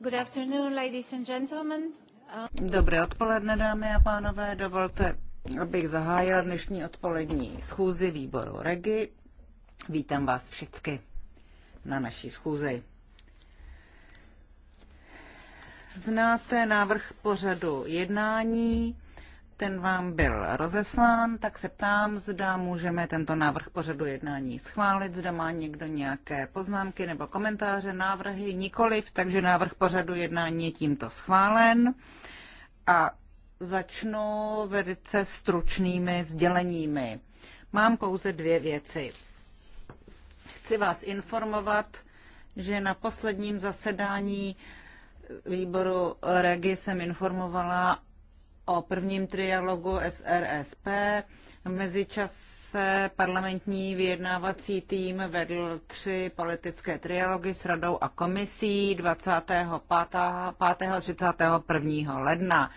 Good afternoon, ladies and gentlemen. Dobré odpoledne, dámy a pánové. Dovolte, abych zahájila dnešní odpolední schůzi výboru REGI. Vítám vás všichni na naší schůzi. Znáte návrh pořadu jednání ten vám byl rozeslán, tak se ptám, zda můžeme tento návrh pořadu jednání schválit, zda má někdo nějaké poznámky nebo komentáře, návrhy, nikoliv, takže návrh pořadu jednání je tímto schválen. A začnu velice stručnými sděleními. Mám pouze dvě věci. Chci vás informovat, že na posledním zasedání výboru Regi jsem informovala o prvním trialogu SRSP. V mezičase parlamentní vyjednávací tým vedl tři politické trialogy s radou a komisí 25. 31. ledna.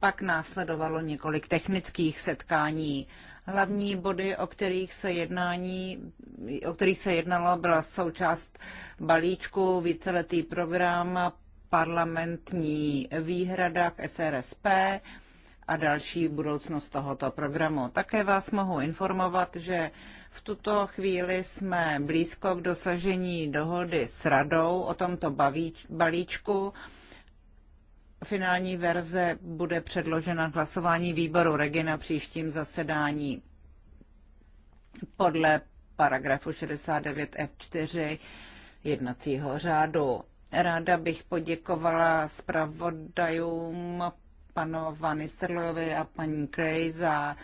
Pak následovalo několik technických setkání. Hlavní body, o kterých se, jednání, o kterých se jednalo, byla součást balíčku, víceletý program, parlamentní výhrada k SRSP, a další budoucnost tohoto programu. Také vás mohu informovat, že v tuto chvíli jsme blízko k dosažení dohody s radou o tomto balíčku. Finální verze bude předložena k hlasování výboru Regi na příštím zasedání. Podle paragrafu 69F4 jednacího řádu. Ráda bych poděkovala zpravodajům panu Van Nistelrooyovi a paní Cray za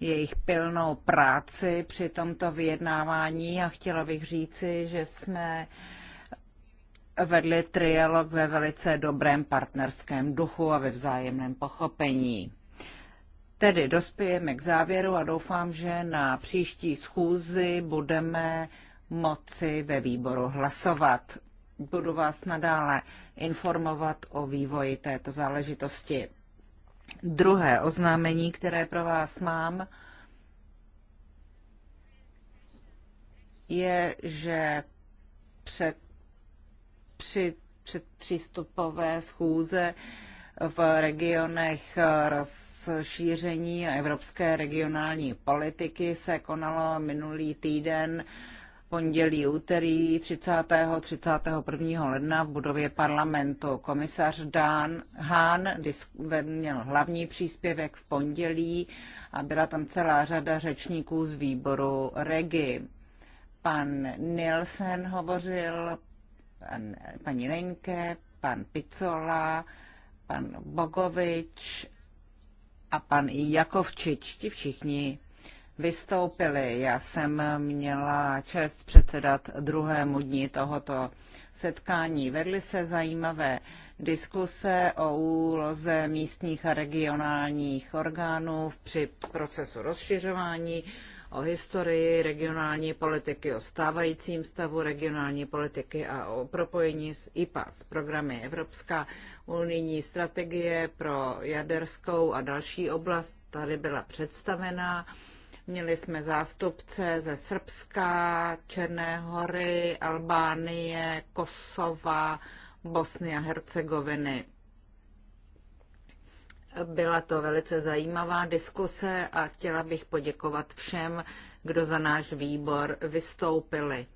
jejich pilnou práci při tomto vyjednávání a chtěla bych říci, že jsme vedli trialog ve velice dobrém partnerském duchu a ve vzájemném pochopení. Tedy dospějeme k závěru a doufám, že na příští schůzi budeme moci ve výboru hlasovat. Budu vás nadále informovat o vývoji této záležitosti. Druhé oznámení, které pro vás mám, je, že před, při předpřístupové schůze v regionech rozšíření evropské regionální politiky se konalo minulý týden uh, pondělí, úterý 30. 31. ledna v budově parlamentu. Komisař Dan Hahn měl hlavní příspěvek v pondělí a byla tam celá řada řečníků z výboru Regi. Pan Nielsen hovořil, pan, paní Renke, pan Picola, pan Bogovič a pan Jakovčič. Ti všichni vystoupili. Já jsem měla čest předsedat druhému dní tohoto setkání. Vedly se zajímavé diskuse o úloze místních a regionálních orgánů při procesu rozšiřování, o historii regionální politiky, o stávajícím stavu regionální politiky a o propojení s IPA, s programy Evropská unijní strategie pro jaderskou a další oblast. Tady byla představená Měli jsme zástupce ze Srbska, Černé hory, Albánie, Kosova, Bosny a Hercegoviny. Byla to velice zajímavá diskuse a chtěla bych poděkovat všem, kdo za náš výbor vystoupili.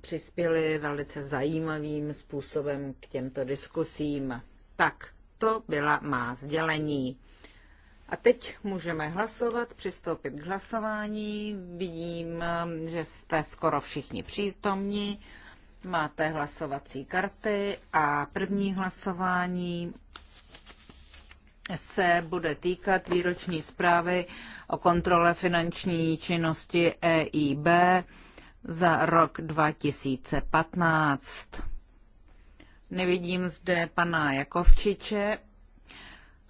Přispěli velice zajímavým způsobem k těmto diskusím. Tak, to byla má sdělení. A teď můžeme hlasovat, přistoupit k hlasování. Vidím, že jste skoro všichni přítomní. Máte hlasovací karty a první hlasování se bude týkat výroční zprávy o kontrole finanční činnosti EIB za rok 2015. Nevidím zde pana Jakovčiče,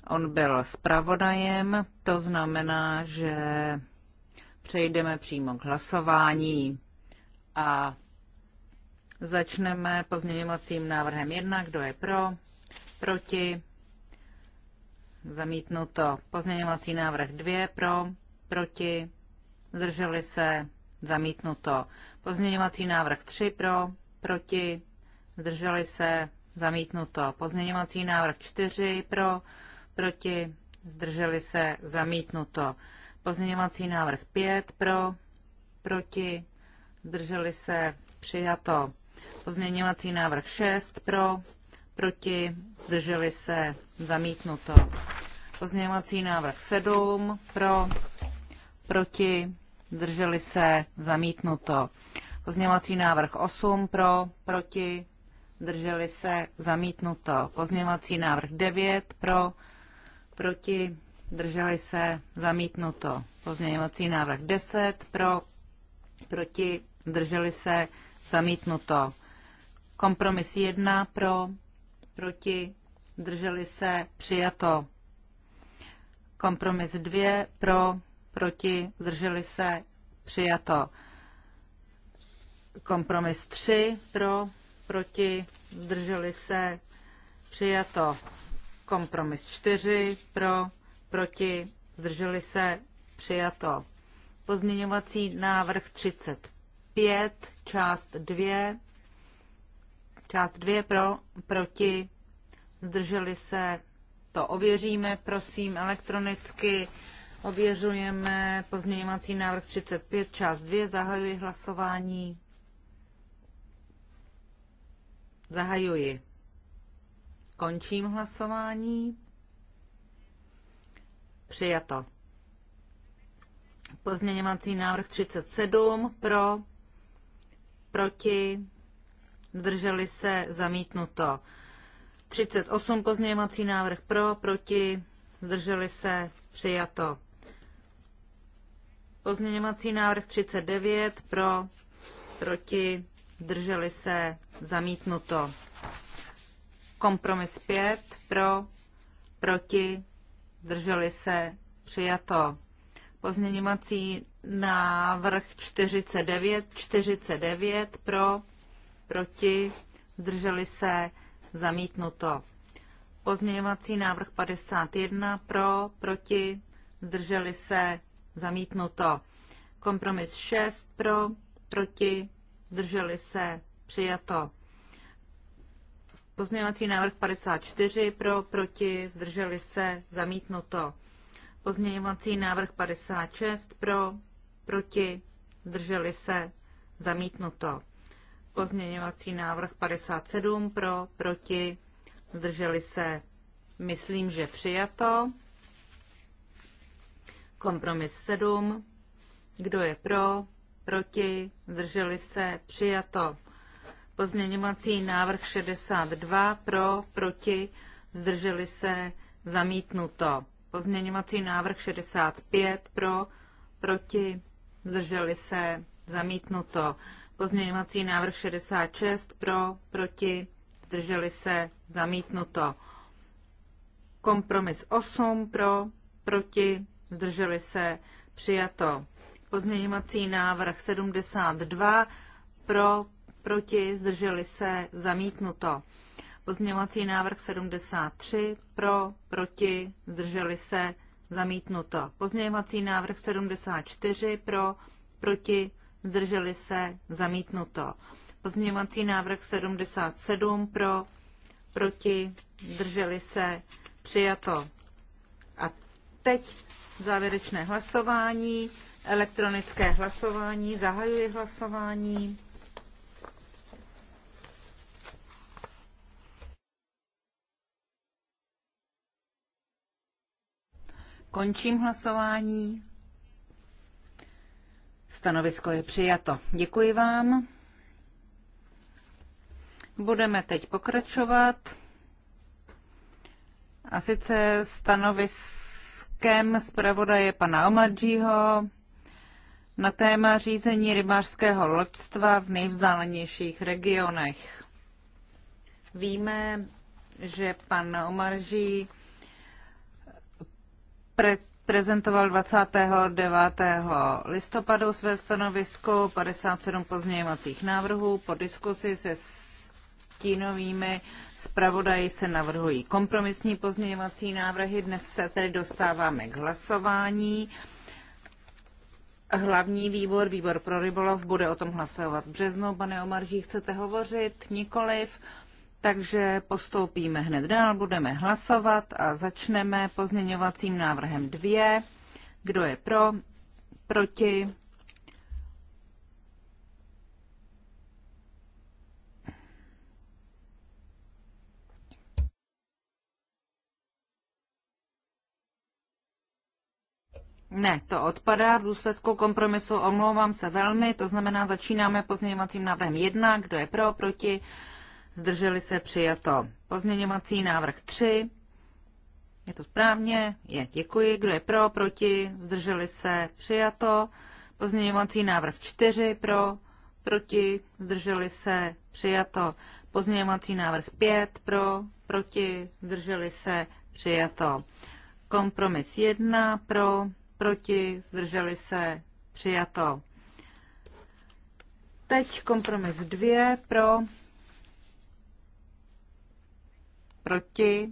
On byl zpravodajem, to znamená, že přejdeme přímo k hlasování a začneme pozměňovacím návrhem 1. Kdo je pro? Proti? Zamítnuto. Pozměňovací návrh 2. Pro? Proti? Zdrželi se? Zamítnuto. Pozměňovací návrh 3. Pro? Proti? Zdrželi se? Zamítnuto. Pozměňovací návrh 4. Pro? proti, zdrželi se, zamítnuto. Pozměňovací návrh 5 pro, proti, zdrželi se, přijato. Pozměňovací návrh 6 pro, proti, zdrželi se, zamítnuto. Pozměňovací návrh 7 pro, proti, zdrželi se, zamítnuto. Pozměňovací návrh 8 pro, proti, zdrželi se, zamítnuto. Pozměňovací návrh 9 pro, proti, drželi se, zamítnuto. Pozměňovací návrh 10 pro, proti, drželi se, zamítnuto. Kompromis 1 pro, proti, drželi se, přijato. Kompromis 2 pro, proti, drželi se, přijato. Kompromis 3 pro, proti, drželi se, přijato. Kompromis 4 pro, proti, zdrželi se, přijato. Pozměňovací návrh 35, část 2, část 2 pro, proti, zdrželi se, to ověříme, prosím, elektronicky. Ověřujeme pozměňovací návrh 35, část 2, zahajuji hlasování. Zahajuji. Končím hlasování. Přijato. Pozměňovací návrh 37 pro, proti, zdrželi se, zamítnuto. 38 pozměňovací návrh pro, proti, zdrželi se, přijato. Pozměňovací návrh 39 pro, proti, zdrželi se, zamítnuto. Kompromis 5 pro, proti, drželi se, přijato. Pozměňovací návrh 49, 49 pro, proti, drželi se, zamítnuto. Pozměňovací návrh 51 pro, proti, zdrželi se, zamítnuto. Kompromis 6 pro, proti, zdrželi se, přijato. Pozměňovací návrh 54 pro, proti, zdrželi se, zamítnuto. Pozměňovací návrh 56 pro, proti, zdrželi se, zamítnuto. Pozměňovací návrh 57 pro, proti, zdrželi se, myslím, že přijato. Kompromis 7. Kdo je pro, proti, zdrželi se, přijato. Pozměňovací návrh 62 pro, proti, zdrželi se, zamítnuto. Pozměňovací návrh 65 pro, proti, zdrželi se, zamítnuto. Pozměňovací návrh 66 pro, proti, zdrželi se, zamítnuto. Kompromis 8 pro, proti, zdrželi se, přijato. Pozměňovací návrh 72 pro, proti, zdrželi se, zamítnuto. Pozměňovací návrh 73, pro, proti, zdrželi se, zamítnuto. Pozměňovací návrh 74, pro, proti, zdrželi se, zamítnuto. Pozměňovací návrh 77, pro, proti, zdrželi se, přijato. A teď závěrečné hlasování, elektronické hlasování, zahajuji hlasování. Končím hlasování. Stanovisko je přijato. Děkuji vám. Budeme teď pokračovat. A sice stanoviskem zpravodaje pana Omadžího na téma řízení rybářského loďstva v nejvzdálenějších regionech. Víme, že pan Omarží pre- prezentoval 29. listopadu své stanovisko, 57 pozměňovacích návrhů. Po diskusi se stínovými zpravodaji se navrhují kompromisní pozměňovací návrhy. Dnes se tedy dostáváme k hlasování. Hlavní výbor, výbor pro rybolov, bude o tom hlasovat v březnu. Pane Omarží, chcete hovořit? Nikoliv. Takže postoupíme hned dál, budeme hlasovat a začneme pozměňovacím návrhem 2. Kdo je pro? Proti? Ne, to odpadá v důsledku kompromisu, omlouvám se velmi, to znamená začínáme pozměňovacím návrhem 1, kdo je pro, proti, zdrželi se, přijato. Pozměňovací návrh 3, je to správně? Je, děkuji. Kdo je pro, proti, zdrželi se, přijato. Pozměňovací návrh 4, pro, proti, zdrželi se, přijato. Pozměňovací návrh 5, pro, proti, zdrželi se, přijato. Kompromis 1, pro, proti, zdrželi se, přijato. Teď kompromis 2, pro, Proti?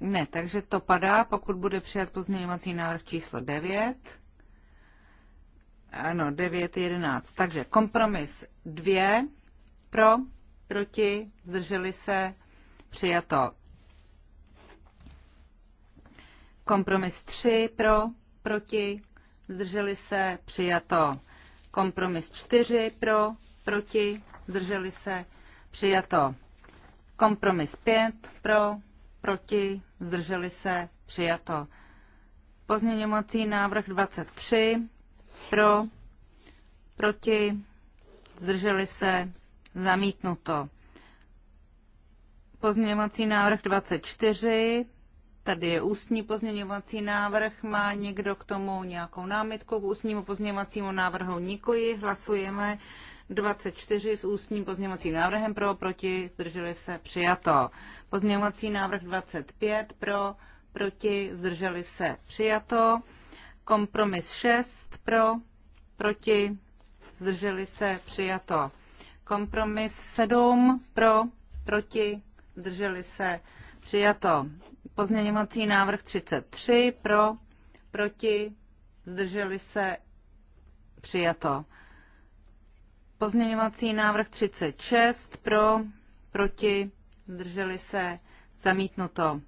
Ne, takže to padá, pokud bude přijat pozměňovací návrh číslo 9. Ano, 9, 11. Takže kompromis 2 pro, proti, zdrželi se, přijato. Kompromis 3 pro, proti, zdrželi se, přijato. Kompromis 4 pro, proti, zdrželi se, přijato. Kompromis 5 pro, proti, zdrželi se, přijato. Pozměňovací návrh 23 pro, proti, zdrželi se, zamítnuto. Pozměňovací návrh 24, tady je ústní pozměňovací návrh, má někdo k tomu nějakou námitku k ústnímu pozměňovacímu návrhu? Nikoji, hlasujeme 24 s ústním pozměňovacím návrhem pro, proti, zdrželi se, přijato. Pozměňovací návrh 25 pro, proti, zdrželi se, přijato. Kompromis 6 pro, proti, zdrželi se, přijato. Kompromis 7 pro, proti, zdrželi se, přijato. Pozměňovací návrh 33 pro, proti, zdrželi se, přijato. Pozměňovací návrh 36 pro, proti, zdrželi se, zamítnuto.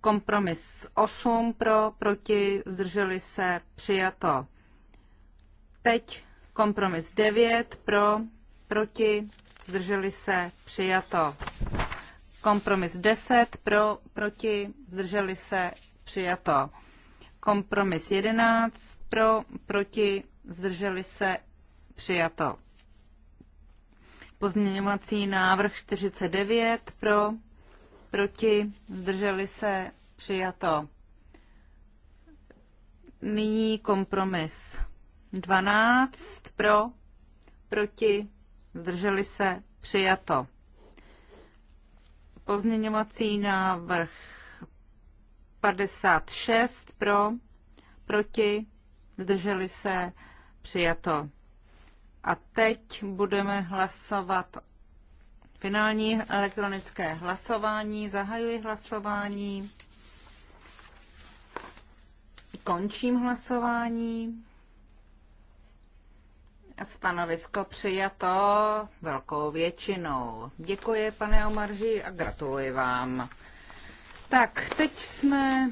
Kompromis 8 pro, proti, zdrželi se, přijato. Teď kompromis 9 pro, proti, zdrželi se, přijato. Kompromis 10 pro, proti, zdrželi se, přijato. Kompromis 11 pro, proti, zdrželi se, přijato. Pozměňovací návrh 49 pro, proti, zdrželi se, přijato. Nyní kompromis 12 pro, proti, zdrželi se, přijato. Pozměňovací návrh 56 pro, proti, zdrželi se, přijato. A teď budeme hlasovat finální elektronické hlasování. Zahajuji hlasování. Končím hlasování. Stanovisko přijato velkou většinou. Děkuji, pane Omarži, a gratuluji vám. Tak, teď jsme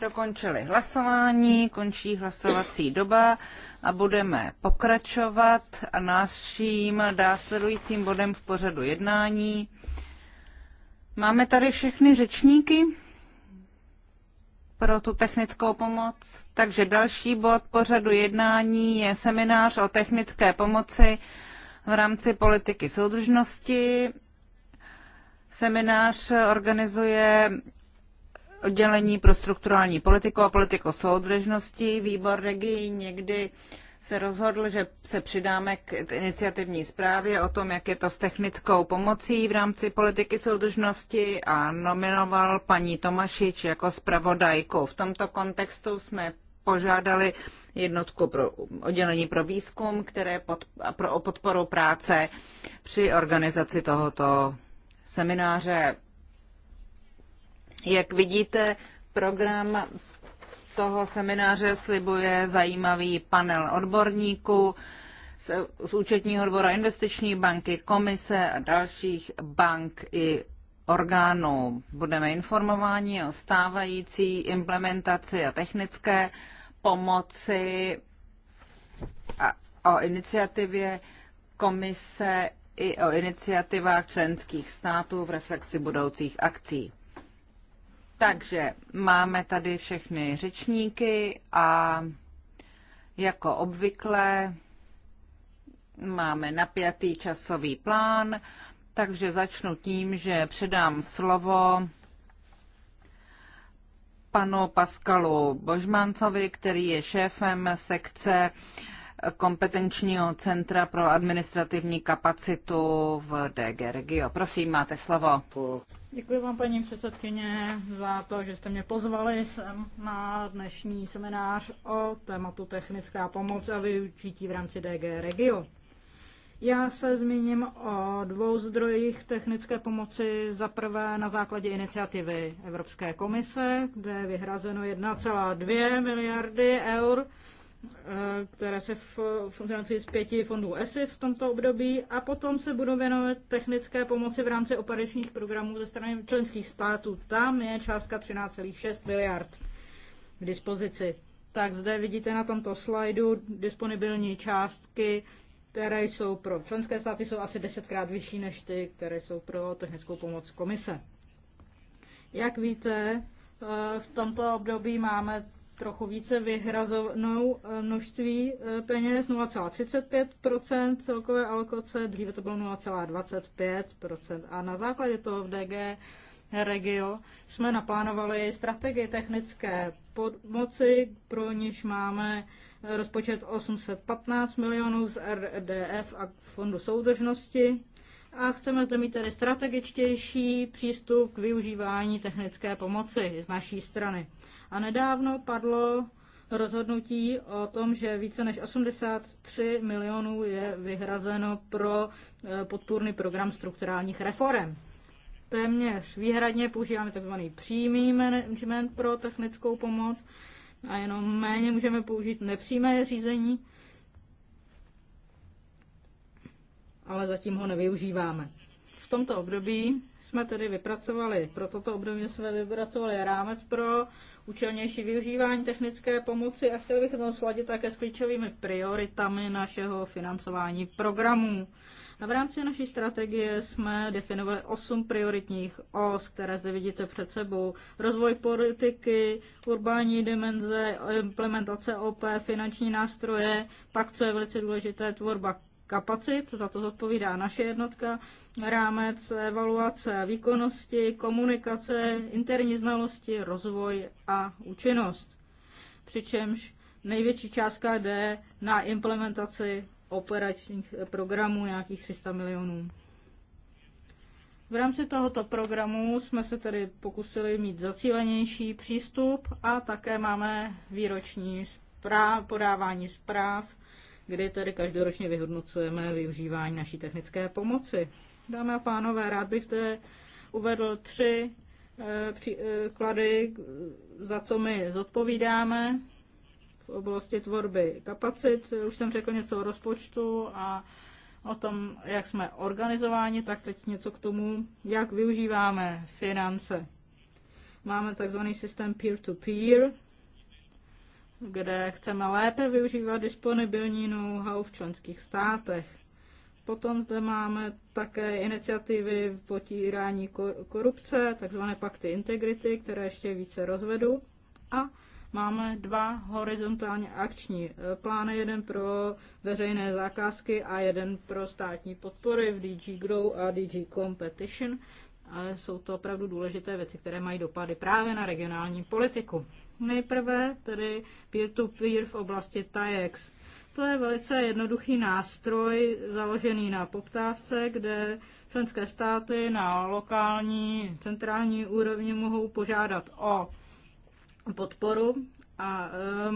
dokončili hlasování, končí hlasovací doba a budeme pokračovat a naším následujícím bodem v pořadu jednání. Máme tady všechny řečníky pro tu technickou pomoc, takže další bod pořadu jednání je seminář o technické pomoci v rámci politiky soudržnosti. Seminář organizuje oddělení pro strukturální politiku a politiku soudržnosti. Výbor regi někdy se rozhodl, že se přidáme k iniciativní zprávě o tom, jak je to s technickou pomocí v rámci politiky soudržnosti a nominoval paní Tomašič jako zpravodajku. V tomto kontextu jsme požádali jednotku pro oddělení pro výzkum, které pod, pro podporu práce při organizaci tohoto semináře. Jak vidíte, program toho semináře slibuje zajímavý panel odborníků z, účetního dvora investiční banky, komise a dalších bank i orgánů. Budeme informováni o stávající implementaci a technické pomoci a o iniciativě komise i o iniciativách členských států v reflexi budoucích akcí. Takže máme tady všechny řečníky a jako obvykle máme napjatý časový plán, takže začnu tím, že předám slovo panu Paskalu Božmancovi, který je šéfem sekce kompetenčního centra pro administrativní kapacitu v DG Regio. Prosím, máte slovo. Děkuji vám, paní předsedkyně, za to, že jste mě pozvali sem na dnešní seminář o tématu technická pomoc a využití v rámci DG Regio. Já se zmíním o dvou zdrojích technické pomoci. Za prvé na základě iniciativy Evropské komise, kde je vyhrazeno 1,2 miliardy eur Eh, které se financují z pěti fondů ESI v tomto období a potom se budou věnovat technické pomoci v rámci operačních programů ze strany členských států. Tam je částka 13,6 miliard k dispozici. Tak zde vidíte na tomto slajdu disponibilní částky, které jsou pro členské státy, jsou asi desetkrát vyšší než ty, které jsou pro technickou pomoc komise. Jak víte, eh, v tomto období máme trochu více vyhrazovnou eh, množství eh, peněz, 0,35 celkové alokace, dříve to bylo 0,25 a na základě toho v DG Regio jsme naplánovali strategii technické pomoci, pro niž máme eh, rozpočet 815 milionů z RDF a Fondu soudržnosti a chceme zde mít tedy strategičtější přístup k využívání technické pomoci z naší strany. A nedávno padlo rozhodnutí o tom, že více než 83 milionů je vyhrazeno pro eh, podpůrný program strukturálních reform. Téměř výhradně používáme tzv. přímý management pro technickou pomoc a jenom méně můžeme použít nepřímé řízení, ale zatím ho nevyužíváme tomto období jsme tedy vypracovali, pro toto období jsme vypracovali rámec pro účelnější využívání technické pomoci a chtěli bychom to sladit také s klíčovými prioritami našeho financování programů. A v rámci naší strategie jsme definovali osm prioritních os, které zde vidíte před sebou. Rozvoj politiky, urbání dimenze, implementace OP, finanční nástroje, pak, co je velice důležité, tvorba kapacit, za to zodpovídá naše jednotka, rámec evaluace výkonnosti, komunikace, interní znalosti, rozvoj a účinnost. Přičemž největší částka jde na implementaci operačních programů nějakých 300 milionů. V rámci tohoto programu jsme se tedy pokusili mít zacílenější přístup a také máme výroční zpráv, podávání zpráv kdy tedy každoročně vyhodnocujeme využívání naší technické pomoci. Dámy a pánové, rád bych zde uvedl tři eh, příklady, eh, za co my zodpovídáme v oblasti tvorby kapacit. Už jsem řekl něco o rozpočtu a o tom, jak jsme organizováni, tak teď něco k tomu, jak využíváme finance. Máme takzvaný systém peer-to-peer, -peer, kde chceme lépe využívat disponibilní know-how v členských státech. Potom zde máme také iniciativy v potírání korupce, takzvané pakty integrity, které ještě více rozvedu. A máme dva horizontálně akční eh, plány, jeden pro veřejné zakázky a jeden pro státní podpory v DG Grow a DG Competition. Ale jsou to opravdu důležité věci, které mají dopady právě na regionální politiku. Nejprve tedy peer-to-peer -peer v oblasti TAEX. To je velice jednoduchý nástroj založený na poptávce, kde členské státy na lokální, centrální úrovni mohou požádat o podporu a e, e,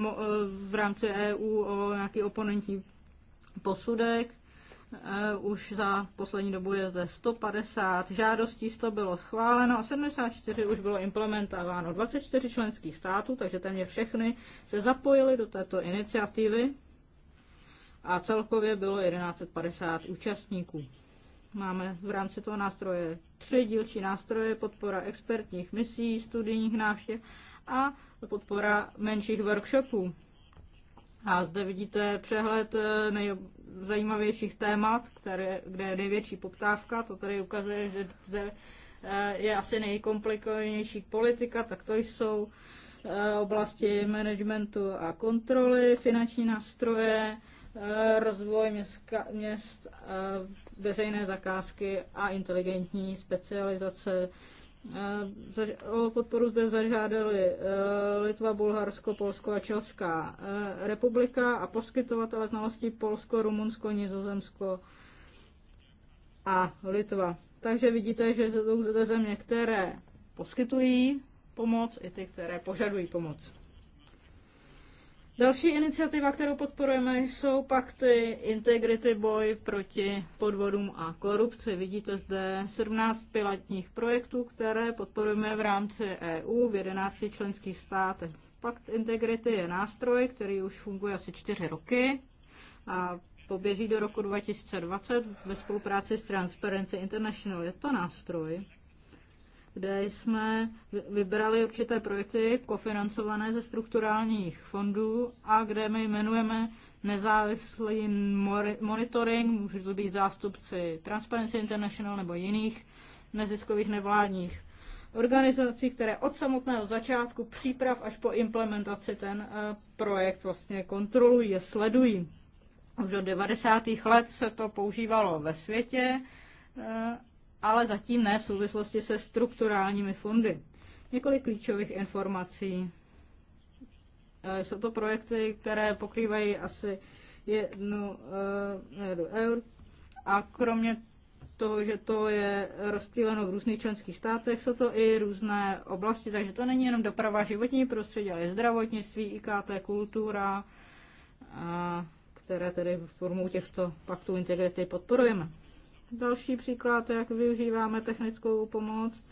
v rámci EU o nějaký oponentní posudek Eh, už za poslední dobu je zde 150 žádostí, 100 bylo schváleno a 74 už bylo implementováno. 24 členských států, takže téměř všechny se zapojili do této iniciativy a celkově bylo 1150 účastníků. Máme v rámci toho nástroje tři dílčí nástroje, podpora expertních misí, studijních návštěv a podpora menších workshopů. A zde vidíte přehled eh, nej zajímavějších témat, které, kde je největší poptávka. To tady ukazuje, že zde eh, je asi nejkomplikovanější politika, tak to jsou eh, oblasti managementu a kontroly, finanční nástroje, eh, rozvoj městka, měst, veřejné zakázky a inteligentní specializace Eh, o podporu zde zažádali eh, Litva, Bulharsko, Polsko a Česká eh, republika a poskytovatele znalostí Polsko, Rumunsko, Nizozemsko a Litva. Takže vidíte, že jsou zde země, které poskytují pomoc i ty, které požadují pomoc. Další iniciativa, kterou podporujeme, jsou pakty Integrity Boj proti podvodům a korupci. Vidíte zde 17 pilotních projektů, které podporujeme v rámci EU v 11 členských státech. Pakt Integrity je nástroj, který už funguje asi 4 roky a poběží do roku 2020 ve spolupráci s Transparency International. Je to nástroj, kde jsme vybrali určité projekty kofinancované ze strukturálních fondů a kde my jmenujeme nezávislý monitoring, může to být zástupci Transparency International nebo jiných neziskových nevládních organizací, které od samotného začátku příprav až po implementaci ten eh, projekt vlastně kontrolují, sledují. Už od 90. let se to používalo ve světě eh, ale zatím ne v souvislosti se strukturálními fondy. Několik klíčových informací. Eh, jsou to projekty, které pokrývají asi jednu eh, miliardu eur a kromě toho, že to je rozptýleno v různých členských státech, jsou to i různé oblasti, takže to není jenom doprava životní prostředí, ale i zdravotnictví, IKT, kultura, eh, které tedy formou těchto paktů integrity podporujeme. Další příklad, jak využíváme technickou pomoc,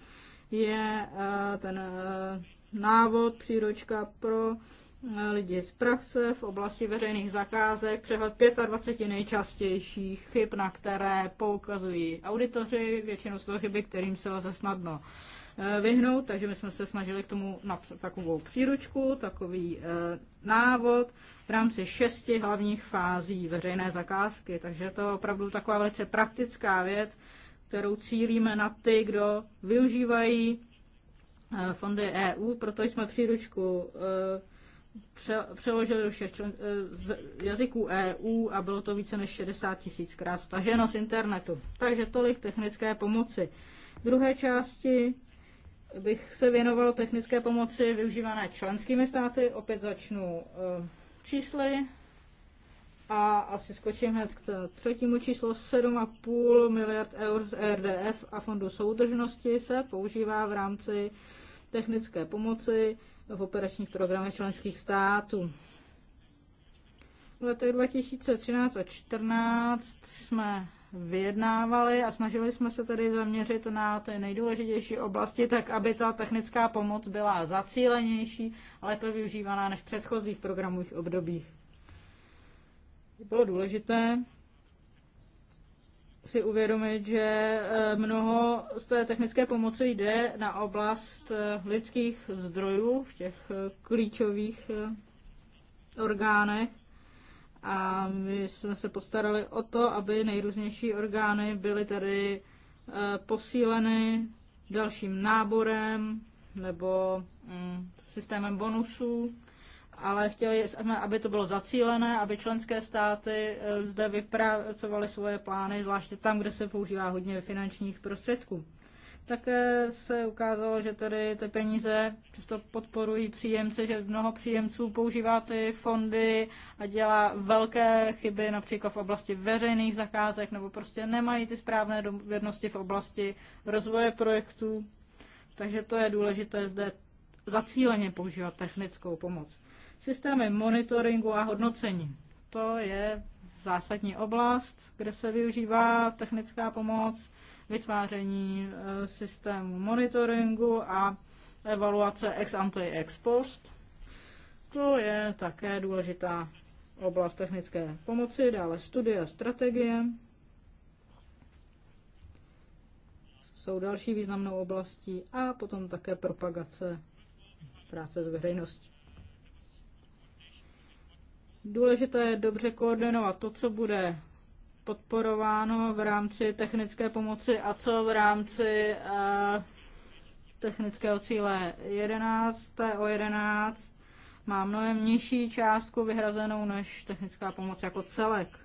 je eh, ten eh, návod, příručka pro eh, lidi z praxe v oblasti veřejných zakázek, přehled 25 nejčastějších chyb, na které poukazují auditoři, většinou jsou chyby, kterým se lze snadno vyhnout, takže my jsme se snažili k tomu napsat takovou příručku, takový návod v rámci šesti hlavních fází veřejné zakázky. Takže to je opravdu taková velice praktická věc, kterou cílíme na ty, kdo využívají eh, fondy EU, protože jsme příručku eh, přeložili do všech eh, jazyků EU a bylo to více než 60 tisíckrát staženo z internetu. Takže tolik technické pomoci. V druhé části bych se věnoval technické pomoci využívané členskými státy. Opět začnu čísly a asi skočím hned k třetímu číslu. 7,5 miliard eur z RDF a Fondu soudržnosti se používá v rámci technické pomoci v operačních programech členských států. V letech 2013 a 2014 jsme vyjednávali a snažili jsme se tedy zaměřit na ty nejdůležitější oblasti, tak aby ta technická pomoc byla zacílenější a lépe využívaná než v předchozích programových obdobích. Bylo důležité si uvědomit, že eh, mnoho z té technické pomoci jde na oblast eh, lidských zdrojů v těch eh, klíčových orgánech a my jsme se postarali o to, aby nejrůznější orgány byly tady eh, posíleny dalším náborem nebo mm, systémem bonusů, ale chtěli jsme, aby to bylo zacílené, aby členské státy eh, zde vypracovaly svoje plány, zvláště tam, kde se používá hodně finančních prostředků. Také se ukázalo, že tedy ty peníze často podporují příjemce, že mnoho příjemců používá ty fondy a dělá velké chyby například v oblasti veřejných zakázek nebo prostě nemají ty správné dovednosti v oblasti rozvoje projektů. Takže to je důležité zde zacíleně používat technickou pomoc. Systémy monitoringu a hodnocení. To je zásadní oblast, kde se využívá technická pomoc vytváření eh, systému monitoringu a evaluace ex ante ex post. To je také důležitá oblast technické pomoci, dále studie a strategie. Jsou další významnou oblastí a potom také propagace práce s veřejností. Důležité je dobře koordinovat to, co bude podporováno v rámci technické pomoci a co v rámci eh, technického cíle 11, o 11 má mnohem nižší částku vyhrazenou než technická pomoc jako celek.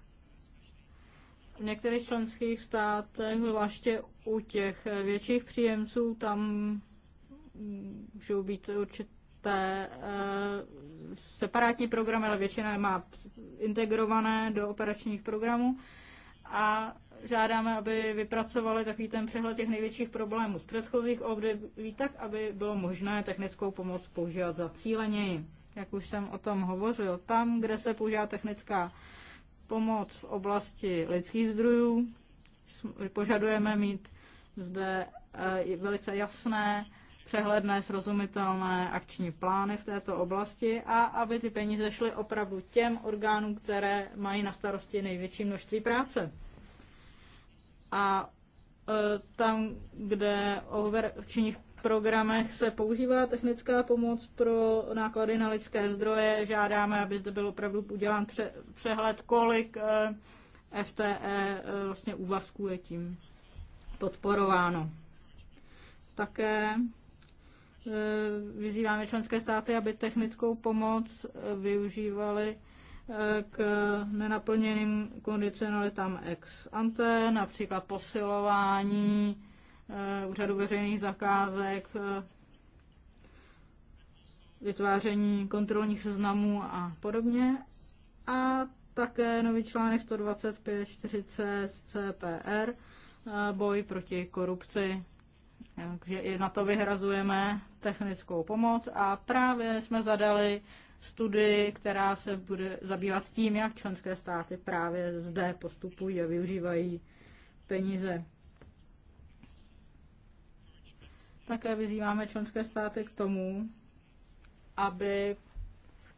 V některých členských státech, zvláště u těch větších příjemců, tam můžou být určité eh, separátní programy, ale většina má integrované do operačních programů a žádáme, aby vypracovali takový ten přehled těch největších problémů z předchozích období, tak aby bylo možné technickou pomoc používat zacíleněji. Jak už jsem o tom hovořil, tam, kde se používá technická pomoc v oblasti lidských zdrojů, požadujeme mít zde eh, velice jasné přehledné, srozumitelné akční plány v této oblasti a aby ty peníze šly opravdu těm orgánům, které mají na starosti největší množství práce. A e, tam, kde o činných programech se používá technická pomoc pro náklady na lidské zdroje, žádáme, aby zde byl opravdu udělán přehled, kolik FTE e, e, vlastně uvazkuje tím podporováno. Také Eh, vyzýváme členské státy, aby technickou pomoc eh, využívali eh, k nenaplněným kondicionalitám ex ante, například posilování úřadu veřejných zakázek, vytváření kontrolních seznamů a podobně. A také nový článek 125.40 CPR, boj proti korupci. Takže i na to vyhrazujeme technickou pomoc a právě jsme zadali studii, která se bude zabývat tím, jak členské státy právě zde postupují a využívají peníze. Také vyzýváme členské státy k tomu, aby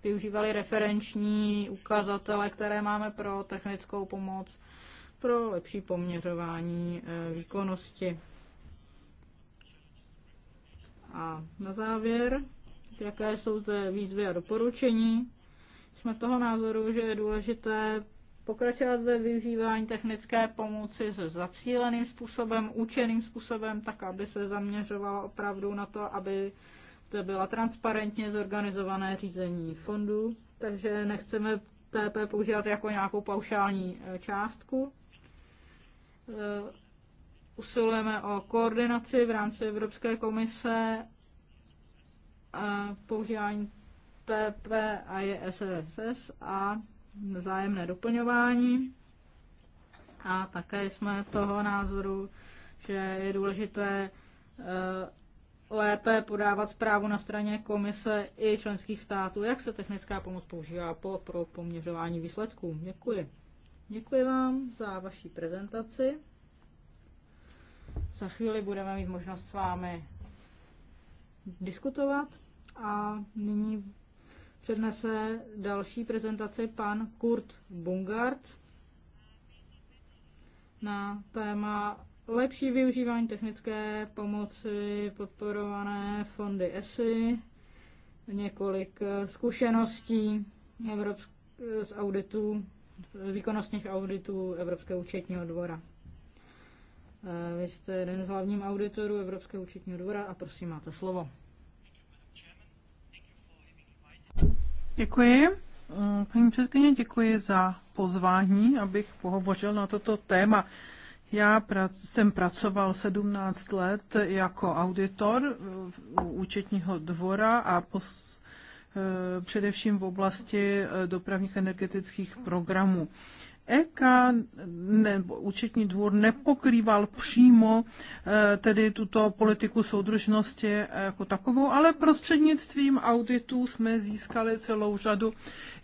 využívali referenční ukazatele, které máme pro technickou pomoc, pro lepší poměřování eh, výkonnosti. A na závěr, jaké jsou zde výzvy a doporučení, jsme toho názoru, že je důležité pokračovat ve využívání technické pomoci se zacíleným způsobem, účinným způsobem, tak aby se zaměřovalo opravdu na to, aby zde byla transparentně zorganizované řízení fondů, takže nechceme TP používat jako nějakou paušální e, částku. E, usilujeme o koordinaci v rámci Evropské komise a používání PP a JSSS a vzájemné doplňování. A také jsme toho názoru, že je důležité eh, lépe podávat zprávu na straně komise i členských států, jak se technická pomoc používá po, pro poměřování výsledků. Děkuji. Děkuji vám za vaši prezentaci za chvíli budeme mít možnost s vámi diskutovat. A nyní přednese další prezentaci pan Kurt Bungard na téma lepší využívání technické pomoci podporované fondy ESI, několik zkušeností Evropsk- z auditů, výkonnostních auditů Evropského účetního dvora. Vy jste jeden z hlavním auditorů Evropského účetního dvora a prosím, máte slovo. Děkuji. Paní předsedkyně, děkuji za pozvání, abych pohovořil na toto téma. Já jsem pracoval 17 let jako auditor u účetního dvora a pos, eh, především v oblasti eh, dopravních energetických programů. EKA nebo účetní dvůr nepokrýval přímo e, tedy tuto politiku soudržnosti jako takovou, ale prostřednictvím auditů jsme získali celou řadu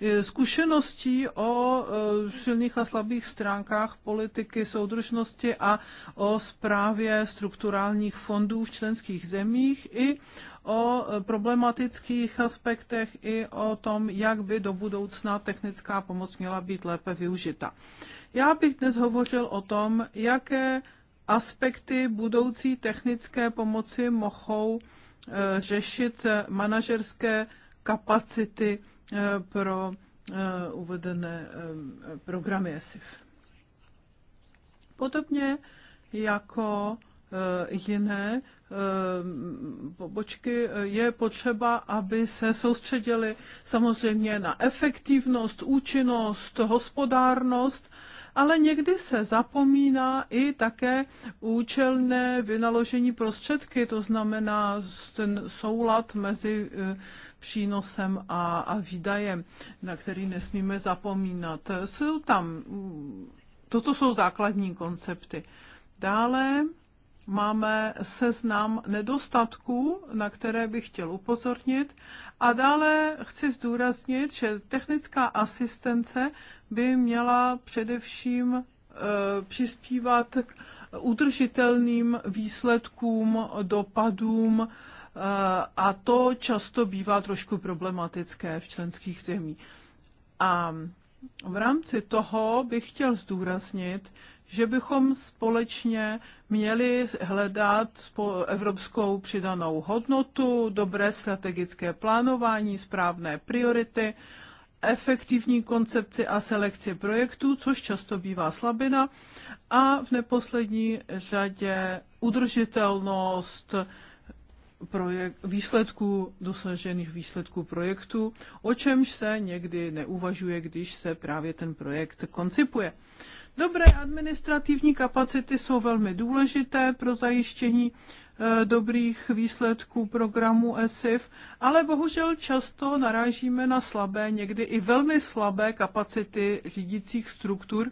e, zkušeností o e, silných a slabých stránkách politiky soudržnosti a o zprávě strukturálních fondů v členských zemích i o problematických aspektech i o tom, jak by do budoucna technická pomoc měla být lépe využita. Já bych dnes hovořil o tom, jaké aspekty budoucí technické pomoci mohou e, řešit manažerské kapacity e, pro e, uvedené programy ESIF. Podobně jako Eh, jiné eh, pobočky, eh, je potřeba, aby se soustředili samozřejmě na efektivnost, účinnost, hospodárnost, ale někdy se zapomíná i také účelné vynaložení prostředky, to znamená ten soulad mezi přínosem a, a výdajem, na který nesmíme zapomínat. Jsou tam, toto jsou základní koncepty. Dále máme seznam nedostatků, na které bych chtěl upozornit. A dále chci zdůraznit, že technická asistence by měla především eh, přispívat k udržitelným výsledkům, dopadům eh, a to často bývá trošku problematické v členských zemích. A v rámci toho bych chtěl zdůraznit, že bychom společně měli hledat evropskou přidanou hodnotu, dobré strategické plánování, správné priority, efektivní koncepci a selekci projektů, což často bývá slabina, a v neposlední řadě udržitelnost projek- výsledků, dosažených výsledků projektu, o čemž se někdy neuvažuje, když se právě ten projekt koncipuje. Dobré administrativní kapacity jsou velmi důležité pro zajištění eh, dobrých výsledků programu ESIF, ale bohužel často narážíme na slabé, někdy i velmi slabé kapacity řídících struktur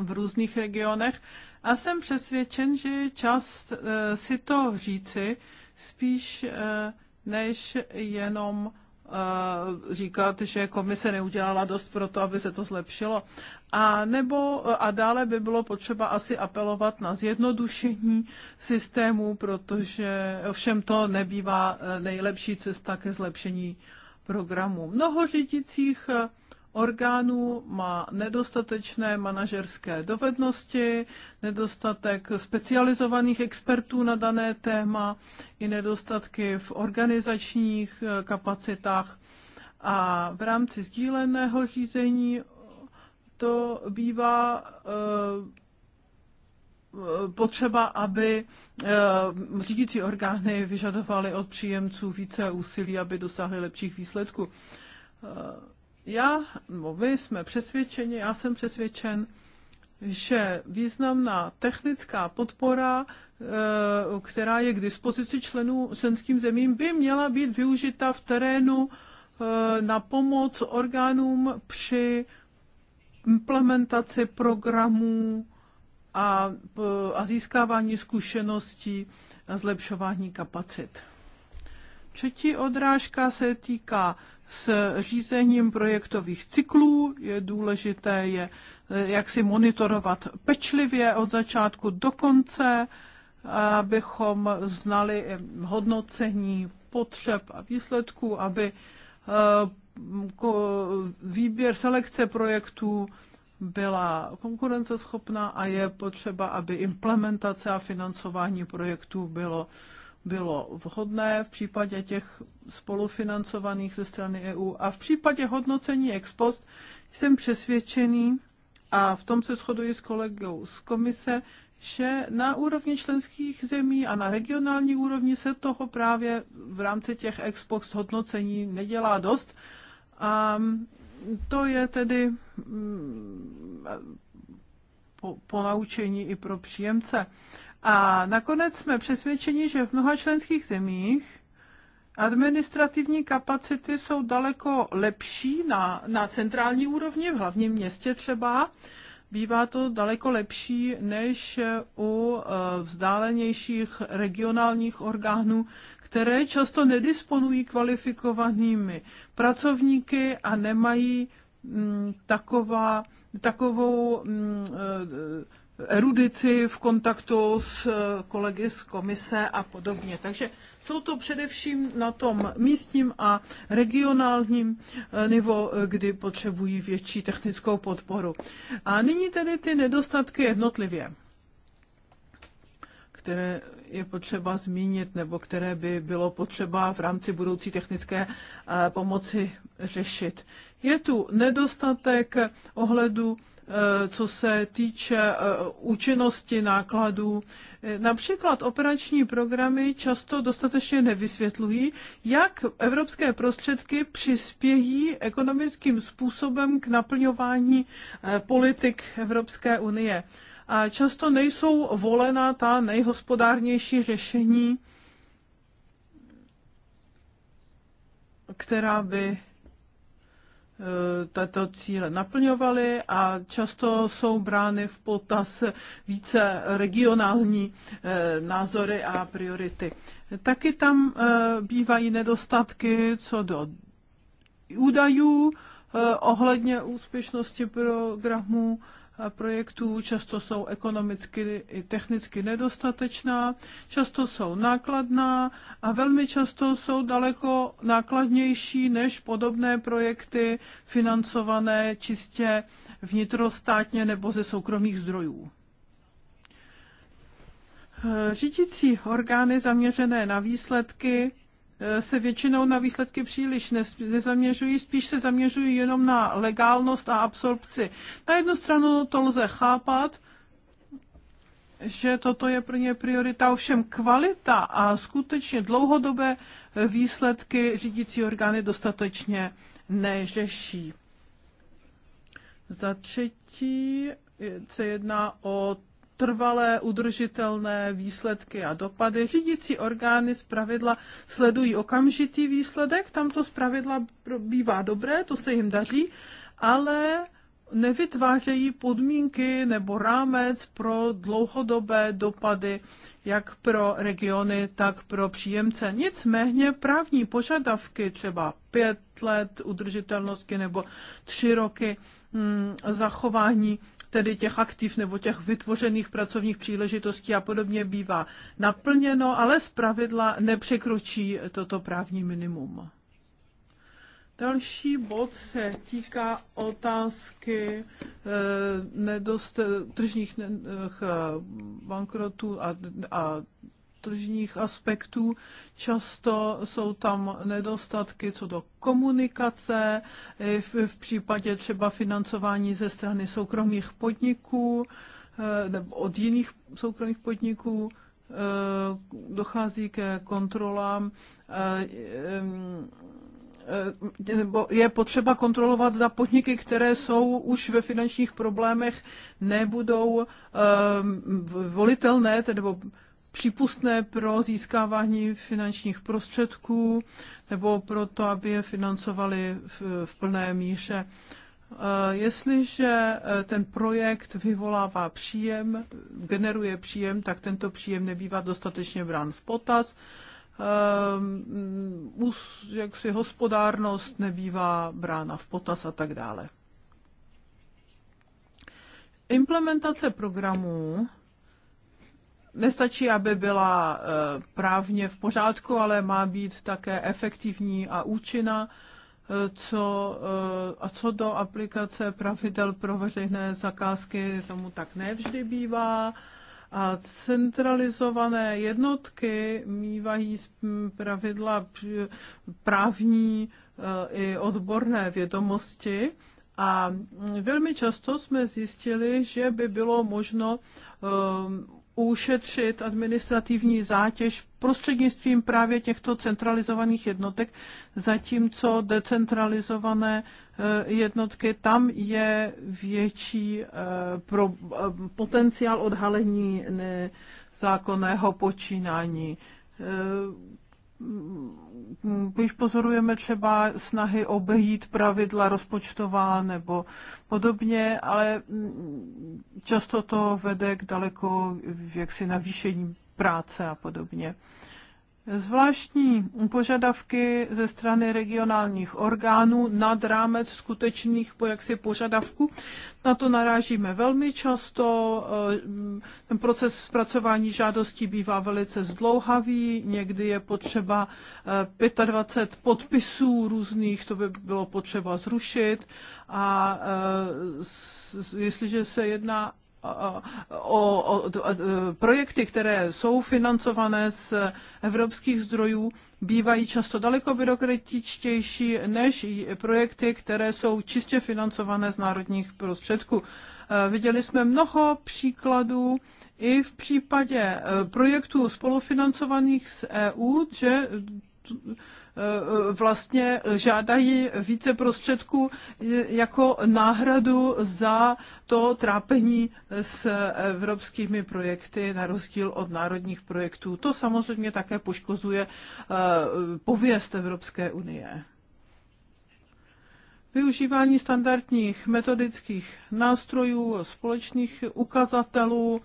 v různých regionech. A jsem přesvědčen, že je čas eh, si to říci spíš eh, než jenom říkat, že komise neudělala dost pro to, aby se to zlepšilo. A, nebo, a dále by bylo potřeba asi apelovat na zjednodušení systému, protože ovšem to nebývá eh, nejlepší cesta ke zlepšení programu. Mnoho řídících eh, orgánů má nedostatečné manažerské dovednosti, nedostatek specializovaných expertů na dané téma i nedostatky v organizačních eh, kapacitách. A v rámci sdíleného řízení to bývá eh, potřeba, aby eh, řídící orgány vyžadovaly od příjemců více úsilí, aby dosáhly lepších výsledků. Eh, já, no vy jsme přesvědčeni, já jsem přesvědčen, že významná technická podpora, která je k dispozici členů senským zemím, by měla být využita v terénu na pomoc orgánům při implementace programů a, a získávání zkušeností a zlepšování kapacit. Třetí odrážka se týká s řízením projektových cyklů. Je důležité je jak si monitorovat pečlivě od začátku do konce, abychom znali hodnocení potřeb a výsledků, aby eh, výběr selekce projektů byla konkurenceschopná a je potřeba, aby implementace a financování projektů bylo, bylo vhodné v případě těch spolufinancovaných ze strany EU. A v případě hodnocení ex post jsem přesvědčený, a v tom se shoduji s kolegou z komise, že na úrovni členských zemí a na regionální úrovni se toho právě v rámci těch ex post hodnocení nedělá dost a to je tedy mm, po, ponaučení i pro příjemce. A nakonec jsme přesvědčeni, že v mnoha členských zemích administrativní kapacity jsou daleko lepší na, na centrální úrovni, v hlavním městě třeba. Bývá to daleko lepší než u e, vzdálenějších regionálních orgánů, které často nedisponují kvalifikovanými pracovníky a nemají mm, taková, takovou mm, eh, erudici v kontaktu s eh, kolegy z komise a podobně. Takže jsou to především na tom místním a regionálním eh, nivo, kdy potřebují větší technickou podporu. A nyní tedy ty nedostatky jednotlivě které je potřeba zmínit nebo které by bylo potřeba v rámci budoucí technické eh, pomoci řešit. Je tu nedostatek ohledu eh, co se týče eh, účinnosti nákladů. Například operační programy často dostatečně nevysvětlují, jak evropské prostředky přispějí ekonomickým způsobem k naplňování politik Evropské unie a často nejsou volena ta nejhospodárnější řešení, která by e, tato cíle naplňovaly a často jsou brány v potaz více regionální e, názory a priority. Taky tam e, bývají nedostatky co do údajů ohledně úspěšnosti programu projektů, často jsou ekonomicky i technicky nedostatečná, často jsou nákladná a velmi často jsou daleko nákladnější než podobné projekty financované čistě vnitrostátně nebo ze soukromých zdrojů. Řídící orgány zaměřené na výsledky Eh, se většinou na výsledky příliš nezaměřují, spíš se zaměřují jenom na legálnost a absorpci. Na jednu stranu to lze chápat, že toto je pro ně priorita, ovšem kvalita a skutečně dlouhodobé eh, výsledky řídící orgány dostatečně neřeší. Za třetí eh, se jedná o trvalé, udržitelné výsledky a dopady. Řídící orgány pravidla sledují okamžitý výsledek, tam to pravidla bývá dobré, to se jim daří, ale nevytvářejí podmínky nebo rámec pro dlouhodobé dopady jak pro regiony, tak pro příjemce. Nicméně právní požadavky, třeba pět let udržitelnosti nebo tři roky mm, zachování tedy těch aktiv nebo těch vytvořených pracovních příležitostí a podobně bývá naplněno, ale z pravidla nepřekročí toto právní minimum. Další bod se týká otázky eh, nedost, tržních eh, bankrotů a, a tržních aspektů. Často jsou tam nedostatky co do komunikace, v, v případě třeba financování ze strany soukromých podniků eh, nebo od jiných soukromých podniků eh, dochází ke kontrolám eh, nebo je potřeba kontrolovat, zda podniky, které jsou už ve finančních problémech, nebudou volitelné, tedy nebo přípustné pro získávání finančních prostředků nebo pro to, aby je financovali v, v plné míře. Eh, jestliže eh, ten projekt vyvolává příjem, generuje příjem, tak tento příjem nebývá dostatečně brán v potaz. Eh, Jak si hospodárnost nebývá brána v potaz a tak dále. Implementace programů nestačí, aby byla eh, právně v pořádku, ale má být také efektivní a účinná eh, co, eh, a co do aplikace pravidel pro veřejné zakázky, tomu tak nevždy bývá. A centralizované jednotky mývají pravidla právní i odborné vědomosti. A mm, velmi často jsme zjistili, že by bylo možno ušetřit administrativní zátěž prostřednictvím právě těchto centralizovaných jednotek, zatímco decentralizované e, jednotky, tam je větší e, pro e, potenciál odhalení zákonného počínání když pozorujeme třeba snahy obejít pravidla rozpočtová nebo podobně, ale často to vede k daleko jaksi navýšení práce a podobně zvláštní požadavky ze strany regionálních orgánů nad rámec skutečných jaksi požadavků. Na to narážíme velmi často. Eh, ten proces zpracování žádostí bývá velice zdlouhavý. Někdy je potřeba 25 eh, podpisů různých, to by bylo potřeba zrušit. A eh, jestliže se jedná o, o, o projekty, které jsou financované z evropských zdrojů, bývají často daleko byrokratičtější než projekty, které jsou čistě financované z národních prostředků. E, viděli jsme mnoho příkladů i v případě e, projektů spolufinancovaných z EU, že vlastně žádají více prostředků jako náhradu za to trápení s evropskými projekty na rozdíl od národních projektů. To samozřejmě také poškozuje eh, pověst Evropské unie. Využívání standardních metodických nástrojů, společných ukazatelů,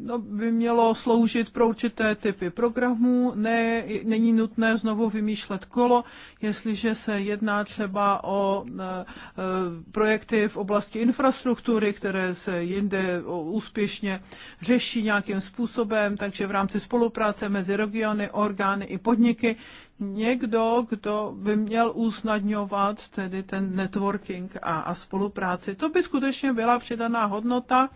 No, by mělo sloužit pro určité typy programů. Ne, není nutné znovu vymýšlet kolo, jestliže se jedná třeba o e, e, projekty v oblasti infrastruktury, které se jinde úspěšně řeší nějakým způsobem, takže v rámci spolupráce mezi regiony, orgány i podniky někdo, kdo by měl usnadňovat tedy ten networking a, a spolupráci. To by skutečně byla přidaná hodnota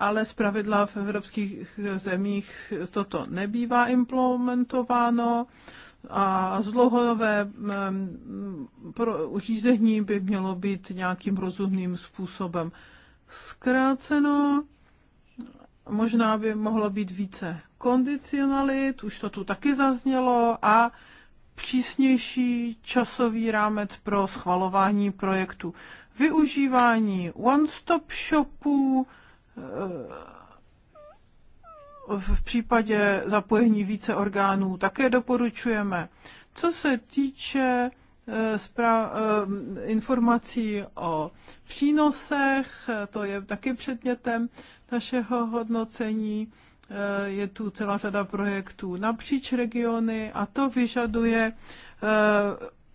ale zpravidla v evropských zemích toto nebývá implementováno a zlohové řízení by mělo být nějakým rozumným způsobem zkráceno. Možná by mohlo být více kondicionalit, už to tu taky zaznělo, a přísnější časový rámec pro schvalování projektu. Využívání one-stop shopů, Eh, v případě zapojení více orgánů také doporučujeme. Co se týče eh, eh, informací o přínosech, to je taky předmětem našeho hodnocení. Je tu celá řada projektů napříč regiony a to vyžaduje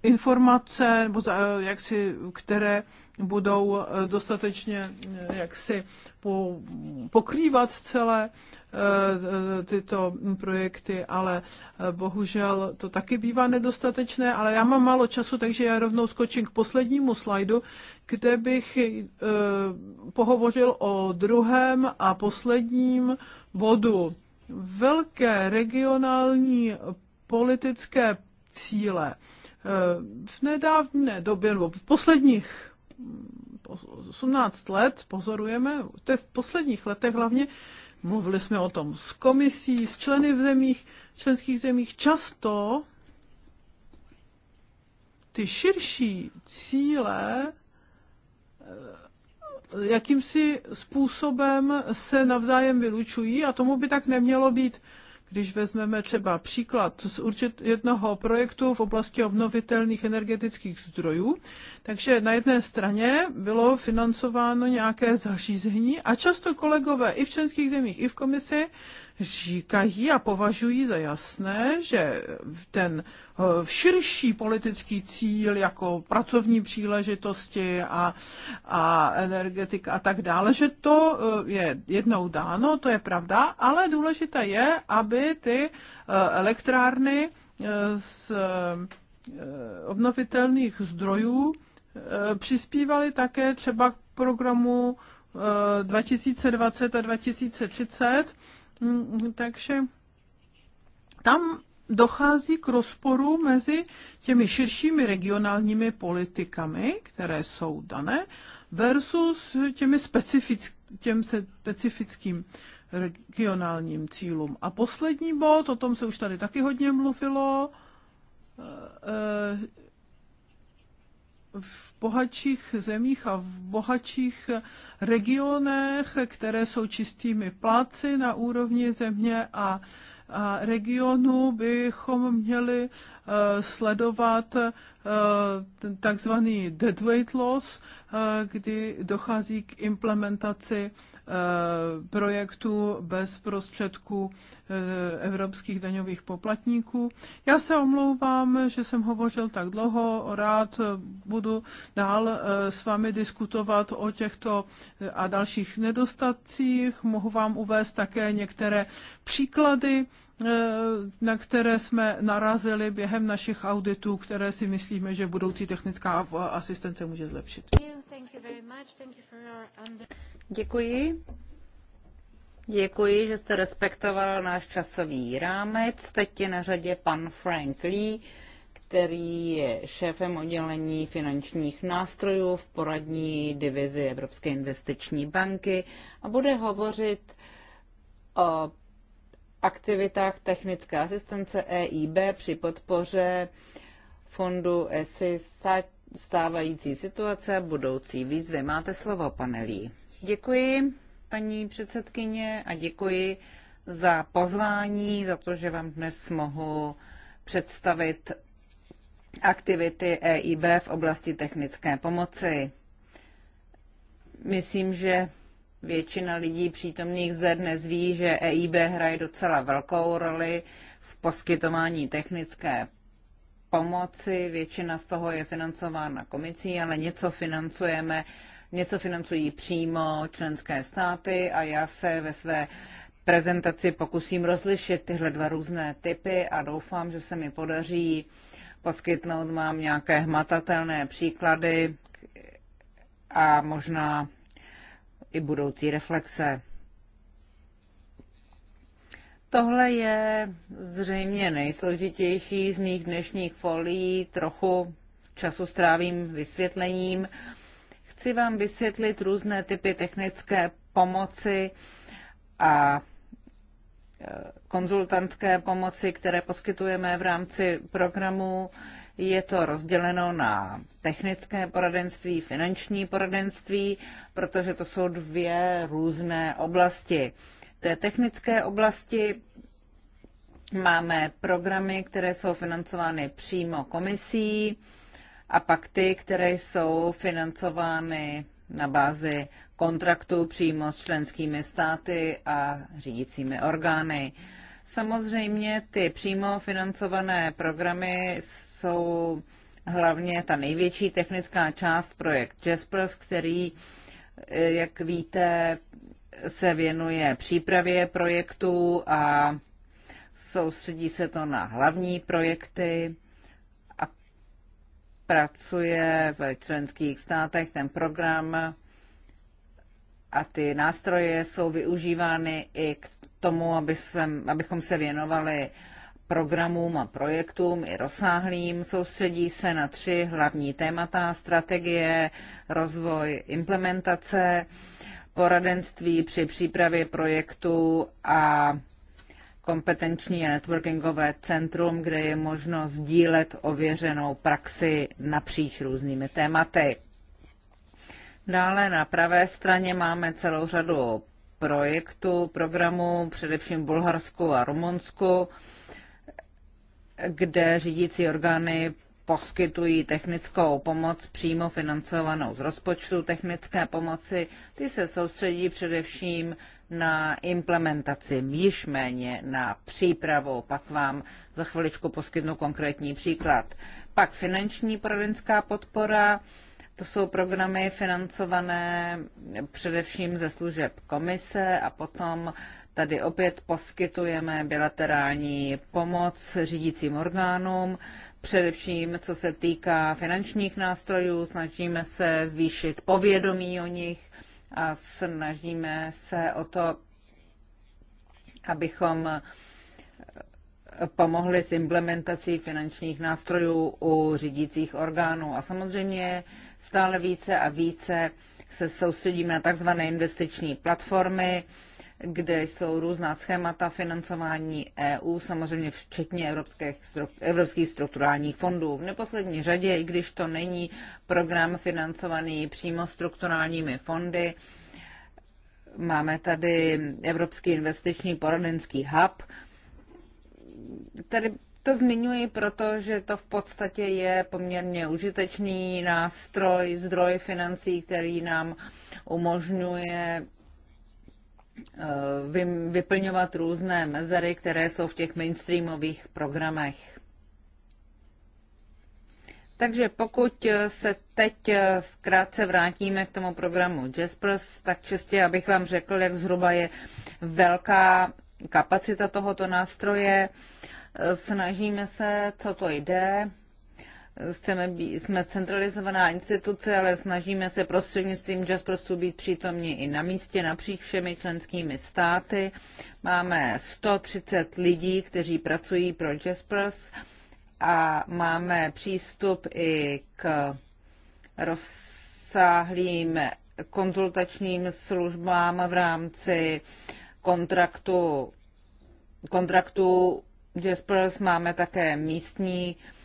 informace, nebo jaksi, které budou eh, dostatečně eh, jaksi pokrývat celé eh, tyto projekty, ale bohužel to taky bývá nedostatečné, ale já mám málo času, takže já rovnou skočím k poslednímu slajdu, kde bych pohovořil o druhém a posledním bodu. Velké regionální politické cíle. V nedávné době, nebo v posledních 18 let pozorujeme, to je v posledních letech hlavně, mluvili jsme o tom s komisí, s členy v zemích, členských zemích, často ty širší cíle eh, jakýmsi způsobem se navzájem vylučují a tomu by tak nemělo být. Když vezmeme třeba příklad z určit jednoho projektu v oblasti obnovitelných energetických zdrojů, takže na jedné straně bylo financováno nějaké zařízení a často kolegové i v členských zemích, i v komisi říkají a považují za jasné, že ten Eh, širší politický cíl jako pracovní příležitosti a, a energetika a tak dále, že to eh, je jednou dáno, to je pravda, ale důležité je, aby ty eh, elektrárny z obnovitelných zdrojů přispívaly také třeba k programu 2020 a 2030, mm, takže tam dochází k rozporu mezi těmi širšími regionálními politikami, které jsou dané, versus těmi specifick, těm specifickým regionálním cílům. A poslední bod, o tom se už tady taky hodně mluvilo, eh, v bohatších zemích a v bohatších regionech, které jsou čistými pláci na úrovni země a a regionu bychom měli eh, sledovat eh, takzvaný dead weight loss, Eh, kdy dochází k implementaci eh, projektů bez prostředků eh, evropských daňových poplatníků. Já se omlouvám, že jsem hovořil tak dlouho, rád budu dál s vámi diskutovat o těchto a dalších nedostatcích. Mohu vám uvést také některé příklady, na které jsme narazili během našich auditů, které si myslíme, že budoucí technická asistence může zlepšit. Děkuji. Děkuji, že jste respektoval náš časový rámec. Teď je na řadě pan Frank Lee, který je šéfem oddělení finančních nástrojů v poradní divizi Evropské investiční banky a bude hovořit o aktivitách technické asistence EIB při podpoře fondu ESI stávající situace a budoucí výzvy. Máte slovo, panelí. Děkuji, paní předsedkyně, a děkuji za pozvání, za to, že vám dnes mohu představit aktivity EIB v oblasti technické pomoci. Myslím, že většina lidí přítomných zde dnes ví, že EIB hraje docela velkou roli v poskytování technické pomoci, většina z toho je financována komisí, ale něco financujeme, něco financují přímo členské státy a já se ve své prezentaci pokusím rozlišit tyhle dva různé typy a doufám, že se mi podaří poskytnout vám nějaké hmatatelné příklady a možná i budoucí reflexe. Tohle je zřejmě nejsložitější z mých dnešních folií. Trochu času strávím vysvětlením. Chci vám vysvětlit různé typy technické pomoci a e, konzultantské pomoci, které poskytujeme v rámci programu. Je to rozděleno na technické poradenství, finanční poradenství, protože to jsou dvě různé oblasti té technické oblasti máme programy, které jsou financovány přímo komisí a pak ty, které jsou financovány na bázi kontraktu přímo s členskými státy a řídícími orgány. Samozřejmě ty přímo financované programy jsou hlavně ta největší technická část projekt Jaspers, který, eh, jak víte, se věnuje přípravě projektů a soustředí se to na hlavní projekty a pracuje ve členských státech ten program a ty nástroje jsou využívány i k tomu, aby se, abychom se věnovali programům a projektům i rozsáhlým. Soustředí se na tři hlavní témata strategie, rozvoj, implementace poradenství při přípravě projektu a kompetenční a networkingové centrum, kde je možno sdílet ověřenou praxi napříč různými tématy. Dále na pravé straně máme celou řadu projektů, programů, především v Bulharsku a Rumunsku, kde řídící orgány poskytují technickou pomoc přímo financovanou z rozpočtu technické pomoci. Ty se soustředí především na implementaci, již méně na přípravu. Pak vám za chviličku poskytnu konkrétní příklad. Pak finanční poradenská podpora, to jsou programy financované především ze služeb komise a potom tady opět poskytujeme bilaterální pomoc řídícím orgánům, především co se týká finančních nástrojů, snažíme se zvýšit povědomí o nich a snažíme se o to, abychom eh, pomohli s implementací finančních nástrojů u řídících orgánů. A samozřejmě stále více a více se soustředíme na tzv. investiční platformy, kde jsou různá schémata financování EU, samozřejmě včetně evropských, evropských strukturálních fondů. V neposlední řadě, i když to není program financovaný přímo strukturálními fondy, máme tady Evropský investiční poradenský hub. Tady to zmiňuji protože to v podstatě je poměrně užitečný nástroj, zdroj financí, který nám umožňuje Eh, vyplňovat různé mezery, které jsou v těch mainstreamových programech. Takže pokud se teď eh, zkrátce vrátíme k tomu programu Jaspers, tak čistě abych vám řekl, jak zhruba je velká kapacita tohoto nástroje. Eh, snažíme se, co to jde, Chceme být, jsme centralizovaná instituce, ale snažíme se prostřednictvím JustProsu být přítomní i na místě napříč všemi členskými státy. Máme 130 lidí, kteří pracují pro JustPros a máme přístup i k rozsáhlým konzultačním službám v rámci kontraktu, kontraktu Jaspers. Máme také místní uh,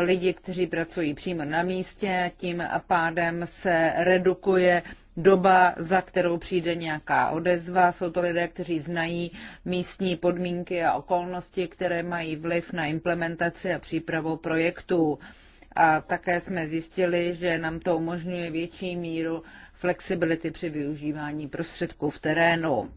lidi, kteří pracují přímo na místě, tím pádem se redukuje doba, za kterou přijde nějaká odezva. Jsou to lidé, kteří znají místní podmínky a okolnosti, které mají vliv na implementaci a přípravu projektů. A také jsme zjistili, že nám to umožňuje větší míru flexibility při využívání prostředků v terénu.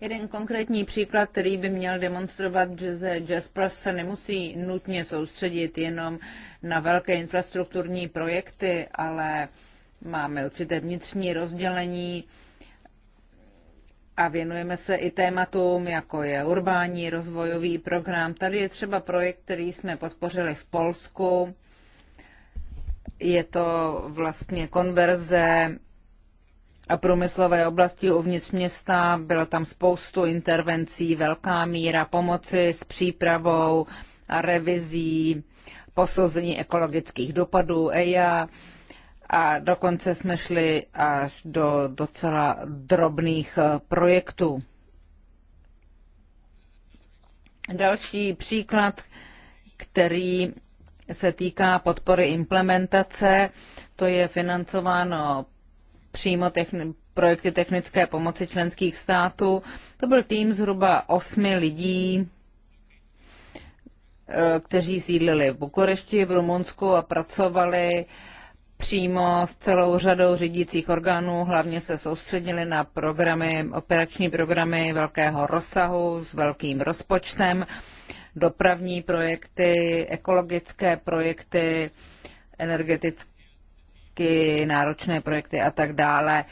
Jeden konkrétní příklad, který by měl demonstrovat, že se Jaspers se nemusí nutně soustředit jenom na velké infrastrukturní projekty, ale máme určité vnitřní rozdělení a věnujeme se i tématům, jako je urbání rozvojový program. Tady je třeba projekt, který jsme podpořili v Polsku. Je to vlastně konverze a průmyslové oblasti uvnitř města. Bylo tam spoustu intervencí, velká míra pomoci s přípravou a revizí, posouzení ekologických dopadů EIA a dokonce jsme šli až do docela drobných eh, projektů. Další příklad, který se týká podpory implementace, to je financováno přímo techni- projekty technické pomoci členských států. To byl tým zhruba osmi lidí, e, kteří sídlili v Bukurešti, v Rumunsku a pracovali přímo s celou řadou řídících orgánů, hlavně se soustředili na programy, operační programy velkého rozsahu s velkým rozpočtem, dopravní projekty, ekologické projekty, energetické výrobky, náročné projekty a tak dále.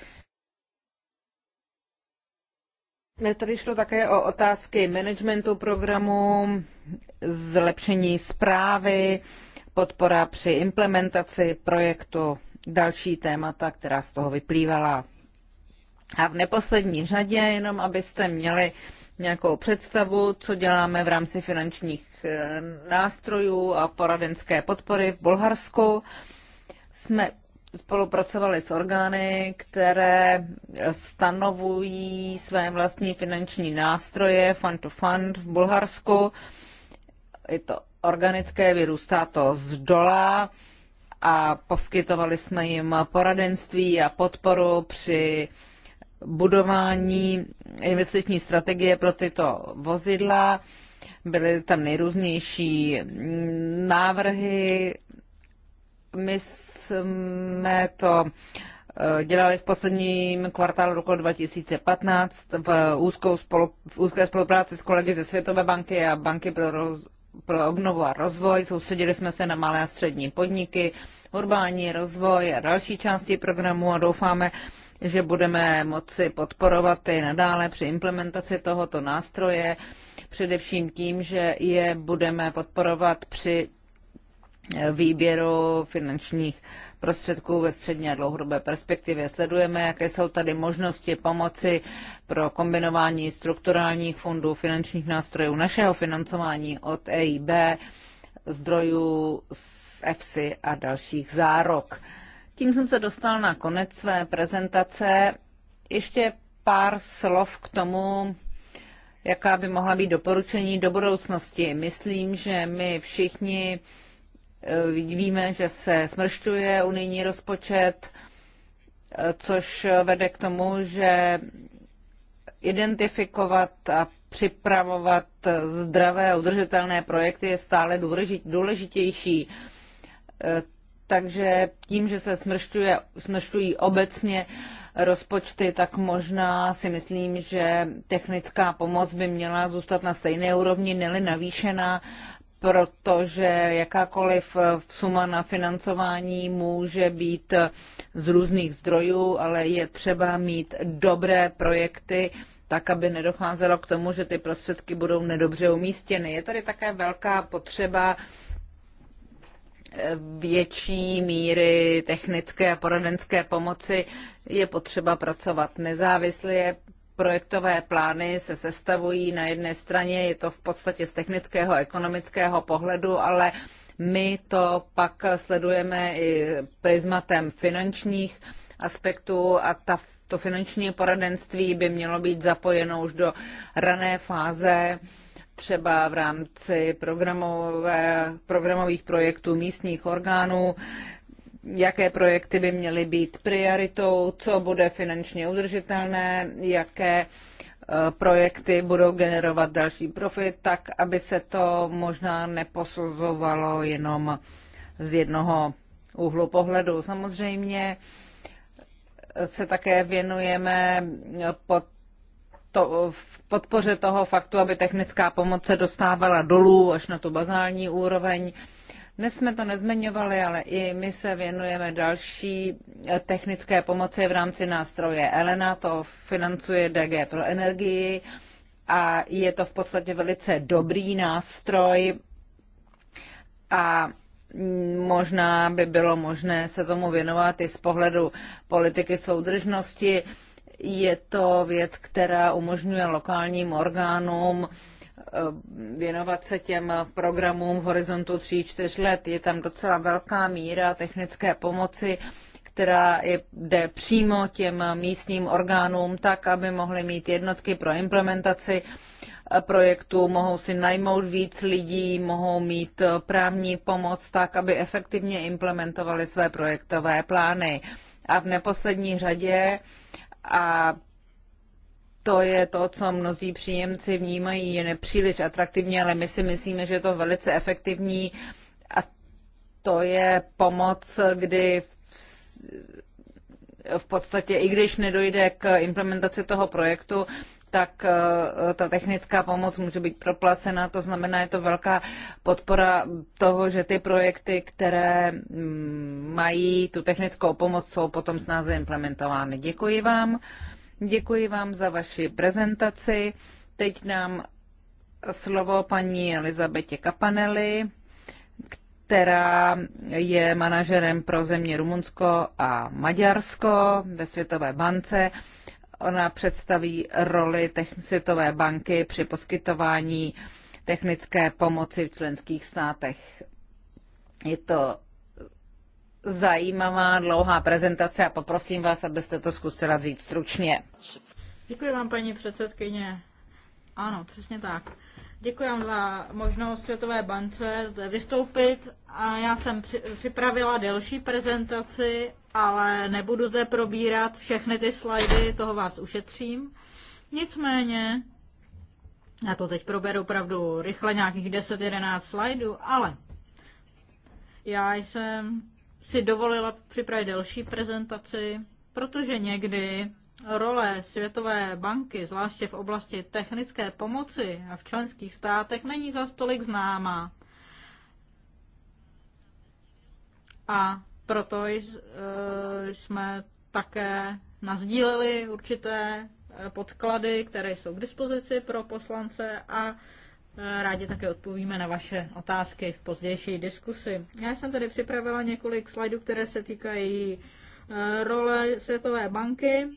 Tady šlo také o otázky managementu programu, zlepšení zprávy, podpora při implementaci projektu, další témata, která z toho vyplývala. A v neposlední řadě, jenom abyste měli nějakou představu, co děláme v rámci finančních eh, nástrojů a poradenské podpory v Bulharsku, jsme spolupracovali s orgány, které stanovují své vlastní finanční nástroje, fund to fund v Bulharsku. Je to organické, vyrůstá to z dola a poskytovali jsme jim poradenství a podporu při budování investiční strategie pro tyto vozidla. Byly tam nejrůznější návrhy, my jsme to eh, dělali v posledním kvartálu roku 2015 v, úzkou spolu, v úzké spolupráci s kolegy ze Světové banky a Banky pro, roz, pro obnovu a rozvoj. Soustředili jsme se na malé a střední podniky, urbání rozvoj a další části programu a doufáme, že budeme moci podporovat i nadále při implementaci tohoto nástroje, především tím, že je budeme podporovat při výběru finančních prostředků ve střední a dlouhodobé perspektivě. Sledujeme, jaké jsou tady možnosti pomoci pro kombinování strukturálních fondů, finančních nástrojů, našeho financování od EIB, zdrojů z EFSI a dalších zárok. Tím jsem se dostal na konec své prezentace. Ještě pár slov k tomu, jaká by mohla být doporučení do budoucnosti. Myslím, že my všichni Eh, víme, že se smršťuje unijní rozpočet, eh, což vede k tomu, že identifikovat a připravovat zdravé a udržitelné projekty je stále důležitější. Eh, takže tím, že se smršťuje, smršťují obecně rozpočty, tak možná si myslím, že technická pomoc by měla zůstat na stejné úrovni, neli navýšená, protože jakákoliv suma na financování může být z různých zdrojů, ale je třeba mít dobré projekty, tak, aby nedocházelo k tomu, že ty prostředky budou nedobře umístěny. Je tady také velká potřeba větší míry technické a poradenské pomoci. Je potřeba pracovat nezávisle, je projektové plány se sestavují na jedné straně, je to v podstatě z technického, ekonomického pohledu, ale my to pak sledujeme i prismatem finančních aspektů a ta, to finanční poradenství by mělo být zapojeno už do rané fáze, třeba v rámci programové, programových projektů místních orgánů, jaké projekty by měly být prioritou, co bude finančně udržitelné, jaké e, projekty budou generovat další profit, tak aby se to možná neposuzovalo jenom z jednoho úhlu pohledu. Samozřejmě se také věnujeme pod to, v podpoře toho faktu, aby technická pomoc se dostávala dolů až na tu bazální úroveň. Dnes jsme to nezmiňovali, ale i my se věnujeme další eh, technické pomoci v rámci nástroje Elena, to financuje DG pro energii a je to v podstatě velice dobrý nástroj a mm, možná by bylo možné se tomu věnovat i z pohledu politiky soudržnosti. Je to věc, která umožňuje lokálním orgánům Eh, věnovat se těm programům v horizontu 3-4 let. Je tam docela velká míra technické pomoci, která jde přímo těm místním orgánům tak, aby mohly mít jednotky pro implementaci eh, projektu, mohou si najmout víc lidí, mohou mít eh, právní pomoc tak, aby efektivně implementovali své projektové plány. A v neposlední řadě a to je to, co mnozí příjemci vnímají je nepříliš atraktivně, ale my si myslíme, že je to velice efektivní a to je pomoc, kdy v podstatě, i když nedojde k implementaci toho projektu, tak eh, ta technická pomoc může být proplacena. To znamená, je to velká podpora toho, že ty projekty, které mm, mají tu technickou pomoc, jsou potom snáze implementovány. Děkuji vám. Děkuji vám za vaši prezentaci. Teď nám slovo paní Elizabetě Kapanely, která je manažerem pro země Rumunsko a Maďarsko ve Světové bance. Ona představí roli Světové banky při poskytování technické pomoci v členských státech. Je to zajímavá dlouhá prezentace a poprosím vás, abyste to zkusila vzít stručně. Děkuji vám, paní předsedkyně. Ano, přesně tak. Děkuji vám za možnost Světové bance zde vystoupit. A já jsem připravila delší prezentaci, ale nebudu zde probírat všechny ty slajdy, toho vás ušetřím. Nicméně, já to teď proberu opravdu rychle, nějakých 10-11 slajdů, ale já jsem si dovolila připravit delší prezentaci, protože někdy role Světové banky, zvláště v oblasti technické pomoci a v členských státech, není za stolik známá. A proto e, jsme také nazdíleli určité e, podklady, které jsou k dispozici pro poslance a Rádi také odpovíme na vaše otázky v pozdější diskusi. Já jsem tady připravila několik slajdů, které se týkají eh, role Světové banky,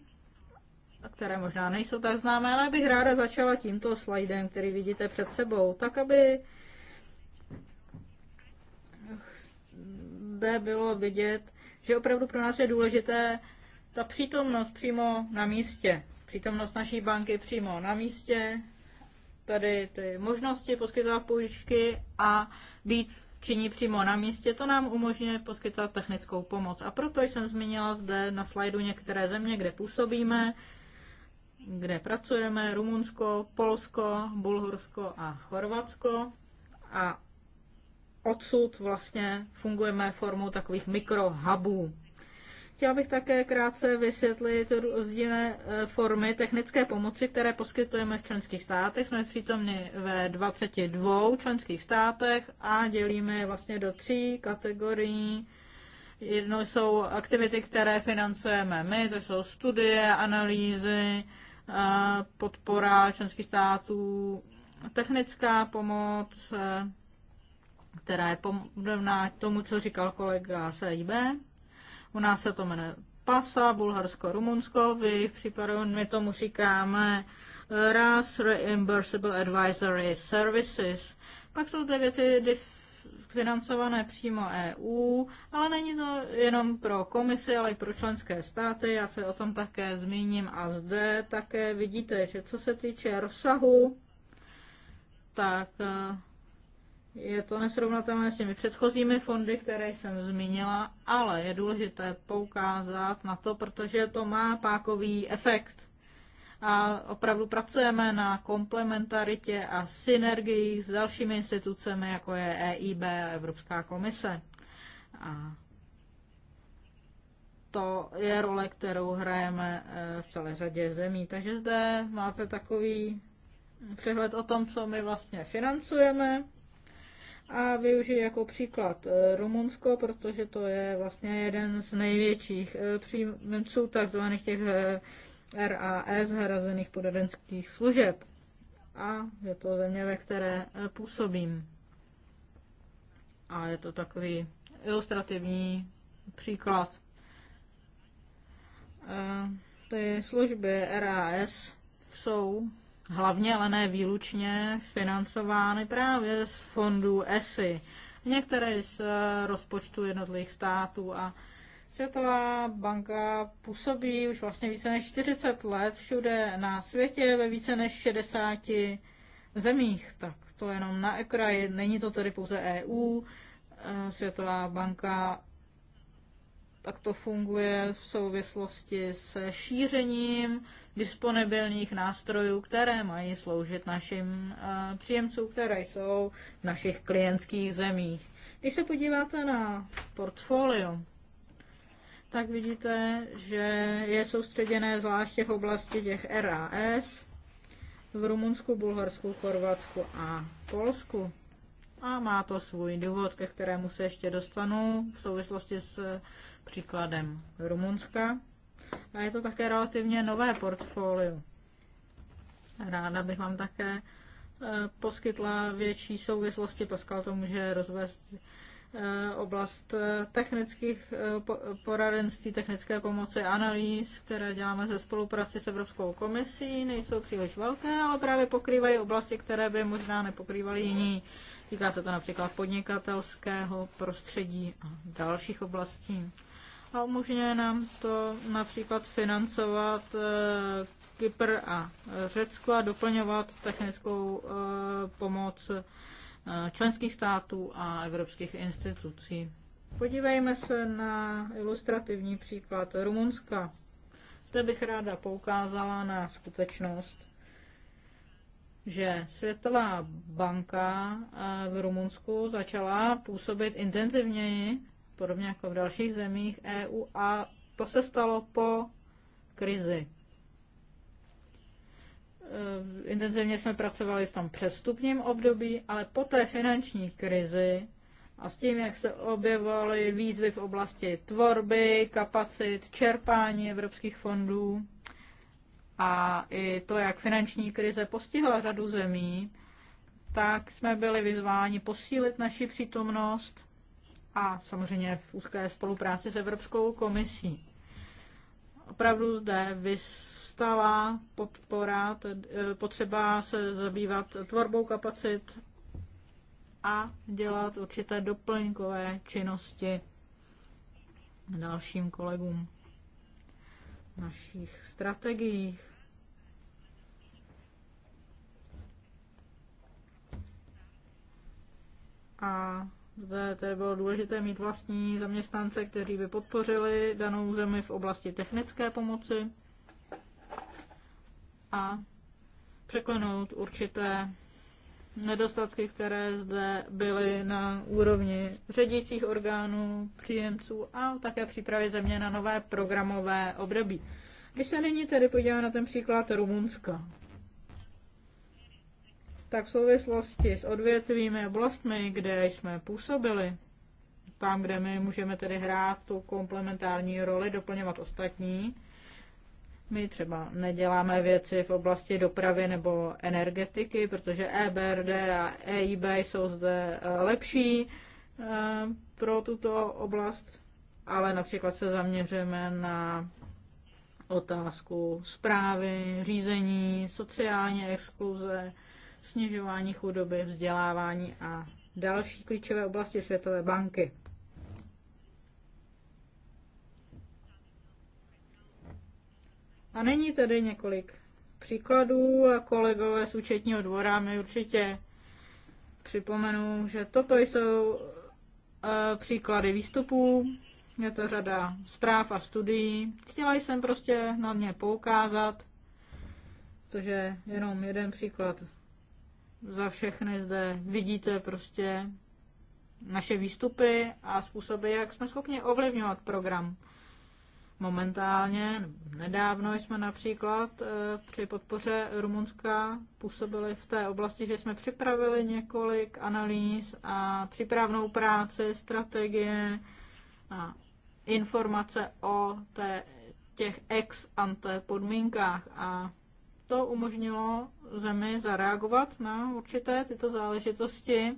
které možná nejsou tak známé, ale bych ráda začala tímto slajdem, který vidíte před sebou, tak aby zde bylo vidět, že opravdu pro nás je důležité ta přítomnost přímo na místě. Přítomnost naší banky přímo na místě, tady ty možnosti poskytovat půjčky a být činí přímo na místě, to nám umožňuje poskytovat technickou pomoc. A proto jsem zmínila zde na slajdu některé země, kde působíme, kde pracujeme, Rumunsko, Polsko, Bulhorsko a Chorvatsko. A odsud vlastně fungujeme formou takových mikrohubů. Chtěla bych také krátce vysvětlit rozdílné eh, formy technické pomoci, které poskytujeme v členských státech. Jsme přítomni ve 22 členských státech a dělíme je vlastně do tří kategorií. Jednou jsou aktivity, které financujeme my, to jsou studie, analýzy, eh, podpora členských států, technická pomoc, eh, která je podobná tomu, co říkal kolega SIB. U nás se to jmenuje PASA, Bulharsko, Rumunsko, v jejich případu my tomu říkáme eh, RAS, Reimbursable Advisory Services. Pak jsou ty věci financované přímo EU, ale není to jenom pro komisi, ale i pro členské státy. Já se o tom také zmíním a zde také vidíte, že co se týče rozsahu, tak eh, je to nesrovnatelné s těmi předchozími fondy, které jsem zmínila, ale je důležité poukázat na to, protože to má pákový efekt. A opravdu pracujeme na komplementaritě a synergii s dalšími institucemi, jako je EIB a Evropská komise. A to je role, kterou hrajeme eh, v celé řadě zemí. Takže zde máte takový přehled o tom, co my vlastně financujeme a využiji jako příklad eh, Rumunsko, protože to je vlastně jeden z největších eh, příjemců takzvaných těch eh, RAS, hrazených podadenských služeb. A je to země, ve které působím. A je to takový ilustrativní příklad. Ty služby RAS jsou hlavně, ale ne výlučně, financovány právě z fondů ESI. Některé z eh, rozpočtu jednotlivých států a Světová banka působí už vlastně více než 40 let všude na světě ve více než 60 zemích. Tak to jenom na ekraji, Není to tedy pouze EU. Eh, Světová banka tak to funguje v souvislosti se šířením disponibilních nástrojů, které mají sloužit našim eh, příjemcům, které jsou v našich klientských zemích. Když se podíváte na portfolio, tak vidíte, že je soustředěné zvláště v oblasti těch RAS v Rumunsku, Bulharsku, Chorvatsku a Polsku. A má to svůj důvod, ke kterému se ještě dostanu v souvislosti s příkladem Rumunska a je to také relativně nové portfolio. Ráda bych vám také eh, poskytla větší souvislosti. Pascal to může rozvést eh, oblast eh, technických poradenství, technické pomoci, analýz, které děláme ze spolupráci s Evropskou komisí, nejsou příliš velké, ale právě pokrývají oblasti, které by možná nepokrývaly jiní. Týká se to například podnikatelského prostředí a dalších oblastí a umožňuje nám to například financovat eh, Kypr a eh, Řecko a doplňovat technickou eh, pomoc členských států a evropských institucí. Podívejme se na ilustrativní příklad Rumunska. Zde bych ráda poukázala na skutečnost, že Světová banka v Rumunsku začala působit intenzivněji podobně jako v dalších zemích EU a to se stalo po krizi. E, intenzivně jsme pracovali v tom předstupním období, ale po té finanční krizi a s tím, jak se objevovaly výzvy v oblasti tvorby, kapacit, čerpání evropských fondů a i to, jak finanční krize postihla řadu zemí, tak jsme byli vyzváni posílit naši přítomnost a samozřejmě v úzké spolupráci s Evropskou komisí. Opravdu zde vystala podpora, e, potřeba se zabývat tvorbou kapacit a dělat určité doplňkové činnosti dalším kolegům v našich strategiích. A zde tedy bylo důležité mít vlastní zaměstnance, kteří by podpořili danou zemi v oblasti technické pomoci a překlenout určité nedostatky, které zde byly na úrovni ředících orgánů, příjemců a také přípravy země na nové programové období. Když se nyní tedy podíváme na ten příklad Rumunska tak v souvislosti s odvětvými oblastmi, kde jsme působili, tam, kde my můžeme tedy hrát tu komplementární roli, doplňovat ostatní, my třeba neděláme věci v oblasti dopravy nebo energetiky, protože EBRD a EIB jsou zde eh, lepší eh, pro tuto oblast, ale například se zaměřujeme na otázku zprávy, řízení, sociální exkluze, snižování chudoby, vzdělávání a další klíčové oblasti Světové banky. A není tady několik příkladů a kolegové z účetního dvora mi určitě připomenu, že toto jsou eh, příklady výstupů, je to řada zpráv a studií. Chtěla jsem prostě na ně poukázat, protože jenom jeden příklad za všechny zde vidíte prostě naše výstupy a způsoby, jak jsme schopni ovlivňovat program. Momentálně, nedávno jsme například eh, při podpoře Rumunska působili v té oblasti, že jsme připravili několik analýz a přípravnou práci, strategie a informace o té, těch ex ante podmínkách a to umožnilo zemi zareagovat na určité tyto záležitosti,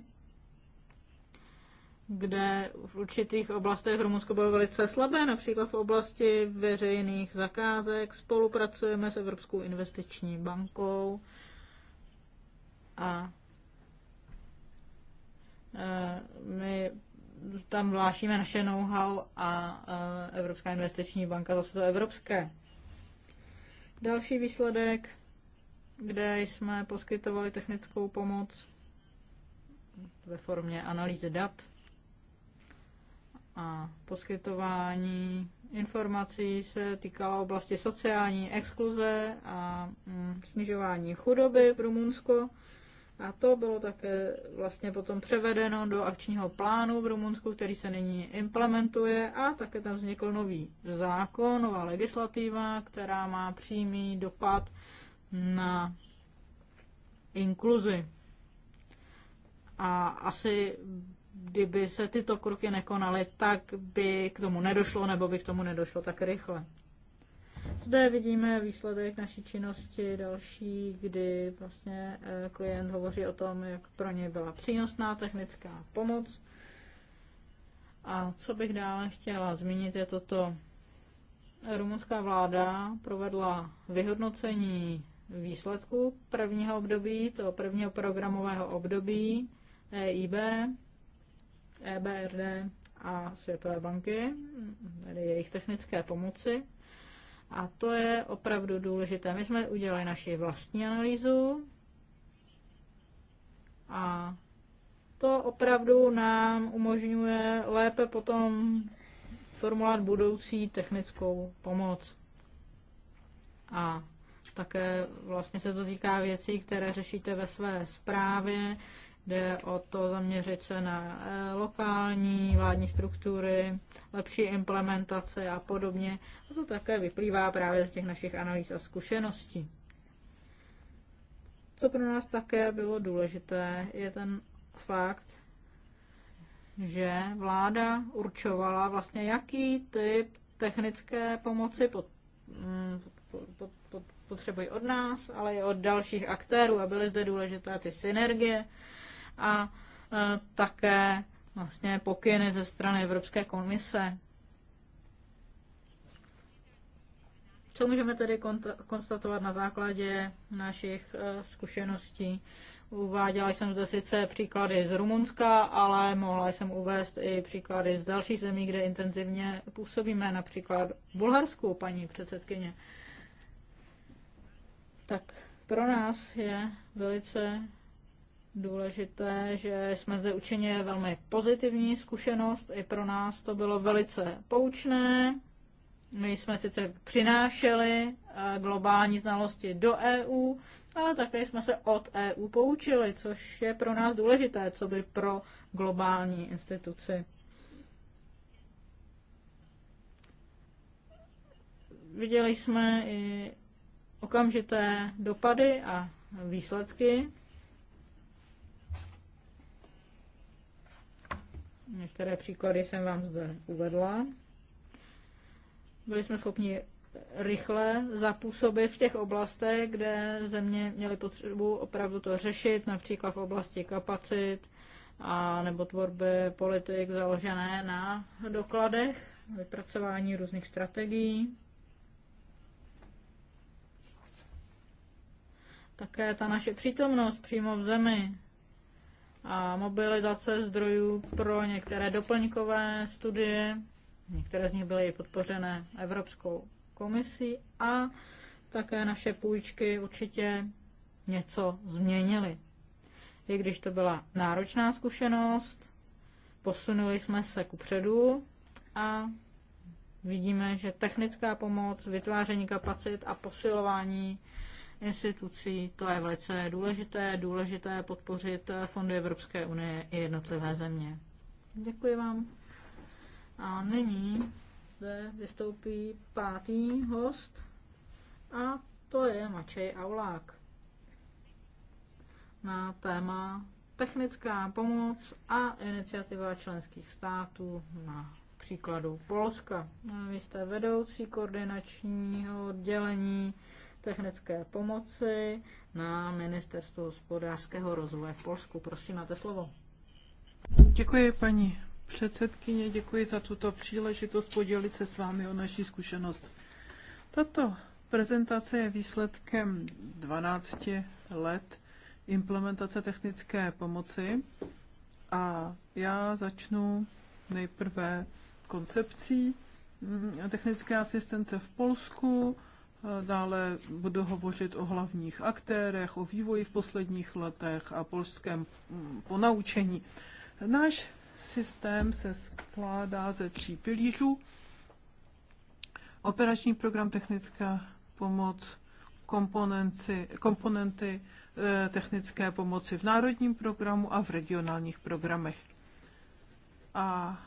kde v určitých oblastech Rumunsko bylo velice slabé, například v oblasti veřejných zakázek. Spolupracujeme s Evropskou investiční bankou a e, my tam vlášíme naše know-how a e, Evropská investiční banka zase to evropské. Další výsledek kde jsme poskytovali technickou pomoc ve formě analýzy dat a poskytování informací se týkala oblasti sociální exkluze a mm, snižování chudoby v Rumunsku. A to bylo také vlastně potom převedeno do akčního plánu v Rumunsku, který se nyní implementuje a také tam vznikl nový zákon, nová legislativa, která má přímý dopad na inkluzi. A asi kdyby se tyto kroky nekonaly, tak by k tomu nedošlo, nebo by k tomu nedošlo tak rychle. Zde vidíme výsledek naší činnosti další, kdy vlastně eh, klient hovoří o tom, jak pro ně byla přínosná technická pomoc. A co bych dále chtěla zmínit je toto. Rumunská vláda provedla vyhodnocení výsledků prvního období, toho prvního programového období EIB, EBRD a Světové banky, tedy jejich technické pomoci. A to je opravdu důležité. My jsme udělali naši vlastní analýzu a to opravdu nám umožňuje lépe potom formulovat budoucí technickou pomoc. A také vlastně se to týká věcí, které řešíte ve své zprávě. Jde o to zaměřit se na eh, lokální vládní struktury, lepší implementace a podobně. A to také vyplývá právě z těch našich analýz a zkušeností. Co pro nás také bylo důležité, je ten fakt, že vláda určovala vlastně, jaký typ technické pomoci pod, mm, pod, pod, pod, potřebují od nás, ale i od dalších aktérů a byly zde důležité ty synergie a e, také vlastně pokyny ze strany Evropské komise. Co můžeme tedy konstatovat na základě našich e, zkušeností? Uváděla jsem zde sice příklady z Rumunska, ale mohla jsem uvést i příklady z dalších zemí, kde intenzivně působíme, například v Bulharsku, paní předsedkyně tak pro nás je velice důležité, že jsme zde učinili velmi pozitivní zkušenost. I pro nás to bylo velice poučné. My jsme sice přinášeli eh, globální znalosti do EU, ale také jsme se od EU poučili, což je pro nás důležité, co by pro globální instituci. Viděli jsme i okamžité dopady a výsledky. Některé příklady jsem vám zde uvedla. Byli jsme schopni rychle zapůsobit v těch oblastech, kde země měly potřebu opravdu to řešit, například v oblasti kapacit a nebo tvorby politik založené na dokladech, vypracování různých strategií. také ta naše přítomnost přímo v zemi a mobilizace zdrojů pro některé doplňkové studie, některé z nich byly i podpořené Evropskou komisí a také naše půjčky určitě něco změnily. I když to byla náročná zkušenost, posunuli jsme se předu a vidíme, že technická pomoc, vytváření kapacit a posilování institucí. To je velice důležité. Důležité podpořit fondy Evropské unie i jednotlivé země. Děkuji vám. A nyní zde vystoupí pátý host a to je Mačej Aulák na téma technická pomoc a iniciativa členských států na příkladu Polska. Vy jste vedoucí koordinačního oddělení technické pomoci na ministerstvo hospodářského rozvoje v Polsku. Prosím, máte slovo. Děkuji, paní předsedkyně, děkuji za tuto příležitost podělit se s vámi o naší zkušenost. Tato prezentace je výsledkem 12 let implementace technické pomoci a já začnu nejprve koncepcí technické asistence v Polsku Dále budu hovořit o hlavních aktérech, o vývoji v posledních letech a polském mm, ponaučení. Náš systém se skládá ze tří pilířů. Operační program technická pomoc, komponenty, komponenty eh, technické pomoci v národním programu a v regionálních programech. A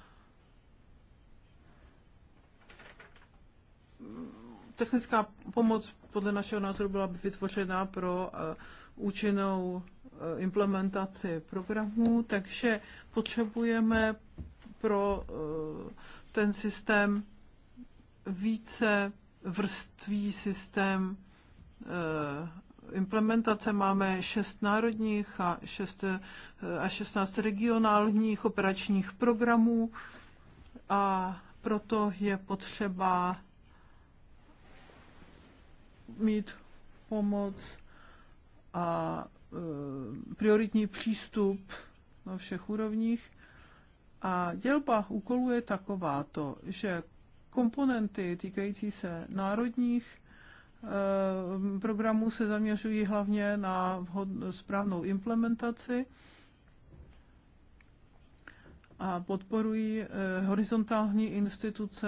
mm, technická pomoc podle našeho názoru byla vytvořena pro eh, účinnou eh, implementaci programů, takže potřebujeme pro eh, ten systém více vrství systém implementace. Máme šest národních a, šest, a 16 regionálních operačních programů a proto je potřeba mít pomoc a e, prioritní přístup na všech úrovních. A dělba úkolů je takováto, že komponenty týkající se národních e, programů se zaměřují hlavně na vhod, správnou implementaci a podporují e, horizontální instituce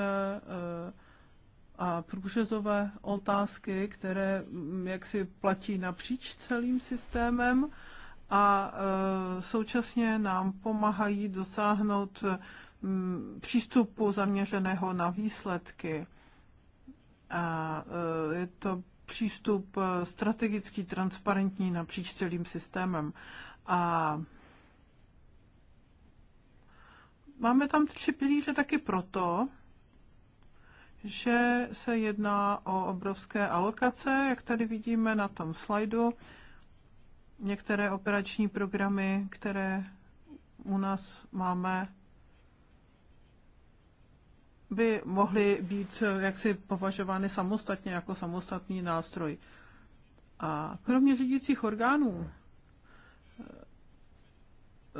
a průřezové otázky, které mm, jaksi platí napříč celým systémem a e, současně nám pomáhají dosáhnout mm, přístupu zaměřeného na výsledky. A e, je to přístup e, strategický, transparentní napříč celým systémem. A máme tam tři pilíře taky proto, že se jedná o obrovské alokace, jak tady vidíme na tom slajdu. Některé operační programy, které u nás máme, by mohly být jaksi považovány samostatně jako samostatný nástroj. A kromě řídících orgánů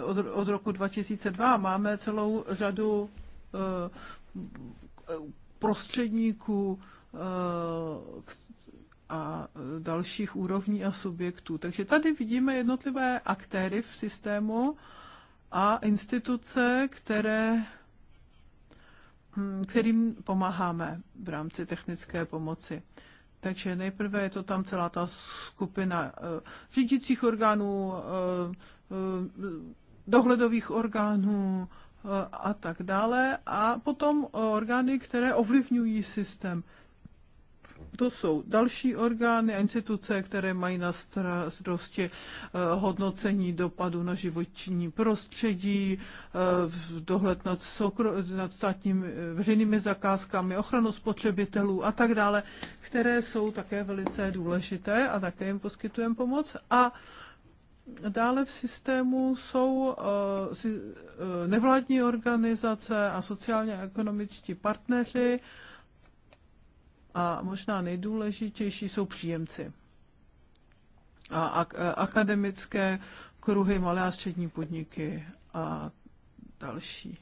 od, od roku 2002 máme celou řadu eh, prostředníků eh, a dalších úrovní a subjektů. Takže tady vidíme jednotlivé aktéry v systému a instituce, které, hm, kterým pomáháme v rámci technické pomoci. Takže nejprve je to tam celá ta skupina eh, řídících orgánů, eh, dohledových orgánů, a tak dále. A potom orgány, které ovlivňují systém. To jsou další orgány a instituce, které mají na starosti eh, hodnocení dopadu na životní prostředí, eh, dohled nad, soukro- nad státními eh, veřejnými zakázkami, ochranu spotřebitelů a tak dále, které jsou také velice důležité a také jim poskytujeme pomoc. A Dále v systému jsou eh, eh, nevládní organizace a sociálně ekonomičtí partneři a možná nejdůležitější jsou příjemci a eh, akademické kruhy, malé a střední podniky a další.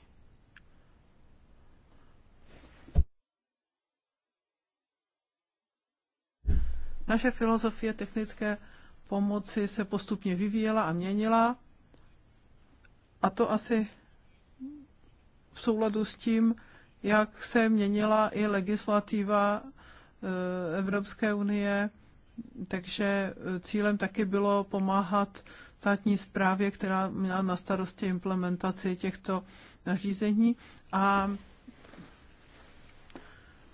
Naše filozofie technické pomoci se postupně vyvíjela a měnila. A to asi v souladu s tím, jak se měnila i legislativa e, Evropské unie, takže e, cílem taky bylo pomáhat státní správě, která měla na starosti implementaci těchto nařízení a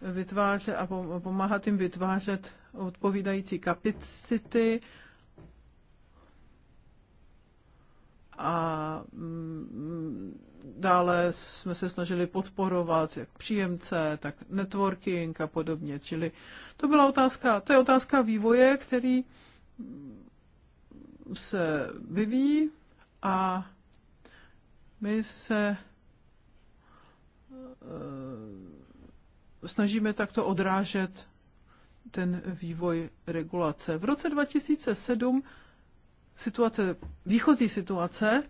vytvářet a pomáhat jim vytvářet odpovídající kapacity a mm, dále jsme se snažili podporovat jak příjemce, tak networking a podobně. Čili to byla otázka, to je otázka vývoje, který se vyvíjí a my se eh, snažíme takto odrážet ten vývoj regulace. V roce 2007 situace, výchozí situace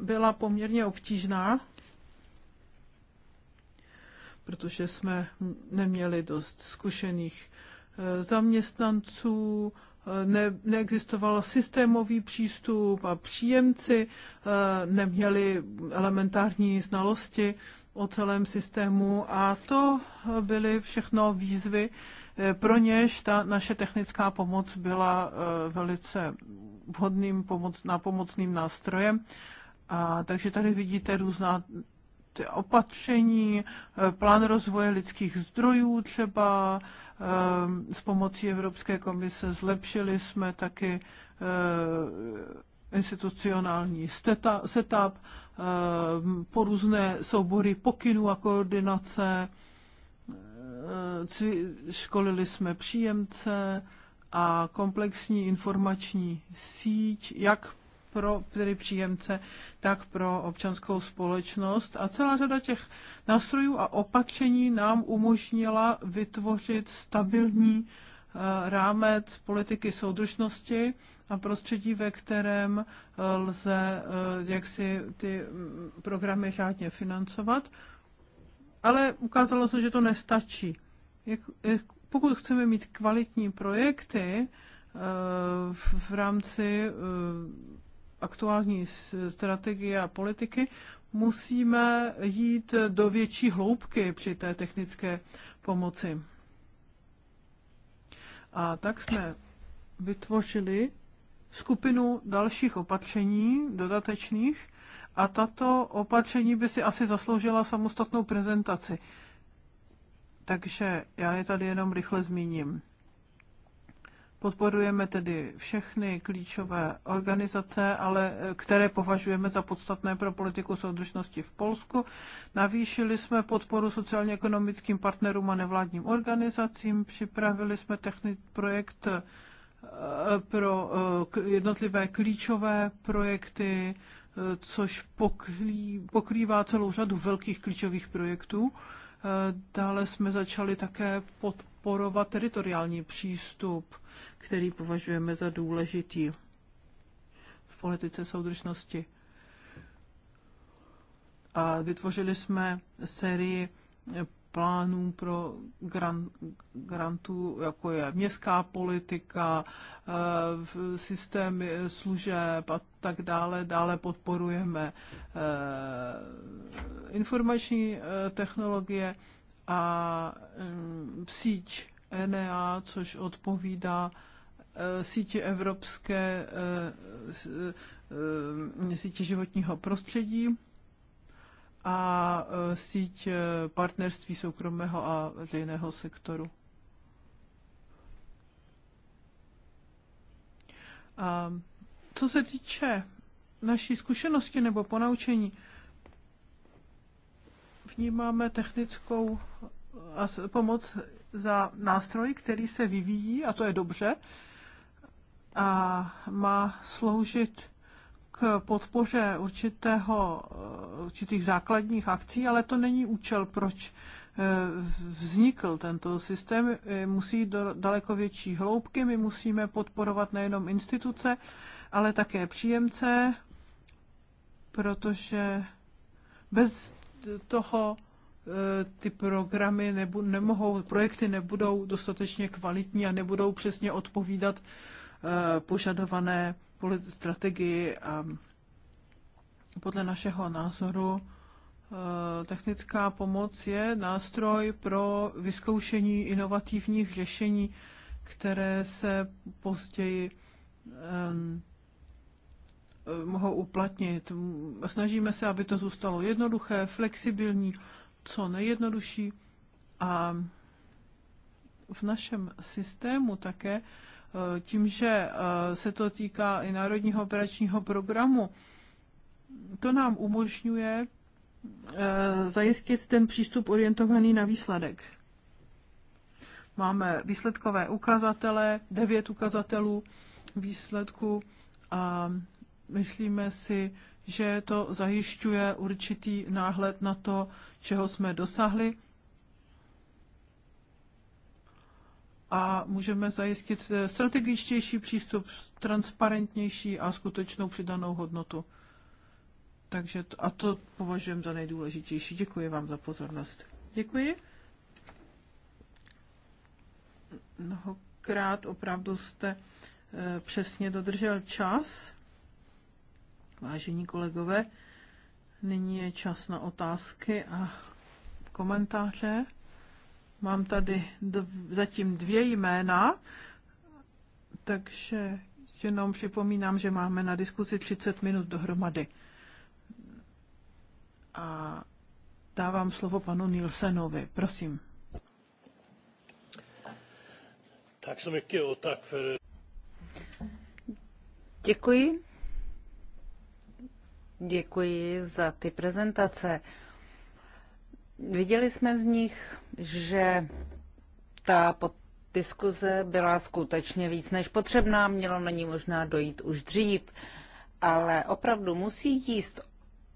byla poměrně obtížná, protože jsme neměli dost zkušených eh, zaměstnanců, eh, ne, neexistoval systémový přístup a příjemci eh, neměli elementární znalosti o celém systému a to byly všechno výzvy, pro něž ta naše technická pomoc byla eh, velice vhodným pomoc, nápomocným nástrojem. A, takže tady vidíte různá ty opatření, eh, plán rozvoje lidských zdrojů třeba eh, s pomocí Evropské komise zlepšili jsme taky institucionální setup, po různé soubory pokynů a koordinace Eh, školili jsme příjemce a komplexní informační síť, jak pro tedy příjemce, tak pro občanskou společnost. A celá řada těch nástrojů a opatření nám umožnila vytvořit stabilní eh, rámec politiky soudržnosti a prostředí, ve kterém eh, lze jaksi ty mm, programy řádně financovat ale ukázalo se, že to nestačí. Jak, jak, pokud chceme mít kvalitní projekty eh, v, v rámci eh, aktuální strategie a politiky, musíme jít do větší hloubky při té technické pomoci. A tak jsme vytvořili skupinu dalších opatření dodatečných, a tato opatření by si asi zasloužila samostatnou prezentaci. Takže já je tady jenom rychle zmíním. Podporujeme tedy všechny klíčové organizace, ale eh, které považujeme za podstatné pro politiku soudržnosti v Polsku. Navýšili jsme podporu sociálně-ekonomickým partnerům a nevládním organizacím. Připravili jsme technický projekt eh, pro eh, jednotlivé klíčové projekty což pokrý, pokrývá celou řadu velkých klíčových projektů. Eh, dále jsme začali také podporovat teritoriální přístup, který považujeme za důležitý v politice soudržnosti. A vytvořili jsme sérii plánům pro grant, grantů, jako je městská politika, eh, systém služeb a tak dále. Dále podporujeme eh, informační eh, technologie a síť ENEA, což odpovídá síti evropské síti životního prostředí a e, síť e, partnerství soukromého a veřejného sektoru. A co se týče naší zkušenosti nebo ponaučení, vnímáme technickou e, pomoc za nástroj, který se vyvíjí, a to je dobře, a má sloužit k podpoře určitého, eh, určitých základních akcí, ale to není účel, proč eh, vznikl tento systém. Musí do daleko větší hloubky, my musíme podporovat nejenom instituce, ale také příjemce, protože bez toho eh, ty programy nebu, nemohou, projekty nebudou dostatečně kvalitní a nebudou přesně odpovídat požadované strategii a podle našeho názoru e, technická pomoc je nástroj pro vyzkoušení inovativních řešení, které se později e, mohou uplatnit. Snažíme se, aby to zůstalo jednoduché, flexibilní, co nejjednodušší a v našem systému také Eh, tím, že eh, se to týká i Národního operačního programu, to nám umožňuje eh, zajistit ten přístup orientovaný na výsledek. Máme výsledkové ukazatele, devět ukazatelů výsledku a myslíme si, že to zajišťuje určitý náhled na to, čeho jsme dosahli a můžeme zajistit eh, strategičtější přístup, transparentnější a skutečnou přidanou hodnotu. Takže a to považujeme za nejdůležitější. Děkuji vám za pozornost. Děkuji. Mnohokrát opravdu jste eh, přesně dodržel čas. Vážení kolegové, nyní je čas na otázky a komentáře. Mám tady dv, zatím dvě jména, takže jenom připomínám, že máme na diskuzi 30 minut dohromady. A dávám slovo panu Nilsenovi. Prosím. Tak jsem mycket och Děkuji. Děkuji za ty prezentace. Viděli jsme z nich, že ta diskuze byla skutečně víc než potřebná, mělo na ní možná dojít už dřív, ale opravdu musí jíst,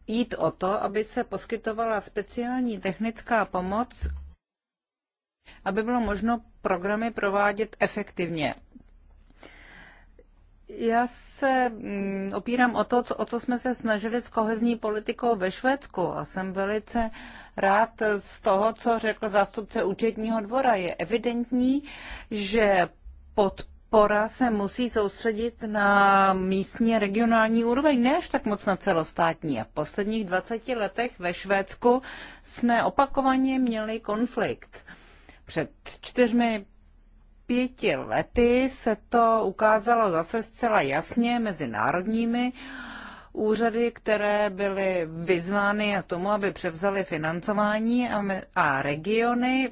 jít o to, aby se poskytovala speciální technická pomoc, aby bylo možno programy provádět efektivně. Já se mm, opírám o to, o co jsme se snažili s kohezní politikou ve Švédsku a jsem velice rád z toho, co řekl zástupce účetního dvora. Je evidentní, že podpora se musí soustředit na místní regionální úroveň, ne až tak moc na celostátní. A v posledních 20 letech ve Švédsku jsme opakovaně měli konflikt. Před čtyřmi pěti lety se to ukázalo zase zcela jasně mezi národními úřady, které byly vyzvány k tomu, aby převzali financování a, a regiony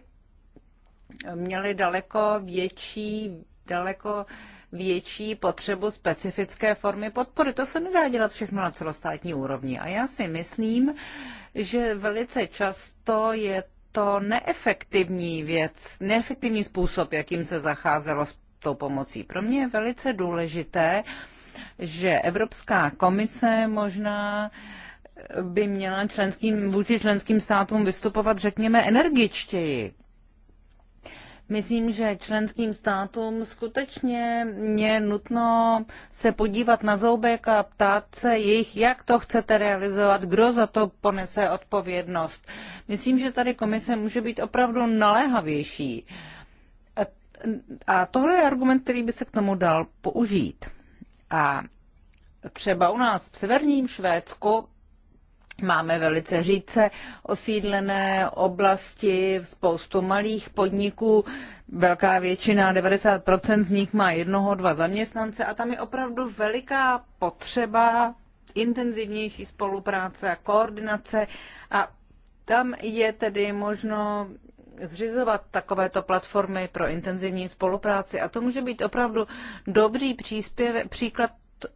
měly daleko větší, daleko větší potřebu specifické formy podpory. To se nedá dělat všechno na celostátní úrovni. A já si myslím, že velice často je to neefektivní věc, neefektivní způsob, jakým se zacházelo s tou pomocí. Pro mě je velice důležité, že Evropská komise možná by měla členským, vůči členským státům vystupovat, řekněme, energičtěji. Myslím, že členským státům skutečně je nutno se podívat na zoubek a ptát se jich, jak to chcete realizovat, kdo za to ponese odpovědnost. Myslím, že tady komise může být opravdu naléhavější. A tohle je argument, který by se k tomu dal použít. A třeba u nás v severním Švédsku Máme velice řídce osídlené oblasti, spoustu malých podniků, velká většina, 90% z nich má jednoho, dva zaměstnance a tam je opravdu veliká potřeba intenzivnější spolupráce a koordinace a tam je tedy možno zřizovat takovéto platformy pro intenzivní spolupráci a to může být opravdu dobrý příspěv, příklad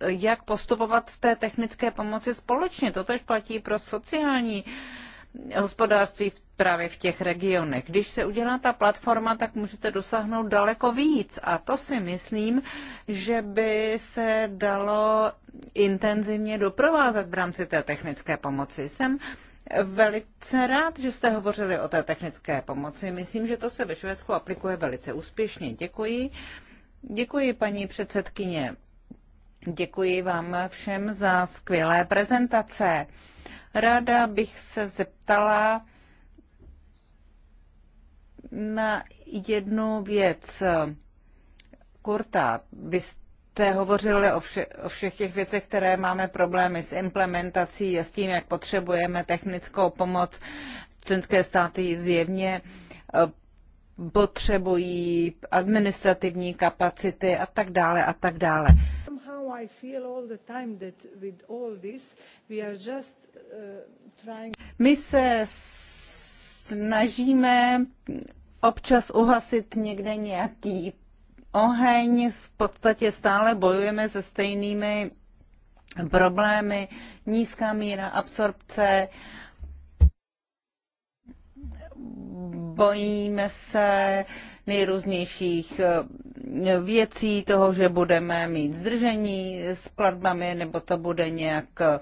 jak postupovat v té technické pomoci společně. To tež platí pro sociální hospodářství právě v těch regionech. Když se udělá ta platforma, tak můžete dosáhnout daleko víc. A to si myslím, že by se dalo intenzivně doprovázet v rámci té technické pomoci. Jsem velice rád, že jste hovořili o té technické pomoci. Myslím, že to se ve Švédsku aplikuje velice úspěšně. Děkuji. Děkuji, paní předsedkyně. Děkuji vám všem za skvělé prezentace. Ráda bych se zeptala na jednu věc. Kurta, vy jste hovořili o, vše, o všech těch věcech, které máme problémy s implementací a s tím, jak potřebujeme technickou pomoc. Členské státy zjevně e, potřebují administrativní kapacity a tak dále a tak dále now I feel all the time that with all this we are just uh, trying... My se snažíme občas uhasit někde nějaký oheň, v podstatě stále bojujeme se stejnými problémy, nízká míra absorpce, bojíme se uh, nejrůznějších eh, věcí, toho, že budeme mít zdržení s platbami, nebo to bude nějak eh,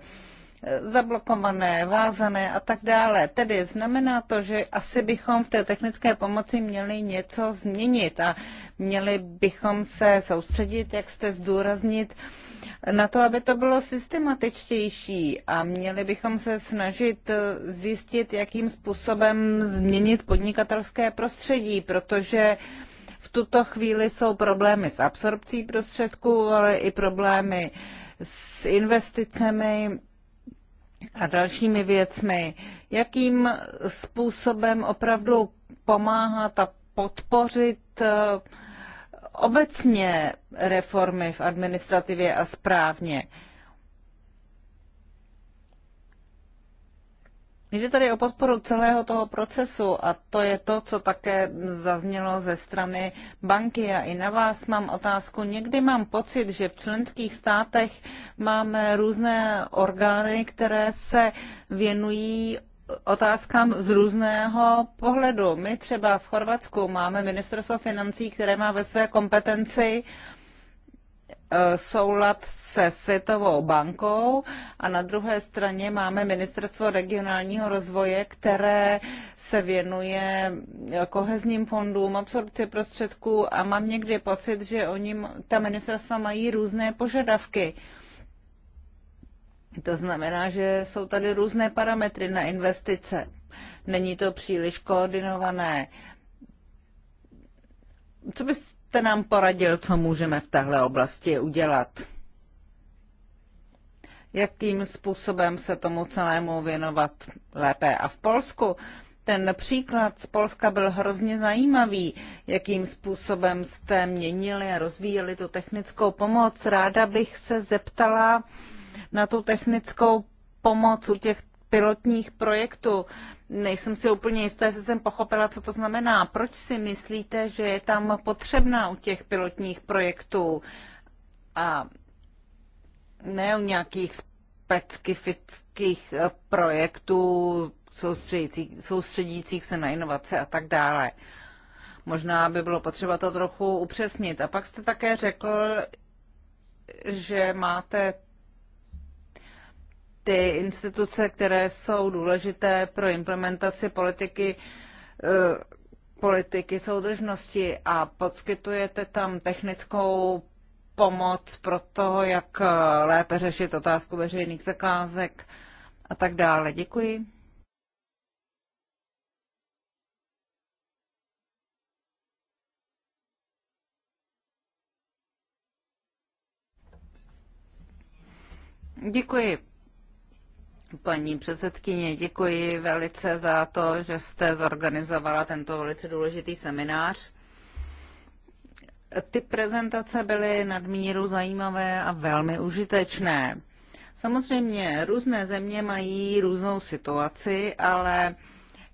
zablokované, vázané a tak dále. Tedy znamená to, že asi bychom v té technické pomoci měli něco změnit a měli bychom se soustředit, jak jste zdůraznit, na to, aby to bylo systematičtější a měli bychom se snažit eh, zjistit, jakým způsobem změnit podnikatelské prostředí, protože v tuto chvíli jsou problémy s absorpcí prostředků, ale i problémy s investicemi a dalšími věcmi. Jakým způsobem opravdu pomáhat a podpořit uh, obecně reformy v administrativě a správně. Jde tady o podporu celého toho procesu a to je to, co také zaznělo ze strany banky. A i na vás mám otázku. Někdy mám pocit, že v členských státech máme různé orgány, které se věnují otázkám z různého pohledu. My třeba v Chorvatsku máme ministerstvo financí, které má ve své kompetenci e, soulad se Světovou bankou a na druhé straně máme Ministerstvo regionálního rozvoje, které se věnuje kohezním fondům, absorpci prostředků a mám někdy pocit, že oni, ta ministerstva mají různé požadavky. Uh, to znamená, že jsou tady různé parametry na investice. Není to příliš koordinované. Co byste nám poradil, co můžeme v téhle oblasti udělat? Jakým způsobem se tomu celému věnovat lépe? A v Polsku ten příklad z Polska byl hrozně zajímavý, jakým způsobem jste měnili a rozvíjeli tu technickou pomoc. Ráda bych se zeptala, na tu technickou pomoc u těch pilotních projektů. Nejsem si úplně jistá, jestli jsem pochopila, co to znamená. Proč si myslíte, že je tam potřebná u těch pilotních projektů a ne u nějakých specifických eh, projektů soustředících, soustředících se na inovace a tak dále. Možná by bylo potřeba to trochu upřesnit. A pak jste také řekl, že máte ty instituce, které jsou důležité pro implementaci politiky, eh, politiky soudržnosti a poskytujete tam technickou pomoc pro to, jak eh, lépe řešit otázku veřejných zakázek a tak dále. Děkuji. Děkuji. Paní předsedkyně, děkuji velice za to, že jste zorganizovala tento velice důležitý seminář. Ty prezentace byly nadmíru zajímavé a velmi užitečné. Samozřejmě různé země mají různou situaci, ale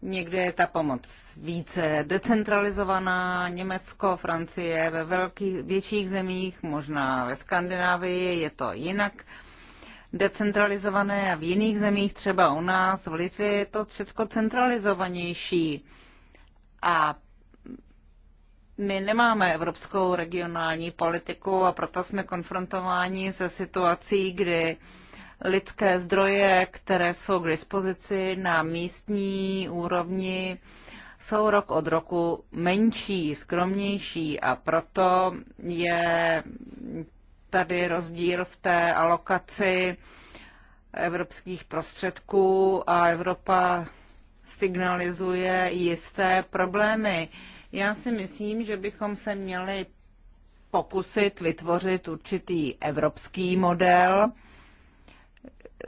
někde je ta pomoc více decentralizovaná. Německo, Francie, ve velkých, větších zemích, možná ve Skandinávii je to jinak decentralizované a v jiných zemích, třeba u nás v Litvě, je to všechno centralizovanější. A my nemáme evropskou regionální politiku a proto jsme konfrontováni se situací, kdy lidské zdroje, které jsou k dispozici na místní úrovni, jsou rok od roku menší, skromnější a proto je tady rozdíl v té alokaci evropských prostředků a Evropa signalizuje jisté problémy. Já si myslím, že bychom se měli pokusit vytvořit určitý evropský model,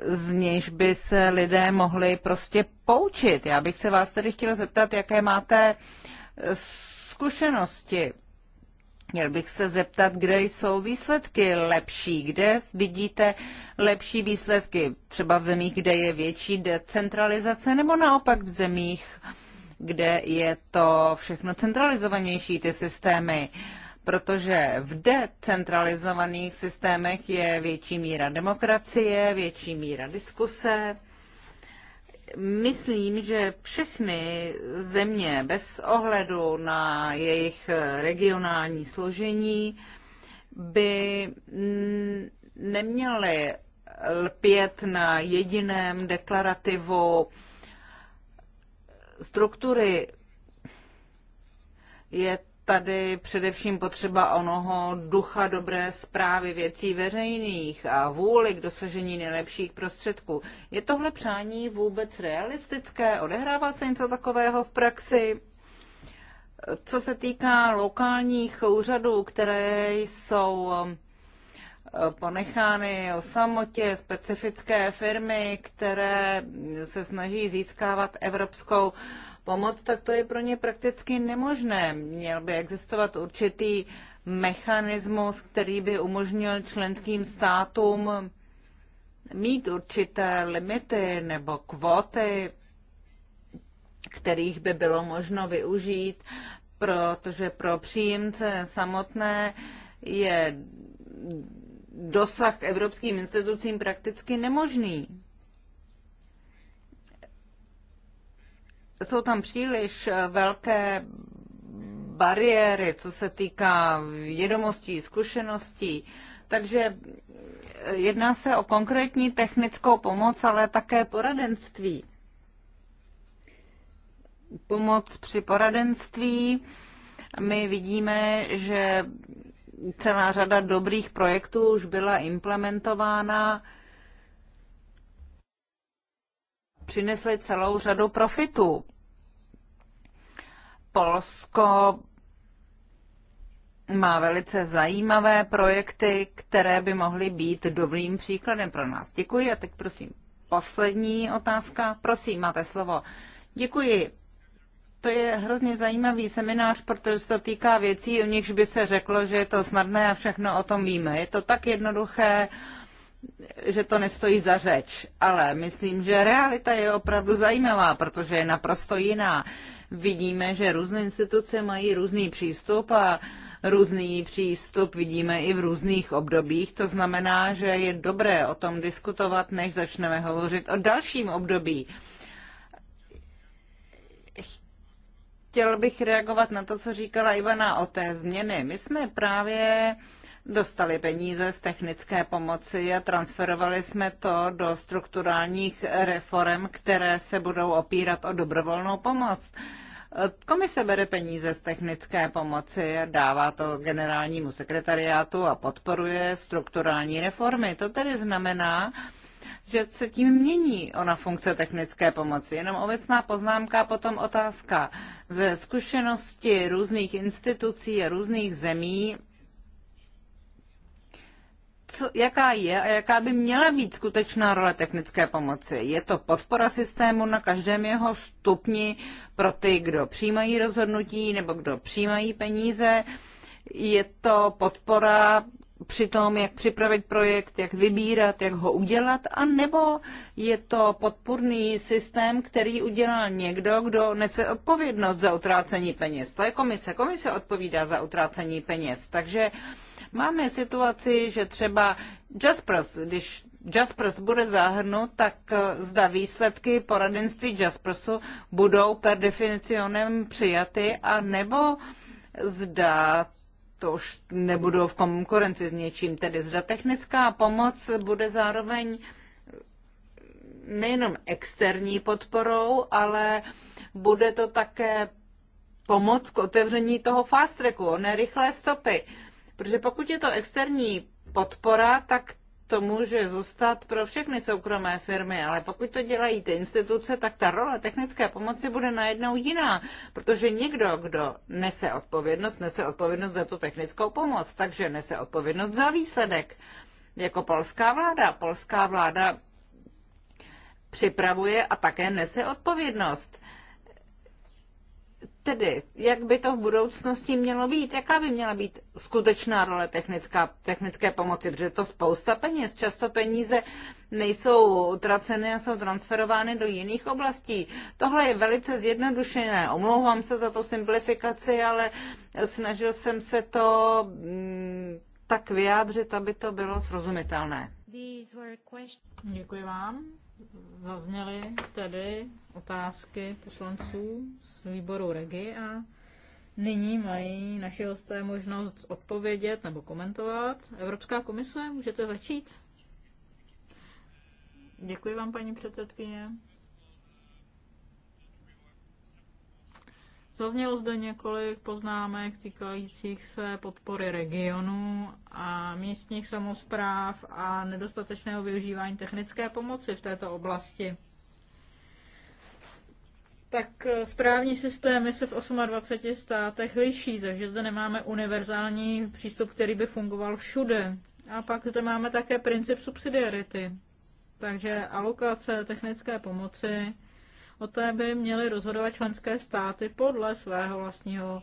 z nějž by se lidé mohli prostě poučit. Já bych se vás tedy chtěla zeptat, jaké máte zkušenosti Měl bych se zeptat, kde jsou výsledky lepší, kde vidíte lepší výsledky, třeba v zemích, kde je větší decentralizace, nebo naopak v zemích, kde je to všechno centralizovanější, ty systémy, protože v decentralizovaných systémech je větší míra demokracie, větší míra diskuse, myslím, že všechny země bez ohledu na jejich regionální složení by neměly lpět na jediném deklarativu struktury. Je tady především potřeba onoho ducha dobré zprávy věcí veřejných a vůli k dosažení nejlepších prostředků. Je tohle přání vůbec realistické? Odehrává se něco takového v praxi? Co se týká lokálních úřadů, které jsou um, ponechány o samotě, specifické firmy, které se snaží získávat evropskou pomoc, tak to je pro ně prakticky nemožné. Měl by existovat určitý mechanismus, který by umožnil členským státům mít určité limity nebo kvóty, kterých by bylo možno využít, protože pro příjemce samotné je dosah k evropským institucím prakticky nemožný. jsou tam příliš eh, velké bariéry, co se týká vědomostí, zkušeností. Takže eh, jedná se o konkrétní technickou pomoc, ale také poradenství. Pomoc při poradenství. My vidíme, že celá řada dobrých projektů už byla implementována přinesly celou řadu profitů. Polsko má velice zajímavé projekty, které by mohly být dobrým příkladem pro nás. Děkuji a teď prosím poslední otázka. Prosím, máte slovo. Děkuji. To je hrozně zajímavý seminář, protože se to týká věcí, o nichž by se řeklo, že je to snadné a všechno o tom víme. Je to tak jednoduché, že to nestojí za řeč, ale myslím, že realita je opravdu zajímavá, protože je naprosto jiná. Vidíme, že různé instituce mají různý přístup a různý přístup vidíme i v různých obdobích. To znamená, že je dobré o tom diskutovat, než začneme hovořit o dalším období. Chtěl bych reagovat na to, co říkala Ivana o té změny. My jsme právě dostali peníze z technické pomoci a transferovali jsme to do strukturálních reform, které se budou opírat o dobrovolnou pomoc. Komise bere peníze z technické pomoci, dává to generálnímu sekretariátu a podporuje strukturální reformy. To tedy znamená, že se tím mění ona funkce technické pomoci. Jenom obecná poznámka, potom otázka. Ze zkušenosti různých institucí a různých zemí co, jaká je a jaká by měla být skutečná role technické pomoci. Je to podpora systému na každém jeho stupni pro ty, kdo přijímají rozhodnutí nebo kdo přijímají peníze. Je to podpora při tom, jak připravit projekt, jak vybírat, jak ho udělat, a nebo je to podpůrný systém, který udělá někdo, kdo nese odpovědnost za utrácení peněz. To je komise. Komise odpovídá za utrácení peněz. Takže uh, Máme situaci, že třeba Jaspers, když Jaspers bude zahrnut, tak eh, zda výsledky poradenství Jaspersu budou per definicionem přijaty a nebo zda to už nebudou v konkurenci s něčím, tedy zda technická pomoc bude zároveň nejenom externí podporou, ale bude to také pomoc k otevření toho fast tracku, ne rychlé stopy. Protože pokud je to externí podpora, tak to může zůstat pro všechny soukromé firmy, ale pokud to dělají ty instituce, tak ta role technické pomoci bude najednou jiná, protože někdo, kdo nese odpovědnost, nese odpovědnost za tu technickou pomoc, takže nese odpovědnost za výsledek. Jako polská vláda. Polská vláda připravuje a také nese odpovědnost. Tedy, jak by to v budoucnosti mělo být? Jaká by měla být skutečná role technická, technické pomoci? Protože to spousta peněz. Často peníze nejsou utraceny a jsou transferovány do jiných oblastí. Tohle je velice zjednodušené. Omlouvám se za tu simplifikaci, ale snažil jsem se to mm, tak vyjádřit, aby to bylo srozumitelné. Děkuji vám. Zazněly tedy otázky poslanců z výboru Regi a nyní mají naši hosté možnost odpovědět nebo komentovat. Evropská komise, můžete začít? Děkuji vám, paní předsedkyně. Zaznělo zde několik poznámek týkajících se podpory regionu a místních samozpráv a nedostatečného využívání technické pomoci v této oblasti. Tak eh, správní systémy se v 28 státech liší, takže zde nemáme univerzální přístup, který by fungoval všude. A pak zde máme také princip subsidiarity. Takže alokace technické pomoci O té by měly rozhodovat členské státy podle svého vlastního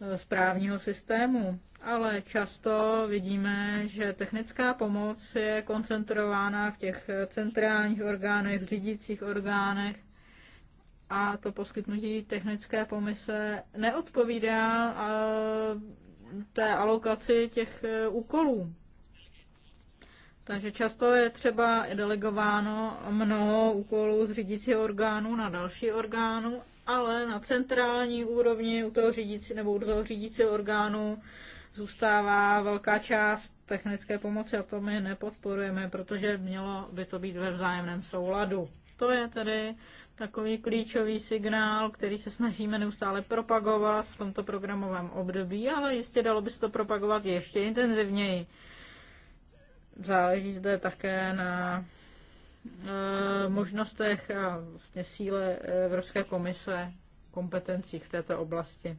e, správního systému. Ale často vidíme, že technická pomoc je koncentrována v těch centrálních orgánech, v řídících orgánech a to poskytnutí technické pomise neodpovídá e, té alokaci těch e, úkolů. Takže často je třeba delegováno mnoho úkolů z řídícího orgánu na další orgánu, ale na centrální úrovni u toho, řídící, nebo u toho řídícího orgánu zůstává velká část technické pomoci a to my nepodporujeme, protože mělo by to být ve vzájemném souladu. To je tedy takový klíčový signál, který se snažíme neustále propagovat v tomto programovém období, ale jistě dalo by se to propagovat ještě intenzivněji záleží zde také na eh, možnostech a vlastně síle Evropské komise kompetencích v této oblasti.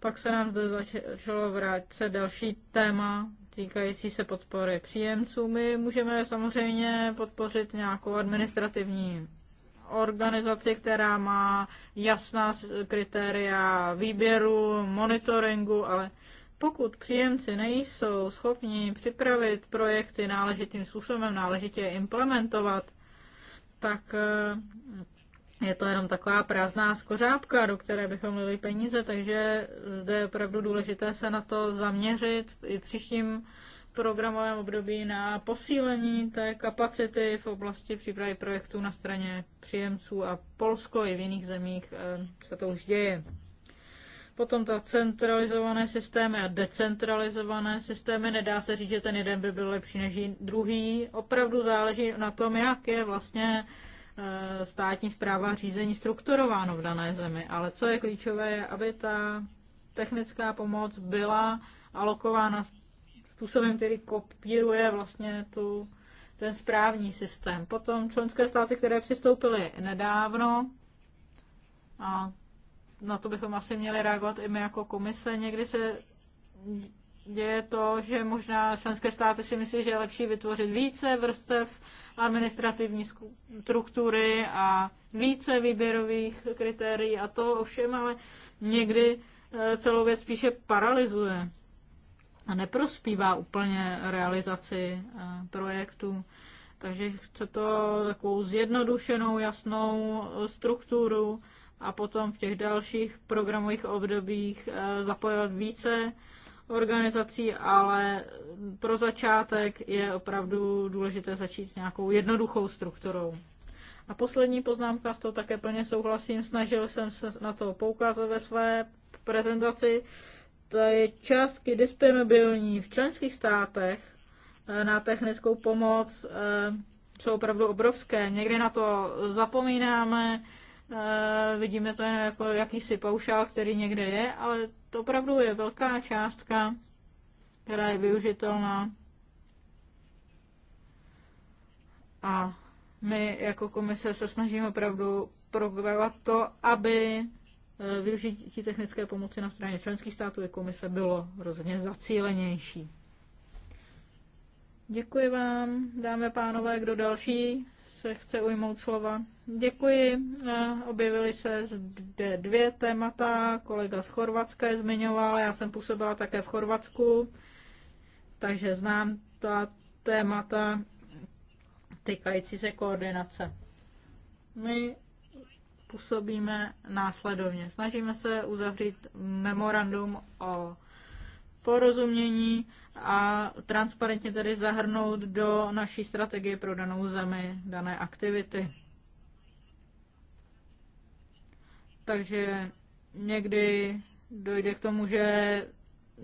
Pak se nám zde začalo vrátit další téma týkající se podpory příjemců. My můžeme samozřejmě podpořit nějakou administrativní organizaci, která má jasná kritéria výběru, monitoringu, ale pokud příjemci nejsou schopni připravit projekty náležitým způsobem, náležitě je implementovat, tak eh, je to jenom taková prázdná skořápka, do které bychom měli peníze, takže zde je opravdu důležité se na to zaměřit i příštím programovém období na posílení té kapacity v oblasti přípravy projektů na straně příjemců a Polsko i v jiných zemích eh, se to už děje. Potom ta centralizované systémy a decentralizované systémy. Nedá se říct, že ten jeden by byl lepší než druhý. Opravdu záleží na tom, jak je vlastně e, státní zpráva řízení strukturováno v dané zemi. Ale co je klíčové, je, aby ta technická pomoc byla alokována způsobem, který kopíruje vlastně tu, ten správní systém. Potom členské státy, které přistoupily nedávno, a na to bychom asi měli reagovat i my jako komise. Někdy se děje to, že možná členské státy si myslí, že je lepší vytvořit více vrstev administrativní struktury a více výběrových kritérií a to ovšem, ale někdy eh, celou věc spíše paralizuje a neprospívá úplně realizaci eh, projektu. Takže chce to takovou zjednodušenou, jasnou eh, strukturu, a potom v těch dalších programových obdobích eh, zapojovat více organizací, ale pro začátek je opravdu důležité začít s nějakou jednoduchou strukturou. A poslední poznámka, s to také plně souhlasím, snažil jsem se na to poukázat ve své prezentaci, to je částky disponibilní v členských státech eh, na technickou pomoc eh, jsou opravdu obrovské. Někdy na to zapomínáme, Eh, vidíme to jen jako jakýsi paušál, který někde je, ale to opravdu je velká částka, která je využitelná. A my jako komise se snažíme opravdu programovat to, aby eh, využití technické pomoci na straně členských států i komise bylo rozhodně zacílenější. Děkuji vám, dámy a pánové, kdo další se chce ujmout slova. Děkuji. Objevily se zde dvě témata. Kolega z Chorvatska je zmiňoval, já jsem působila také v Chorvatsku, takže znám ta témata týkající se koordinace. My působíme následovně. Snažíme se uzavřít memorandum o porozumění a transparentně tedy zahrnout do naší strategie pro danou zemi dané aktivity. Takže někdy dojde k tomu, že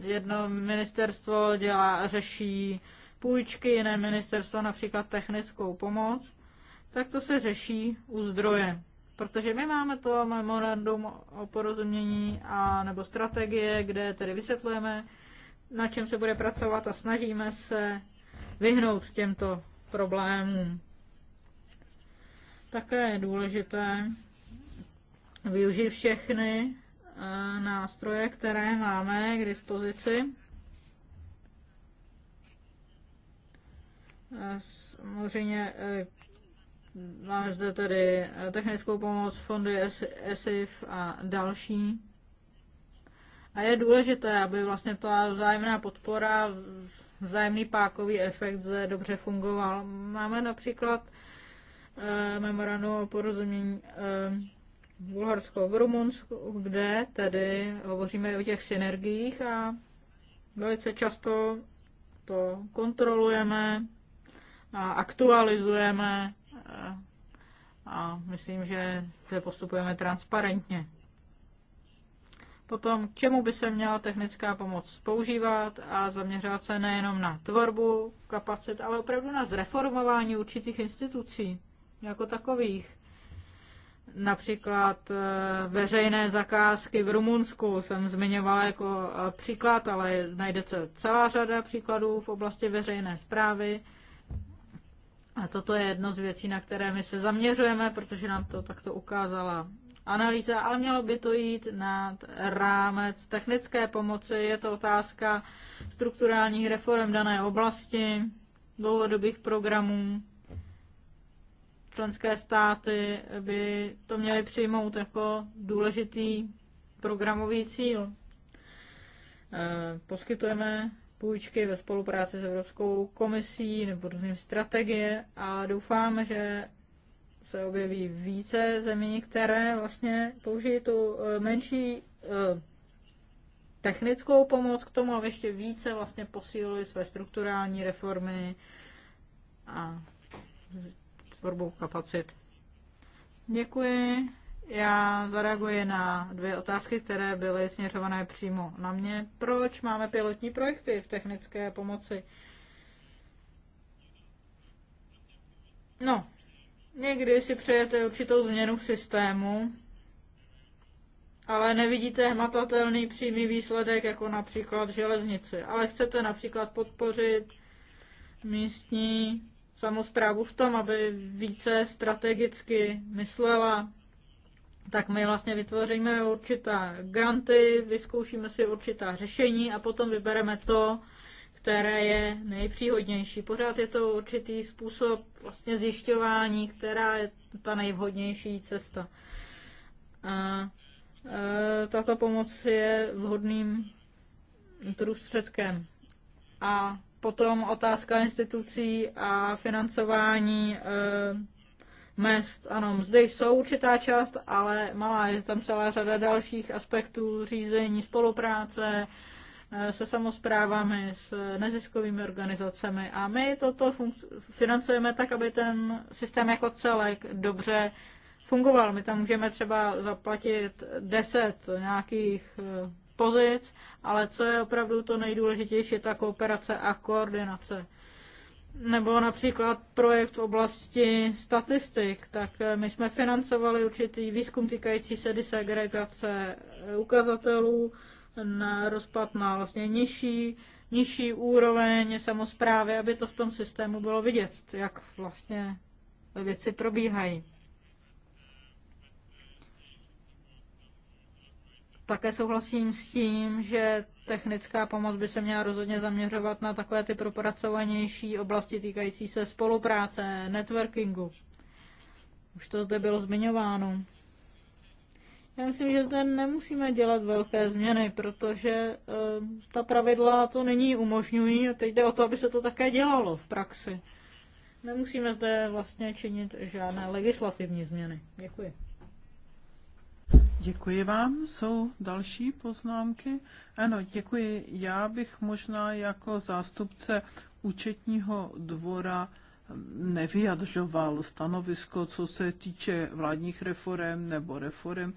jedno ministerstvo dělá, a řeší půjčky, jiné ministerstvo například technickou pomoc, tak to se řeší u zdroje. Protože my máme to memorandum o porozumění a nebo strategie, kde tedy vysvětlujeme, na čem se bude pracovat a snažíme se vyhnout těmto problémům. Také je důležité využít všechny eh, nástroje, které máme k dispozici. Eh, samozřejmě eh, máme zde tedy technickou pomoc, fondy ESIF a další. A je důležité, aby vlastně ta vzájemná podpora, vzájemný pákový efekt zde dobře fungoval. Máme například e, memorandum o porozumění eh, Bulharsko, v Rumunsku, kde tedy hovoříme o těch synergiích a velice často to kontrolujeme a aktualizujeme eh, a myslím, že to postupujeme transparentně potom k čemu by se měla technická pomoc používat a zaměřovat se nejenom na tvorbu kapacit, ale opravdu na zreformování určitých institucí jako takových. Například eh, veřejné zakázky v Rumunsku jsem zmiňovala jako eh, příklad, ale najde se celá řada příkladů v oblasti veřejné zprávy. A toto je jedno z věcí, na které my se zaměřujeme, protože nám to takto ukázala analýza, ale mělo by to jít na rámec technické pomoci. Je to otázka strukturálních reform dané oblasti, dlouhodobých programů. Členské státy by to měly přijmout jako důležitý programový cíl. Eh, poskytujeme půjčky ve spolupráci s Evropskou komisí nebo různými strategie a doufáme, že se objeví více zemí, které vlastně použijí tu eh, menší eh, technickou pomoc k tomu, aby ještě více vlastně posílili své strukturální reformy a tvorbu kapacit. Děkuji. Já zareaguji na dvě otázky, které byly směřované přímo na mě. Proč máme pilotní projekty v technické pomoci? No, Někdy si přejete určitou změnu v systému, ale nevidíte hmatatelný přímý výsledek, jako například železnici. Ale chcete například podpořit místní samozprávu v tom, aby více strategicky myslela, tak my vlastně vytvoříme určitá granty, vyzkoušíme si určitá řešení a potom vybereme to, které je nejpříhodnější. Pořád je to určitý způsob vlastně zjišťování, která je ta nejvhodnější cesta. A e, tato pomoc je vhodným prostředkem. A potom otázka institucí a financování e, mest. Ano, zde jsou určitá část, ale malá je tam celá řada dalších aspektů řízení, spolupráce, se samozprávami, s neziskovými organizacemi a my toto financujeme tak, aby ten systém jako celek dobře fungoval. My tam můžeme třeba zaplatit 10 nějakých eh, pozic, ale co je opravdu to nejdůležitější, je ta kooperace a koordinace. Nebo například projekt v oblasti statistik, tak eh, my jsme financovali určitý výzkum týkající se disagregace eh, ukazatelů, na rozpad na vlastně nižší, nižší úroveň samozprávy, aby to v tom systému bylo vidět, jak vlastně věci probíhají. Také souhlasím s tím, že technická pomoc by se měla rozhodně zaměřovat na takové ty propracovanější oblasti týkající se spolupráce, networkingu. Už to zde bylo zmiňováno. Já myslím, že zde nemusíme dělat velké změny, protože eh, ta pravidla to není umožňují a teď jde o to, aby se to také dělalo v praxi. Nemusíme zde vlastně činit žádné legislativní změny. Děkuji. Děkuji vám. Jsou další poznámky? Ano, děkuji. Já bych možná jako zástupce účetního dvora nevyjadřoval stanovisko, co se týče vládních reform nebo reform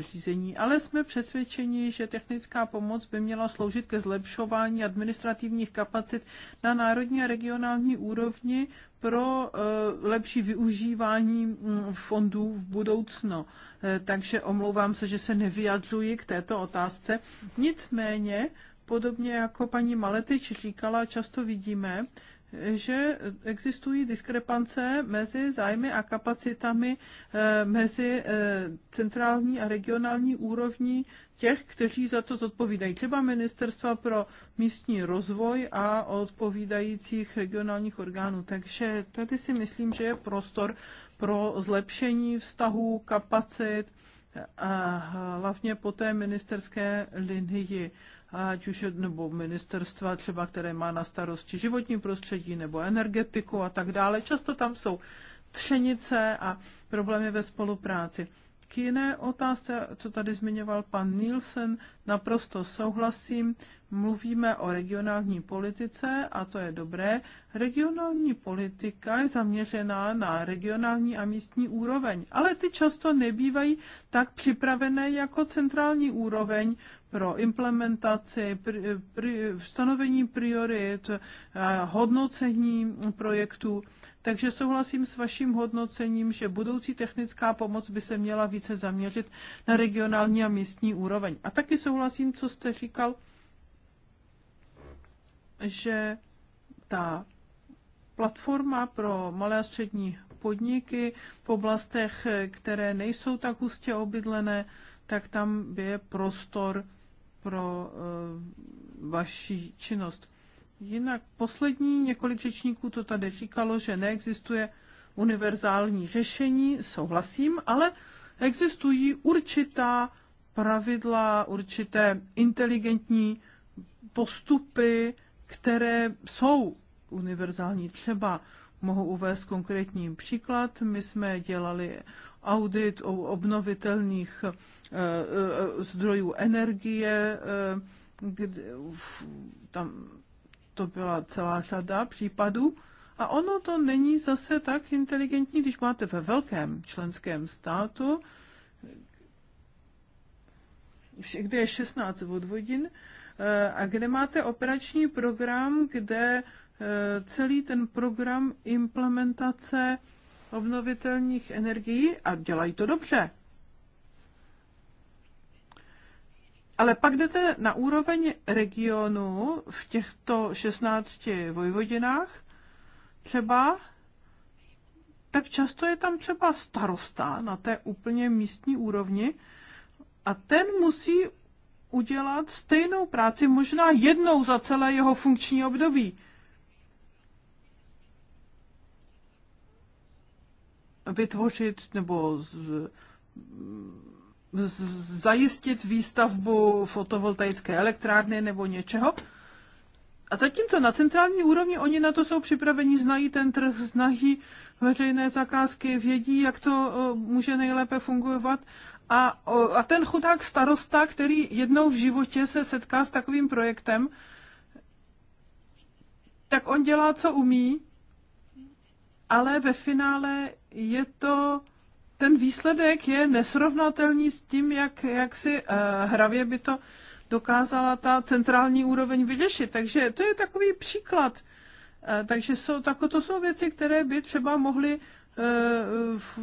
řízení, ale jsme přesvědčeni, že technická pomoc by měla sloužit ke zlepšování administrativních kapacit na národní a regionální úrovni pro eh, lepší využívání mm, fondů v budoucnu. Eh, takže omlouvám se, že se nevyjadřuji k této otázce. Nicméně, podobně jako paní Maletyč říkala, často vidíme, že existují diskrepance mezi zájmy a kapacitami eh, mezi eh, centrální a regionální úrovní těch, kteří za to zodpovídají. Třeba ministerstva pro místní rozvoj a odpovídajících regionálních orgánů. Takže tady si myslím, že je prostor pro zlepšení vztahů, kapacit, a hlavně po té ministerské linii ať už nebo ministerstva třeba, které má na starosti životní prostředí nebo energetiku a tak dále. Často tam jsou třenice a problémy ve spolupráci. K jiné otázce, co tady zmiňoval pan Nielsen, naprosto souhlasím. Mluvíme o regionální politice a to je dobré. Regionální politika je zaměřená na regionální a místní úroveň, ale ty často nebývají tak připravené jako centrální úroveň pro implementaci, pri, pri, stanovení priorit, eh, hodnocení projektů. Takže souhlasím s vaším hodnocením, že budoucí technická pomoc by se měla více zaměřit na regionální a místní úroveň. A taky souhlasím, co jste říkal, že ta platforma pro malé a střední podniky v oblastech, eh, které nejsou tak hustě obydlené, tak tam je prostor pro eh, vaši činnost. Jinak poslední několik řečníků to tady říkalo, že neexistuje univerzální řešení, souhlasím, ale existují určitá pravidla, určité inteligentní postupy, které jsou univerzální. Třeba mohu uvést konkrétní příklad. My jsme dělali audit u obnovitelných eh, eh, zdrojů energie, eh, kde, tam to byla celá řada případů. A ono to není zase tak inteligentní, když máte ve velkém členském státu, kde je 16 odvodin, a kde máte operační program, kde celý ten program implementace obnovitelných energií a dělají to dobře. Ale pak jdete na úroveň regionu v těchto 16 vojvodinách třeba, tak často je tam třeba starosta na té úplně místní úrovni a ten musí udělat stejnou práci možná jednou za celé jeho funkční období. vytvořit nebo z, z, zajistit výstavbu fotovoltaické elektrárny nebo něčeho. A zatímco na centrální úrovni oni na to jsou připraveni, znají ten trh, znají veřejné zakázky, vědí, jak to eh, může nejlépe fungovat. A, a ten chudák starosta, který jednou v životě se setká s takovým projektem, tak on dělá, co umí, ale ve finále je to ten výsledek je nesrovnatelný s tím, jak, jak si eh, hravě by to dokázala ta centrální úroveň vyřešit. Takže to je takový příklad. Eh, takže jsou, tak to jsou věci, které by třeba mohly eh,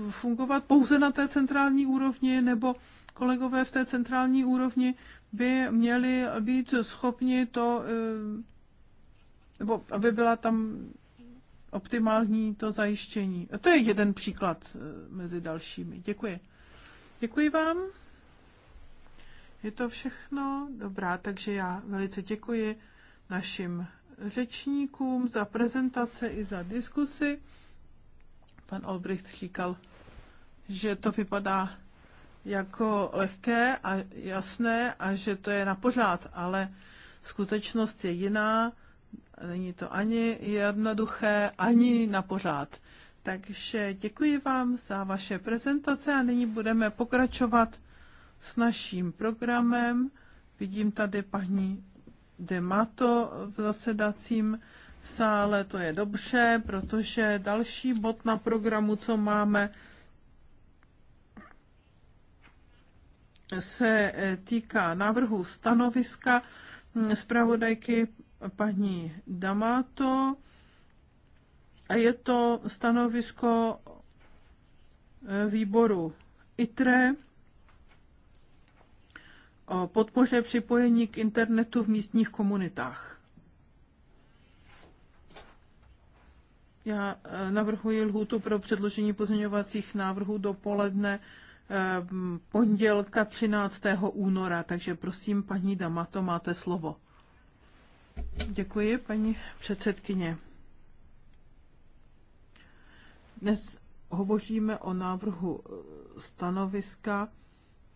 fungovat pouze na té centrální úrovni, nebo kolegové v té centrální úrovni by měli být schopni to, nebo aby byla tam optimální to zajištění. A to je jeden příklad eh, mezi dalšími. Děkuji. Děkuji vám. Je to všechno? Dobrá, takže já velice děkuji našim řečníkům za prezentace i za diskusy. Pan Olbricht říkal, že to vypadá jako lehké a jasné a že to je na pořád, ale skutečnost je jiná. Není to ani jednoduché, ani na pořád. Takže děkuji vám za vaše prezentace a nyní budeme pokračovat s naším programem. Vidím tady paní Demato v zasedacím sále, to je dobře, protože další bod na programu, co máme, se týká návrhu stanoviska zpravodajky paní Damato a je to stanovisko e, výboru ITRE o podpoře připojení k internetu v místních komunitách. Já e, navrhuji lhůtu pro předložení pozměňovacích návrhů do poledne e, pondělka 13. února, takže prosím, paní Damato, máte slovo. Děkuji, paní předsedkyně. Dnes hovoříme o návrhu stanoviska,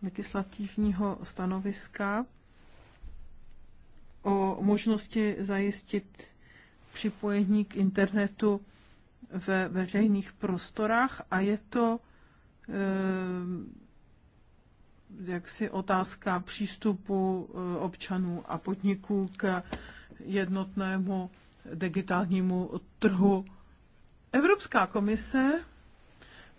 legislativního stanoviska, o možnosti zajistit připojení k internetu ve veřejných prostorách a je to eh, jaksi otázka přístupu eh, občanů a podniků k jednotnému digitálnímu trhu. Evropská komise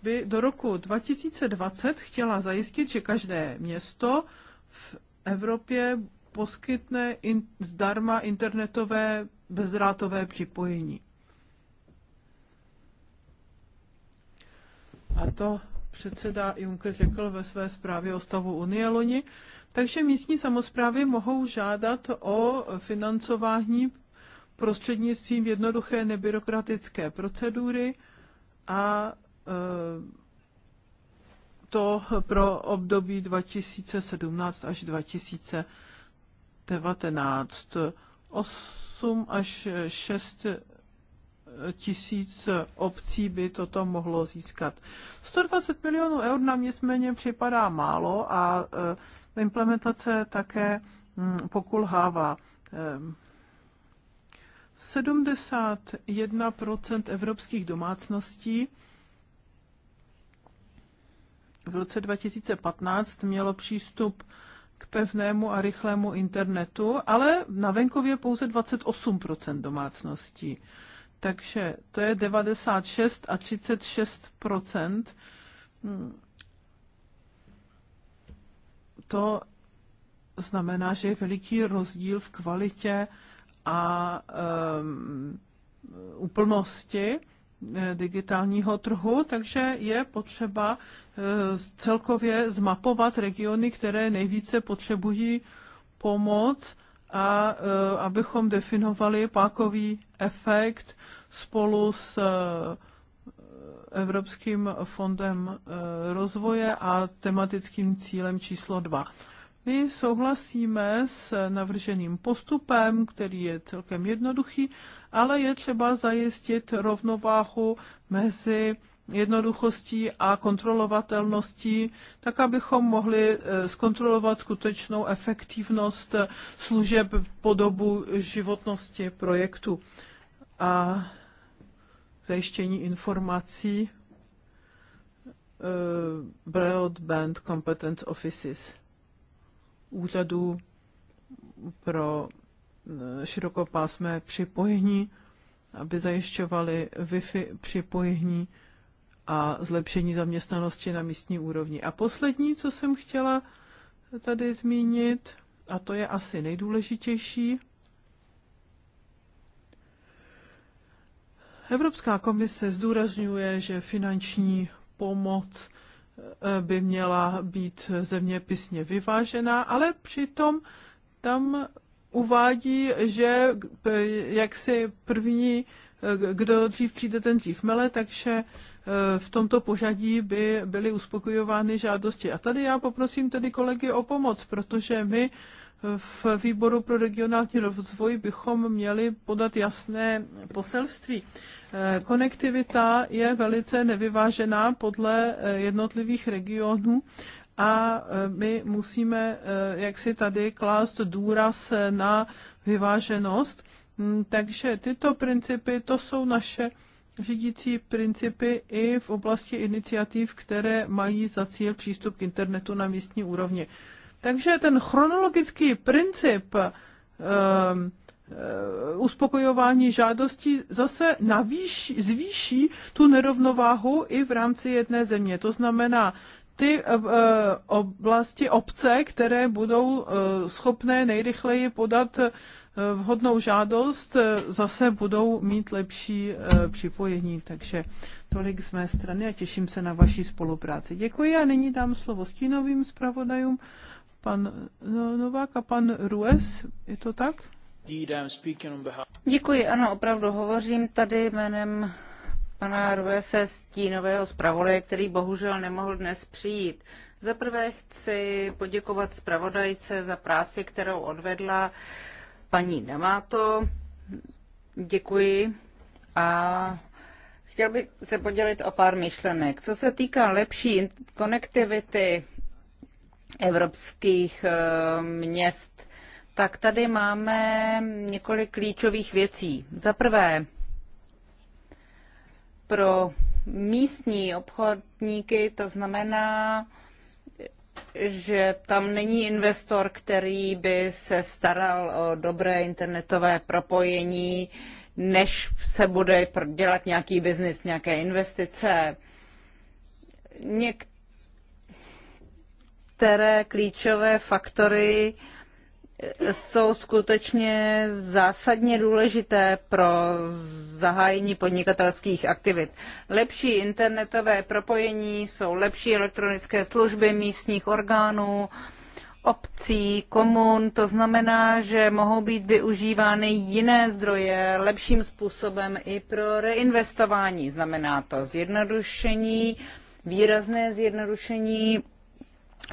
by do roku 2020 chtěla zajistit, že každé město v Evropě poskytne in, zdarma internetové bezdrátové připojení. A to předseda Juncker řekl ve své zprávě o stavu Unie loni. Takže místní samozprávy mohou žádat o financování prostřednictvím jednoduché nebyrokratické procedury a e, to pro období 2017 až 2019. 8 až 6 tisíc obcí by toto mohlo získat. 120 milionů eur nám nicméně připadá málo a e, implementace také mm, pokulhává. 71 ehm, evropských domácností v roce 2015 mělo přístup k pevnému a rychlému internetu, ale na venkově pouze 28 domácností. Takže to je 96 a 36 to znamená, že je veliký rozdíl v kvalitě a um, úplnosti eh, digitálního trhu, takže je potřeba eh, celkově zmapovat regiony, které nejvíce potřebují pomoc a eh, abychom definovali pákový efekt spolu s Evropským fondem eh, rozvoje a tematickým cílem číslo 2. My souhlasíme s navrženým postupem, který je celkem jednoduchý, ale je třeba zajistit rovnováhu mezi jednoduchostí a kontrolovatelností, tak abychom mohli eh, zkontrolovat skutečnou efektivnost služeb podobu životnosti projektu. A zajištění informací eh, Broadband Competence Offices, úřadu pro eh, širokopásmé připojení, aby zajišťovali Wi-Fi připojení a zlepšení zaměstnanosti na místní úrovni. A poslední, co jsem chtěla tady zmínit, a to je asi nejdůležitější, Evropská komise zdůrazňuje, že finanční pomoc eh, by měla být zeměpisně vyvážená, ale přitom tam uvádí, že jak si první, eh, kdo dřív přijde, ten dřív mele, takže eh, v tomto pořadí by byly uspokojovány žádosti. A tady já poprosím tedy kolegy o pomoc, protože my v výboru pro regionální rozvoj bychom měli podat jasné poselství. Eh, konektivita je velice nevyvážená podle eh, jednotlivých regionů a eh, my musíme jaksi tady klást důraz na vyváženost. Mm, takže tyto principy, to jsou naše řídící principy i v oblasti iniciativ, které mají za cíl přístup k internetu na místní úrovni. Takže ten chronologický princip um, uspokojování žádostí zase zvýší tu nerovnováhu i v rámci jedné země. To znamená, ty eh, eh, oblasti, obce, které budou schopné nejrychleji podat vhodnou žádost, zase budou mít lepší připojení. Takže tolik z mé strany a těším se na vaší spolupráci. Děkuji a nyní dám slovo stínovým zpravodajům pan no, Novák a pan Rues, je to tak? Děkuji, ano, opravdu hovořím tady jménem pana Ruese Stínového zpravodaje, který bohužel nemohl dnes přijít. Za prvé chci poděkovat zpravodajce za práci, kterou odvedla paní Damato. Děkuji a chtěl bych se podělit o pár myšlenek. Co se týká lepší konektivity evropských eh, měst, tak tady máme několik klíčových věcí. Za prvé, pro místní obchodníky to znamená, že tam není investor, který by se staral o dobré internetové propojení, než se bude dělat nějaký biznis, nějaké investice. Něk- které klíčové faktory jsou skutečně zásadně důležité pro zahájení podnikatelských aktivit. Lepší internetové propojení jsou lepší elektronické služby místních orgánů, obcí, komun. To znamená, že mohou být využívány jiné zdroje lepším způsobem i pro reinvestování. Znamená to zjednodušení, výrazné zjednodušení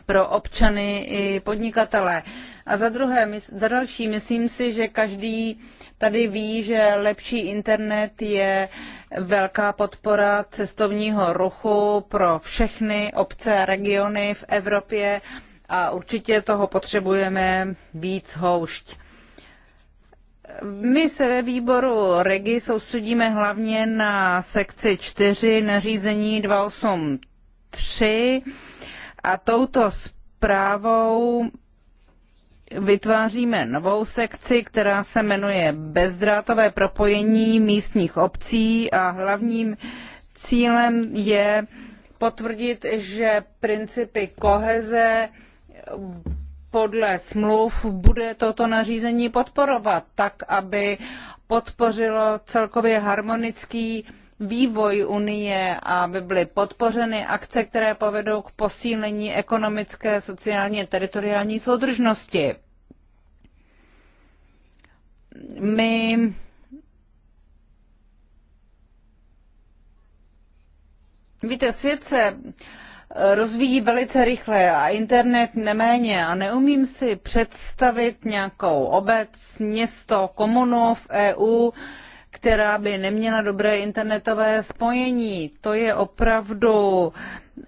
pro občany i podnikatele. A za druhé, za další, myslím si, že každý tady ví, že lepší internet je velká podpora cestovního ruchu pro všechny obce a regiony v Evropě a určitě toho potřebujeme víc houšť. My se ve výboru REGI soustředíme hlavně na sekci 4 nařízení 283 a touto zprávou vytváříme novou sekci, která se jmenuje Bezdrátové propojení místních obcí a hlavním cílem je potvrdit, že principy koheze podle smluv bude toto nařízení podporovat, tak aby podpořilo celkově harmonický vývoj Unie a aby byly podpořeny akce, které povedou k posílení ekonomické, sociální a teritoriální soudržnosti. My Víte, svět se eh, rozvíjí velice rychle a internet neméně a neumím si představit nějakou obec, město, komunu v EU, která by neměla dobré internetové spojení. To je opravdu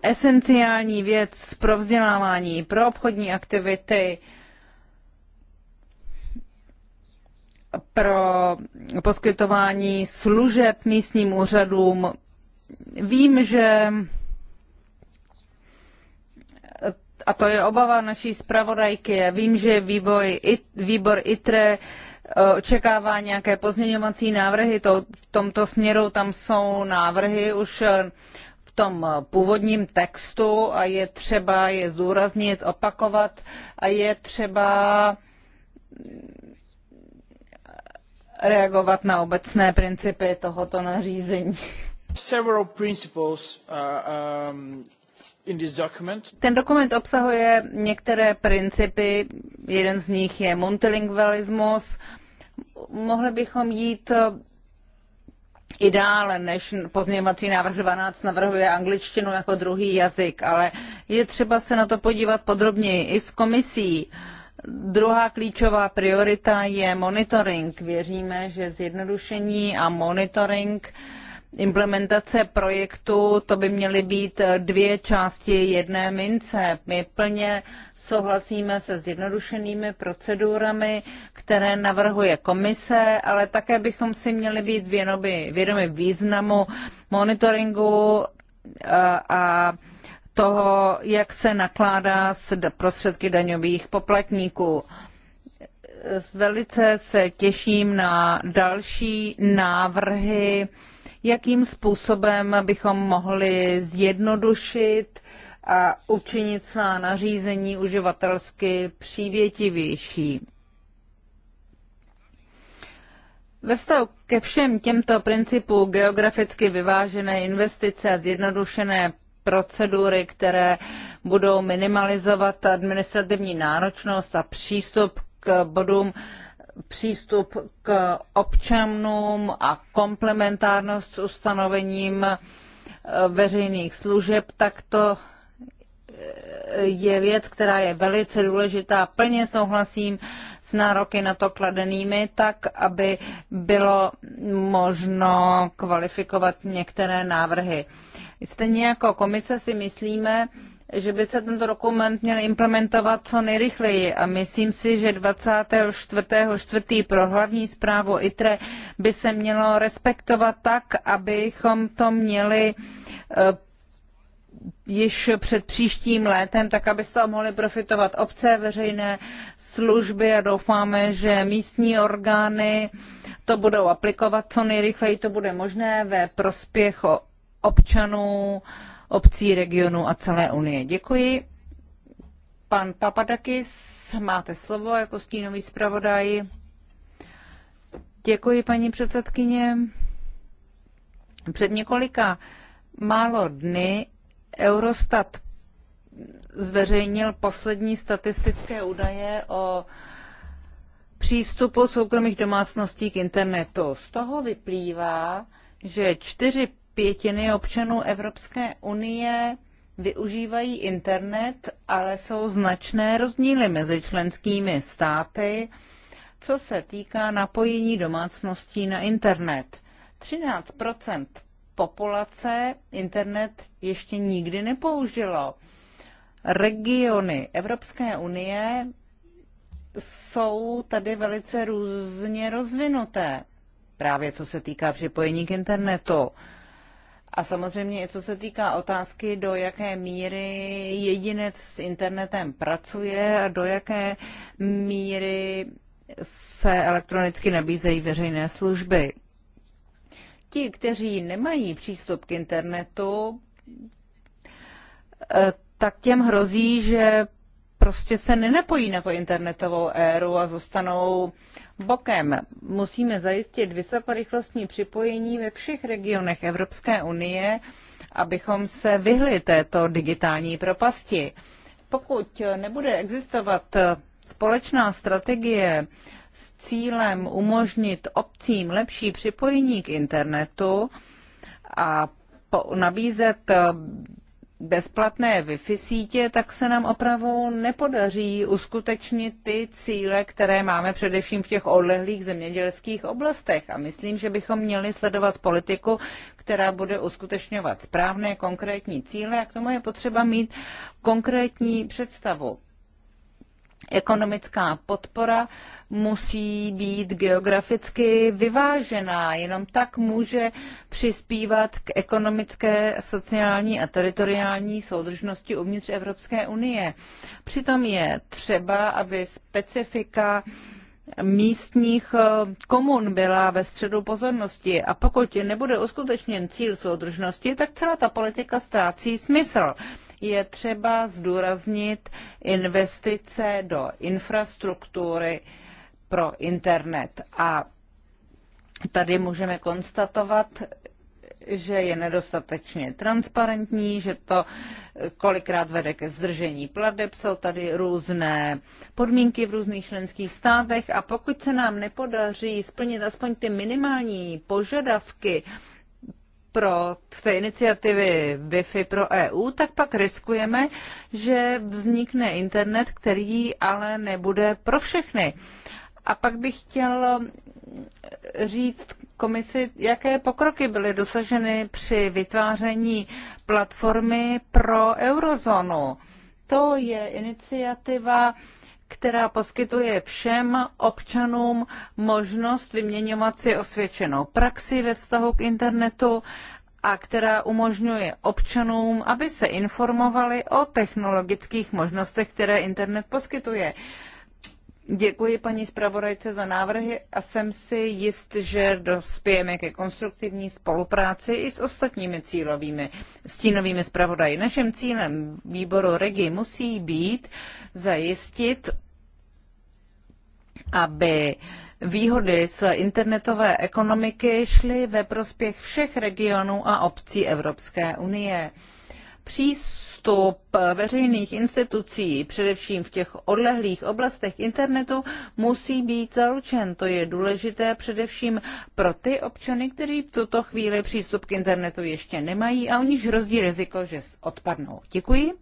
esenciální věc pro vzdělávání, pro obchodní aktivity, pro poskytování služeb místním úřadům. Vím, že a to je obava naší zpravodajky. Já vím, že výbor ITRE očekává nějaké pozměňovací návrhy. To, v tomto směru tam jsou návrhy už eh, v tom původním textu a je třeba je zdůraznit, opakovat a je třeba eh, reagovat na obecné principy tohoto nařízení. Several principles, uh, um, ten dokument obsahuje některé principy, jeden z nich je multilingualismus. Mohli bychom jít eh, i dále, než pozměňovací návrh 12 navrhuje angličtinu jako druhý jazyk, ale je třeba se na to podívat podrobněji i s komisí. Druhá klíčová priorita je monitoring. Věříme, že zjednodušení a monitoring uh, implementace projektu, to by měly být dvě části jedné mince. My plně souhlasíme se zjednodušenými procedurami, které navrhuje komise, ale také bychom si měli být vědomi, vědomi významu monitoringu a toho, jak se nakládá s prostředky daňových poplatníků velice se těším na další návrhy jakým způsobem bychom mohli zjednodušit a učinit svá nařízení uživatelsky přívětivější. Ve vztahu ke všem těmto principům geograficky vyvážené investice a zjednodušené procedury, které budou minimalizovat administrativní náročnost a přístup k bodům přístup k občanům a komplementárnost s ustanovením eh, veřejných služeb, tak to eh, je věc, která je velice důležitá. Plně souhlasím s nároky na to kladenými, tak aby bylo možno kvalifikovat některé návrhy. Stejně jako komise si myslíme, že by se tento dokument měl implementovat co nejrychleji a myslím si, že 24.4. pro hlavní zprávu ITRE by se mělo respektovat tak, abychom to měli eh, již před příštím létem, tak aby z toho mohly profitovat obce, veřejné služby a doufáme, že místní orgány to budou aplikovat co nejrychleji, to bude možné ve prospěch občanů, uh, obcí, regionu a celé Unie. Děkuji. Pan Papadakis, máte slovo jako stínový zpravodaj. Děkuji, paní předsedkyně. Před několika málo dny Eurostat zveřejnil poslední statistické údaje o přístupu soukromých domácností k internetu. Z toho vyplývá, že 4 pětiny občanů Evropské unie využívají internet, ale jsou značné rozdíly mezi členskými státy, co se týká napojení domácností na internet. 13 populace internet ještě nikdy nepoužilo. Regiony Evropské unie jsou tady velice různě rozvinuté, právě co se týká připojení k internetu. A samozřejmě co se týká otázky, do jaké míry jedinec s internetem pracuje a do jaké míry se elektronicky nabízejí veřejné služby. Ti, kteří nemají přístup k internetu, eh, tak těm hrozí, že prostě se nenapojí na to internetovou éru a zůstanou uh, bokem. Musíme zajistit vysokorychlostní připojení ve všech regionech Evropské unie, abychom se vyhli této digitální propasti. Pokud nebude existovat společná strategie s cílem umožnit obcím lepší připojení k internetu a nabízet bezplatné Wi-Fi sítě, tak se nám opravdu nepodaří uskutečnit ty cíle, které máme především v těch odlehlých zemědělských oblastech. A myslím, že bychom měli sledovat politiku, která bude uskutečňovat správné konkrétní cíle a k tomu je potřeba mít konkrétní představu. Ekonomická podpora musí být geograficky vyvážená, jenom tak může přispívat k ekonomické, sociální a teritoriální soudržnosti uvnitř Evropské unie. Přitom je třeba, aby specifika místních eh, komun byla ve středu pozornosti a pokud nebude uskutečněn cíl soudržnosti, tak celá ta politika ztrácí smysl je třeba zdůraznit investice do infrastruktury pro internet. A tady můžeme konstatovat, že je nedostatečně transparentní, že to kolikrát vede ke zdržení pladeb, jsou tady různé podmínky v různých členských státech a pokud se nám nepodaří splnit aspoň ty minimální požadavky, pro té iniciativy Wi-Fi pro EU, tak pak riskujeme, že vznikne internet, který ale nebude pro všechny. A pak bych chtěl říct komisi, jaké pokroky byly dosaženy při vytváření platformy pro eurozónu. To je iniciativa, která poskytuje všem občanům možnost vyměňovat si osvědčenou praxi ve vztahu k internetu a která umožňuje občanům, aby se informovali o technologických možnostech, které internet poskytuje. Děkuji paní zpravodajce za návrhy a jsem si jist, že dospějeme ke konstruktivní spolupráci i s ostatními cílovými stínovými zpravodaji. Naším cílem výboru Regi musí být zajistit, aby výhody z internetové ekonomiky šly ve prospěch všech regionů a obcí Evropské unie. Přístup přístup veřejných institucí, především v těch odlehlých oblastech internetu, musí být zaručen. To je důležité především pro ty občany, kteří v tuto chvíli přístup k internetu ještě nemají a u nich hrozí riziko, že odpadnou. Děkuji.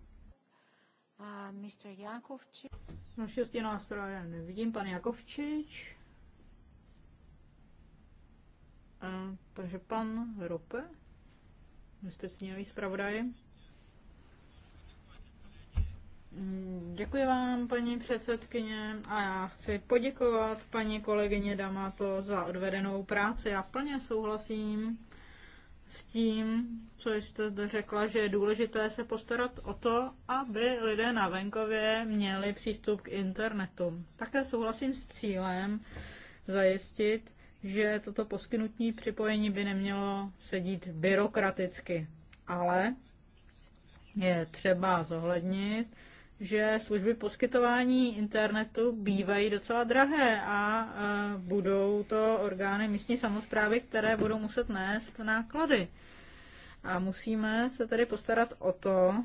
Mr. Jakovčič. No, šestý nástroje nevidím, pan Jakovčič. Eh, takže pan Rope, jste sněhový zpravodaj. Mm, děkuji vám, paní předsedkyně, a já chci poděkovat paní kolegyně Damato za odvedenou práci. Já plně souhlasím s tím, co jste zde řekla, že je důležité se postarat o to, aby lidé na venkově měli přístup k internetu. Také souhlasím s cílem zajistit, že toto poskytnutí připojení by nemělo sedít byrokraticky, ale je třeba zohlednit, že služby poskytování internetu bývají docela drahé a e, budou to orgány místní samozprávy, které budou muset nést náklady. A musíme se tedy postarat o to,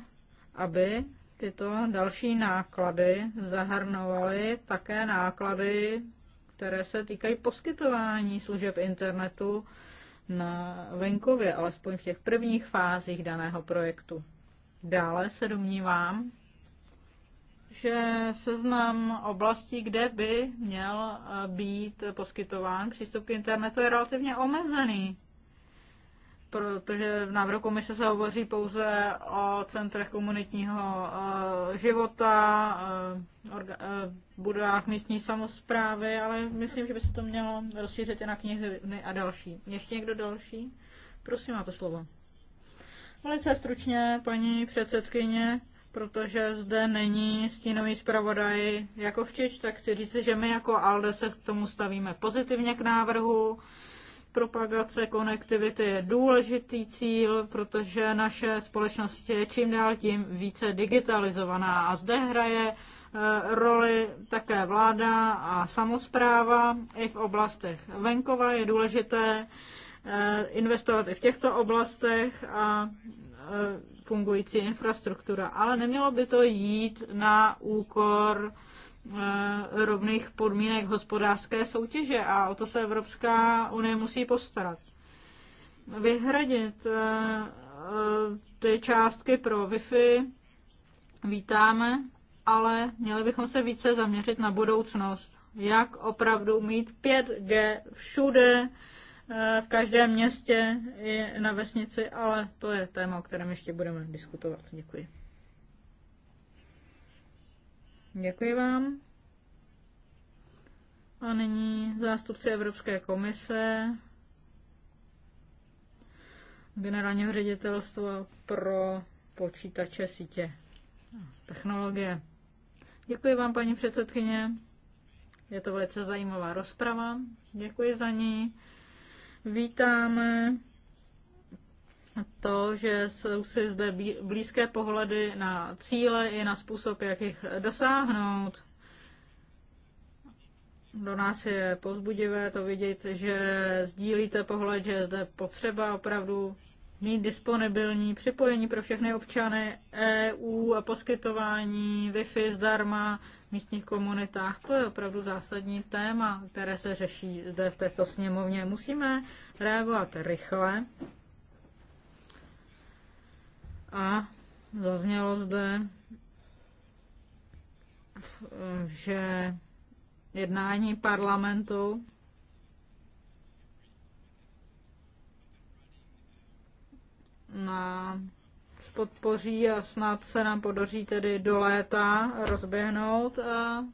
aby tyto další náklady zahrnovaly také náklady, které se týkají poskytování služeb internetu na venkově, alespoň v těch prvních fázích daného projektu. Dále se domnívám, že seznam oblastí, kde by měl eh, být poskytován přístup k internetu, je relativně omezený, protože v návrhu komise se hovoří pouze o centrech komunitního eh, života, eh, budovách místní samozprávy, ale myslím, že by se to mělo rozšířit i na knihy a další. Ještě někdo další? Prosím, máte slovo. Velice stručně, paní předsedkyně protože zde není stínový zpravodaj jako chtěč, tak chci říct, že my jako ALDE se k tomu stavíme pozitivně k návrhu. Propagace konektivity je důležitý cíl, protože naše společnost je čím dál tím více digitalizovaná a zde hraje eh, roli také vláda a samozpráva i v oblastech venkova. Je důležité eh, investovat i v těchto oblastech a eh, fungující infrastruktura, ale nemělo by to jít na úkor eh, rovných podmínek hospodářské soutěže a o to se Evropská unie musí postarat. Vyhradit eh, eh, ty částky pro Wi-Fi vítáme, ale měli bychom se více zaměřit na budoucnost. Jak opravdu mít 5G všude, Eh, v každém městě i na vesnici, ale to je téma, o kterém ještě budeme diskutovat. Děkuji. Děkuji vám. A nyní zástupce Evropské komise, generálního ředitelstva pro počítače, sítě technologie. Děkuji vám, paní předsedkyně. Je to velice zajímavá rozprava. Děkuji za ní. Vítáme to, že jsou si zde blízké pohledy na cíle i na způsob, jak jich dosáhnout. Do nás je pozbudivé to vidět, že sdílíte pohled, že je zde potřeba opravdu mít disponibilní připojení pro všechny občany EU a poskytování Wi-Fi zdarma v místních komunitách. To je opravdu zásadní téma, které se řeší zde v této sněmovně. Musíme reagovat rychle. A zaznělo zde, že jednání parlamentu na podpoří a snad se nám podaří tedy do léta rozběhnout a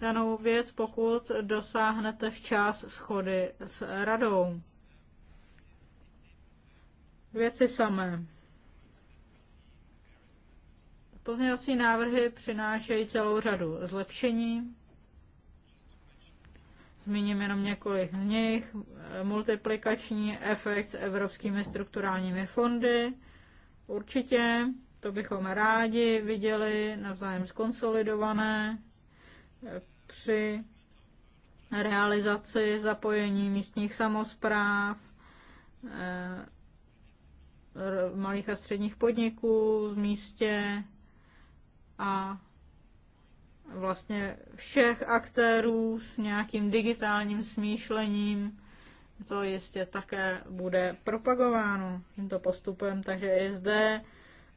danou věc, pokud dosáhnete včas schody s radou. Věci samé. Pozměňovací návrhy přinášejí celou řadu zlepšení. Zmíním jenom několik z nich. Multiplikační efekt s evropskými strukturálními fondy. Určitě to bychom rádi viděli navzájem skonsolidované při realizaci zapojení místních samozpráv, eh, malých a středních podniků v místě a vlastně všech aktérů s nějakým digitálním smýšlením. To jistě také bude propagováno tímto postupem, takže i zde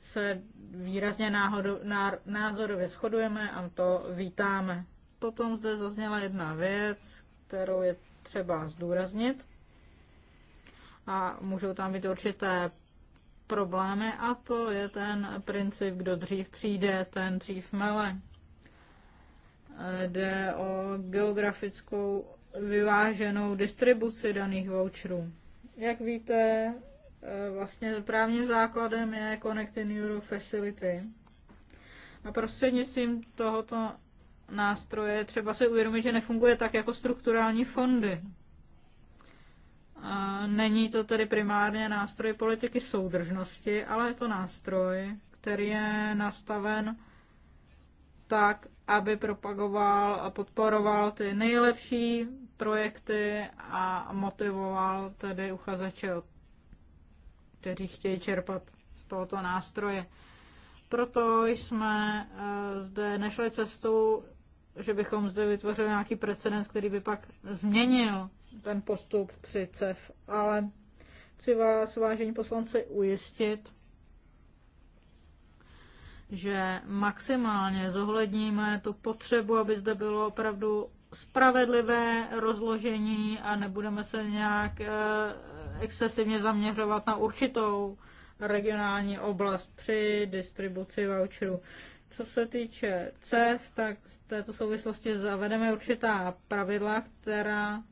se výrazně náhodu, ná, názorově shodujeme a to vítáme. Potom zde zazněla jedna věc, kterou je třeba zdůraznit. A můžou tam být určité problémy a to je ten princip, kdo dřív přijde, ten dřív mele. Jde o geografickou vyváženou distribuci daných voucherů. Jak víte, eh, vlastně právním základem je Connecting Euro Facility. A prostřednictvím tohoto nástroje třeba si uvědomit, že nefunguje tak jako strukturální fondy. A není to tedy primárně nástroj politiky soudržnosti, ale je to nástroj, který je nastaven tak, aby propagoval a podporoval ty nejlepší projekty a motivoval tedy uchazeče, kteří chtějí čerpat z tohoto nástroje. Proto jsme eh, zde nešli cestu, že bychom zde vytvořili nějaký precedens, který by pak změnil ten postup při CEF, ale chci vás, vážení poslanci, ujistit, že maximálně zohledníme tu potřebu, aby zde bylo opravdu spravedlivé rozložení a nebudeme se nějak eh, excesivně zaměřovat na určitou regionální oblast při distribuci voucherů. Co se týče CEF, tak v této souvislosti zavedeme určitá pravidla, která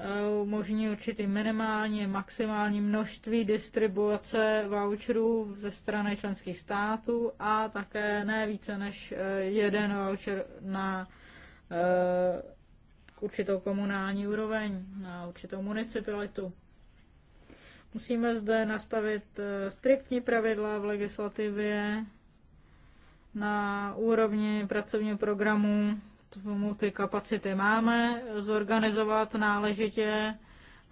Eh, umožní určitý minimální, maximální množství distribuce voucherů ze strany členských států a také ne více než eh, jeden voucher na eh, určitou komunální úroveň, na určitou municipalitu. Musíme zde nastavit striktní pravidla v legislativě na úrovni pracovního programu tomu ty kapacity máme, zorganizovat náležitě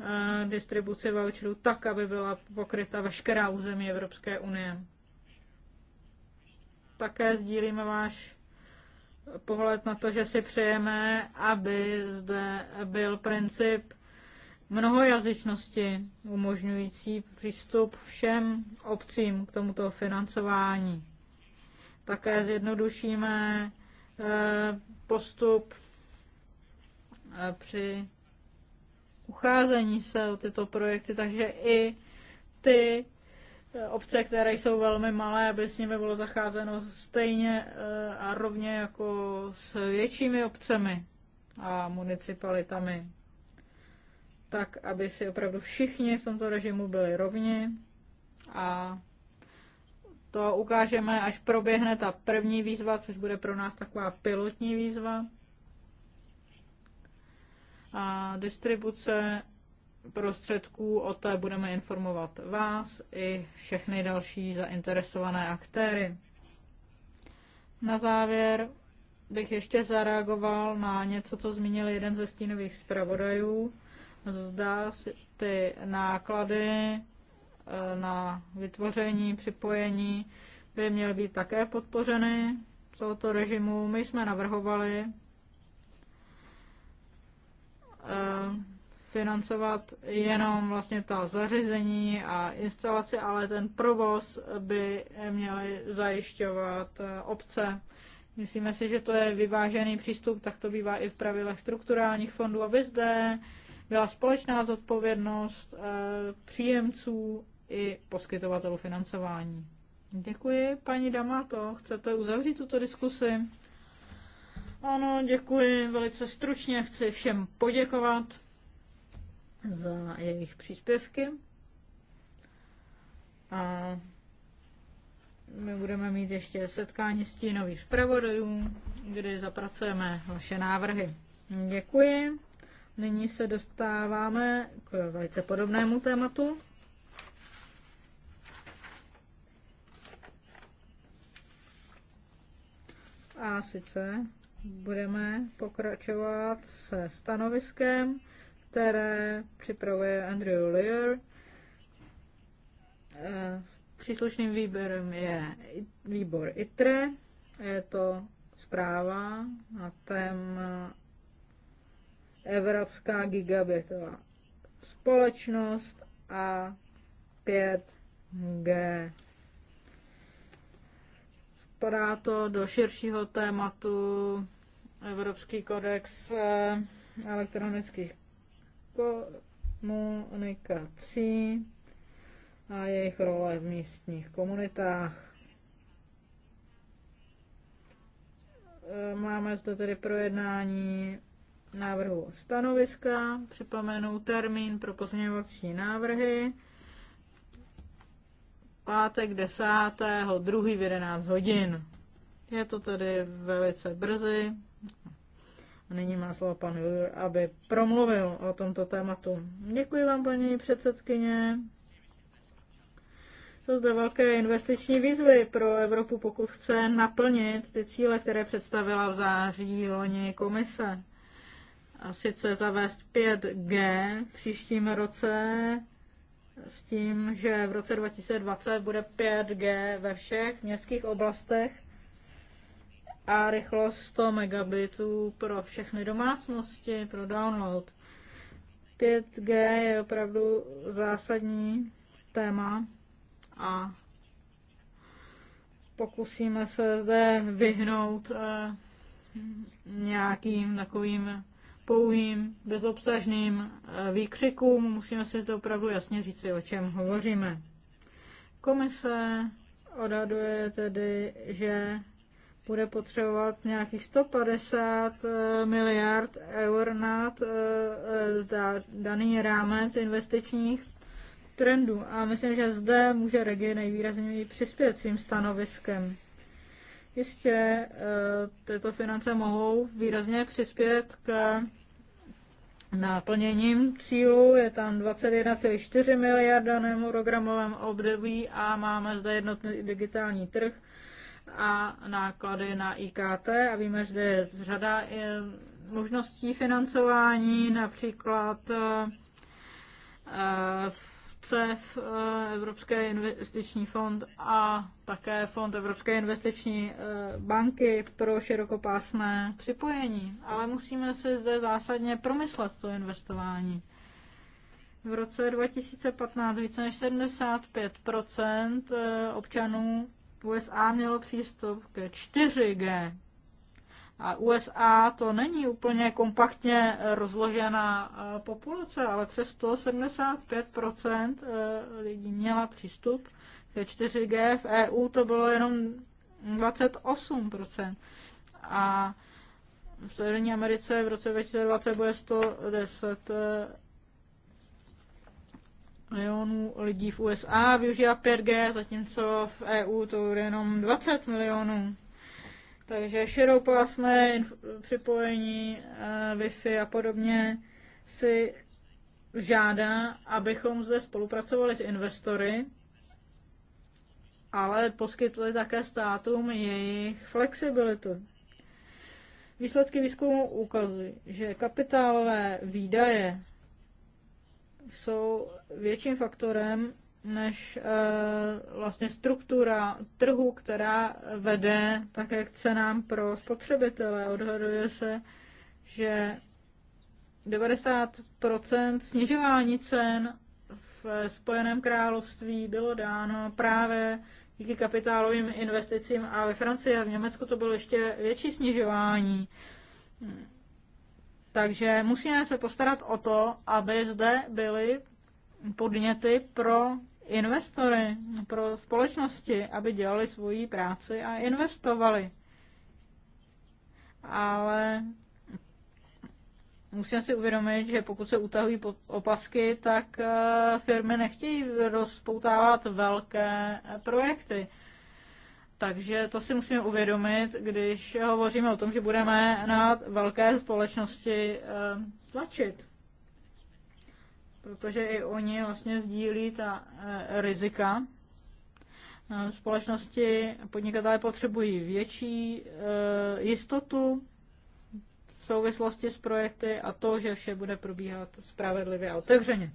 eh, distribuci voucherů tak, aby byla pokryta veškerá území Evropské unie. Také sdílíme váš pohled na to, že si přejeme, aby zde byl princip mnohojazyčnosti umožňující přístup všem obcím k tomuto financování. Také zjednodušíme eh, postup při ucházení se o tyto projekty, takže i ty obce, které jsou velmi malé, aby s nimi bylo zacházeno stejně e, a rovně jako s většími obcemi a municipalitami, tak aby si opravdu všichni v tomto režimu byli rovni a to ukážeme, až proběhne ta první výzva, což bude pro nás taková pilotní výzva. A distribuce prostředků, o té budeme informovat vás i všechny další zainteresované aktéry. Na závěr bych ještě zareagoval na něco, co zmínil jeden ze stínových zpravodajů. Zdá si ty náklady Eh, na vytvoření, připojení by měly být také podpořeny tohoto režimu. My jsme navrhovali eh, financovat jenom vlastně ta zařízení a instalaci, ale ten provoz by měly zajišťovat eh, obce. Myslíme si, že to je vyvážený přístup, tak to bývá i v pravidlech strukturálních fondů, aby zde byla společná zodpovědnost příjemců i poskytovatelů financování. Děkuji, paní Damato. Chcete uzavřít tuto diskusi? Ano, děkuji. Velice stručně chci všem poděkovat za jejich příspěvky. A my budeme mít ještě setkání s nových zpravodajů, kdy zapracujeme vaše návrhy. Děkuji. Nyní se dostáváme k velice podobnému tématu. A sice budeme pokračovat se stanoviskem, které připravuje Andrew Lear. Eh, příslušným výběrem je výbor ITRE. Je to zpráva na téma eh, Evropská gigabitová společnost a 5G. Spadá to do širšího tématu Evropský kodex eh, elektronických komunikací a jejich role v místních komunitách. Eh, máme zde tedy projednání návrhu stanoviska, připomenu termín pro pozměňovací návrhy pátek 10. druhý v 11 hodin. Je to tedy velice brzy. A nyní má slovo pan Jur, aby promluvil o tomto tématu. Děkuji vám, paní předsedkyně. Jsou zde velké investiční výzvy pro Evropu, pokud chce naplnit ty cíle, které představila v září loni komise. A sice zavést 5G v příštím roce, s tím, že v roce 2020 bude 5G ve všech městských oblastech a rychlost 100 megabitů pro všechny domácnosti, pro download. 5G je opravdu zásadní téma a pokusíme se zde vyhnout eh, nějakým takovým pouhým bezobsažným eh, výkřikům. Musíme si zde opravdu jasně říci, o čem hovoříme. Komise odhaduje tedy, že bude potřebovat nějakých 150 eh, miliard eur nad eh, daný rámec investičních trendů. A myslím, že zde může regie nejvýrazněji přispět svým stanoviskem. Jistě eh, tyto finance mohou výrazně přispět k náplněním cílů. Je tam 21,4 miliard danému programovém období a máme zde jednotný digitální trh a náklady na IKT a víme, že je řada eh, možností financování, například v eh, CEF, eh, Evropský investiční fond a také fond Evropské investiční eh, banky pro širokopásmé připojení. Ale musíme se zde zásadně promyslet to investování. V roce 2015 více než 75 eh, občanů USA mělo přístup ke 4G, a USA to není úplně kompaktně rozložená e, populace, ale přesto 75% e, lidí měla přístup ke 4G. V EU to bylo jenom 28%. A v Severní Americe v roce 2020 bude 110 e, milionů lidí v USA využívá 5G, zatímco v EU to bude jenom 20 milionů. Takže širokopásmé připojení, eh, Wi-Fi a podobně si žádá, abychom zde spolupracovali s investory, ale poskytli také státům jejich flexibilitu. Výsledky výzkumu ukazují, že kapitálové výdaje jsou větším faktorem než eh, vlastně struktura trhu, která vede také k cenám pro spotřebitele. Odhaduje se, že 90 snižování cen v Spojeném království bylo dáno právě díky kapitálovým investicím a ve Francii a v Německu to bylo ještě větší snižování. Takže musíme se postarat o to, aby zde byly podněty pro investory, pro společnosti, aby dělali svoji práci a investovali. Ale musíme si uvědomit, že pokud se utahují opasky, tak eh, firmy nechtějí rozpoutávat velké eh, projekty. Takže to si musíme uvědomit, když hovoříme o tom, že budeme na velké společnosti eh, tlačit protože i oni vlastně sdílí ta e, rizika. E, společnosti podnikatelé potřebují větší e, jistotu v souvislosti s projekty a to, že vše bude probíhat spravedlivě a otevřeně.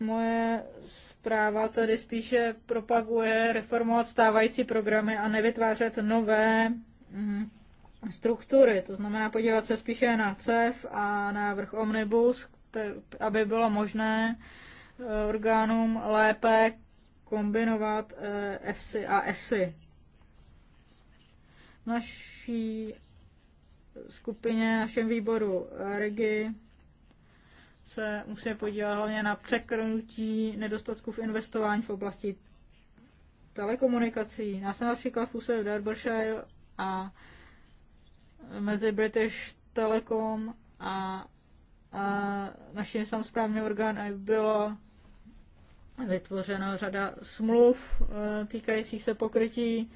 Moje zpráva tedy spíše propaguje reformovat stávající programy a nevytvářet nové mhm, struktury, to znamená podívat se spíše na CEF a na vrch Omnibus, aby bylo možné eh, orgánům lépe kombinovat EFSI eh, a ESI. V naší skupině, našem výboru eh, REGI se musí podívat hlavně na překrnutí nedostatků v investování v oblasti telekomunikací. Já jsem například v Use v Derbyshire a mezi British Telecom a, a naším samozprávným orgánem bylo vytvořeno řada smluv eh, týkající se pokrytí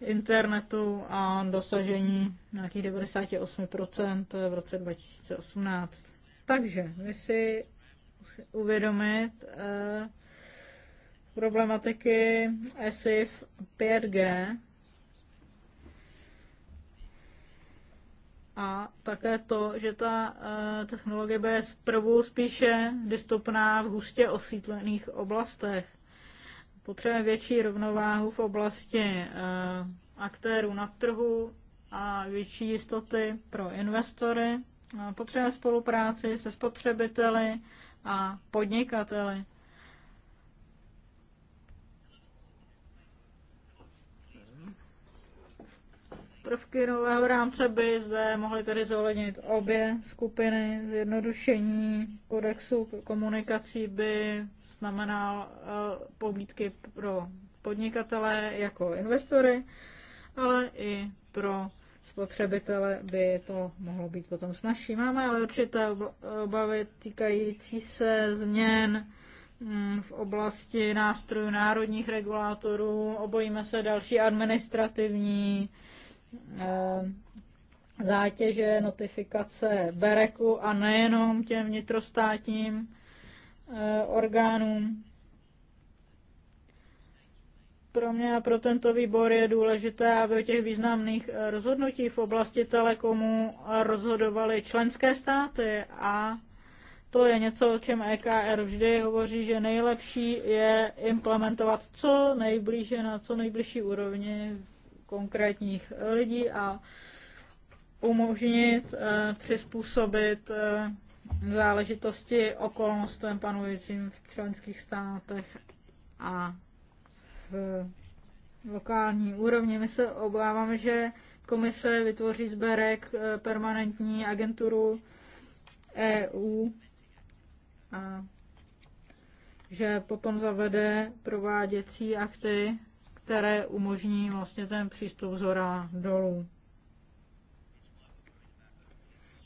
internetu a dosažení nějakých 98% v roce 2018. Takže my si uvědomit eh, problematiky ESIF 5G a také to, že ta eh, technologie bude zprvu spíše dostupná v hustě osídlených oblastech. Potřebujeme větší rovnováhu v oblasti eh, aktérů na trhu a větší jistoty pro investory. Eh, potřebujeme spolupráci se spotřebiteli a podnikateli. prvky nového rámce by zde mohly tedy zohlednit obě skupiny. Zjednodušení kodexu komunikací by znamenal eh, pobídky pro podnikatele jako investory, ale i pro spotřebitele by to mohlo být potom snažší. Máme ale určité obavy týkající se změn mm, v oblasti nástrojů národních regulátorů, obojíme se další administrativní Eh, zátěže, notifikace Bereku a nejenom těm vnitrostátním eh, orgánům. Pro mě a pro tento výbor je důležité, aby o těch významných eh, rozhodnutí v oblasti telekomu rozhodovaly členské státy a to je něco, o čem EKR vždy hovoří, že nejlepší je implementovat co nejblíže na co nejbližší úrovni konkrétních lidí a umožnit eh, přizpůsobit eh, záležitosti okolnostem panujícím v členských státech a v lokální úrovni. My se obáváme, že komise vytvoří zberek eh, permanentní agenturu EU a že potom zavede prováděcí akty které umožní vlastně ten přístup z hora dolů.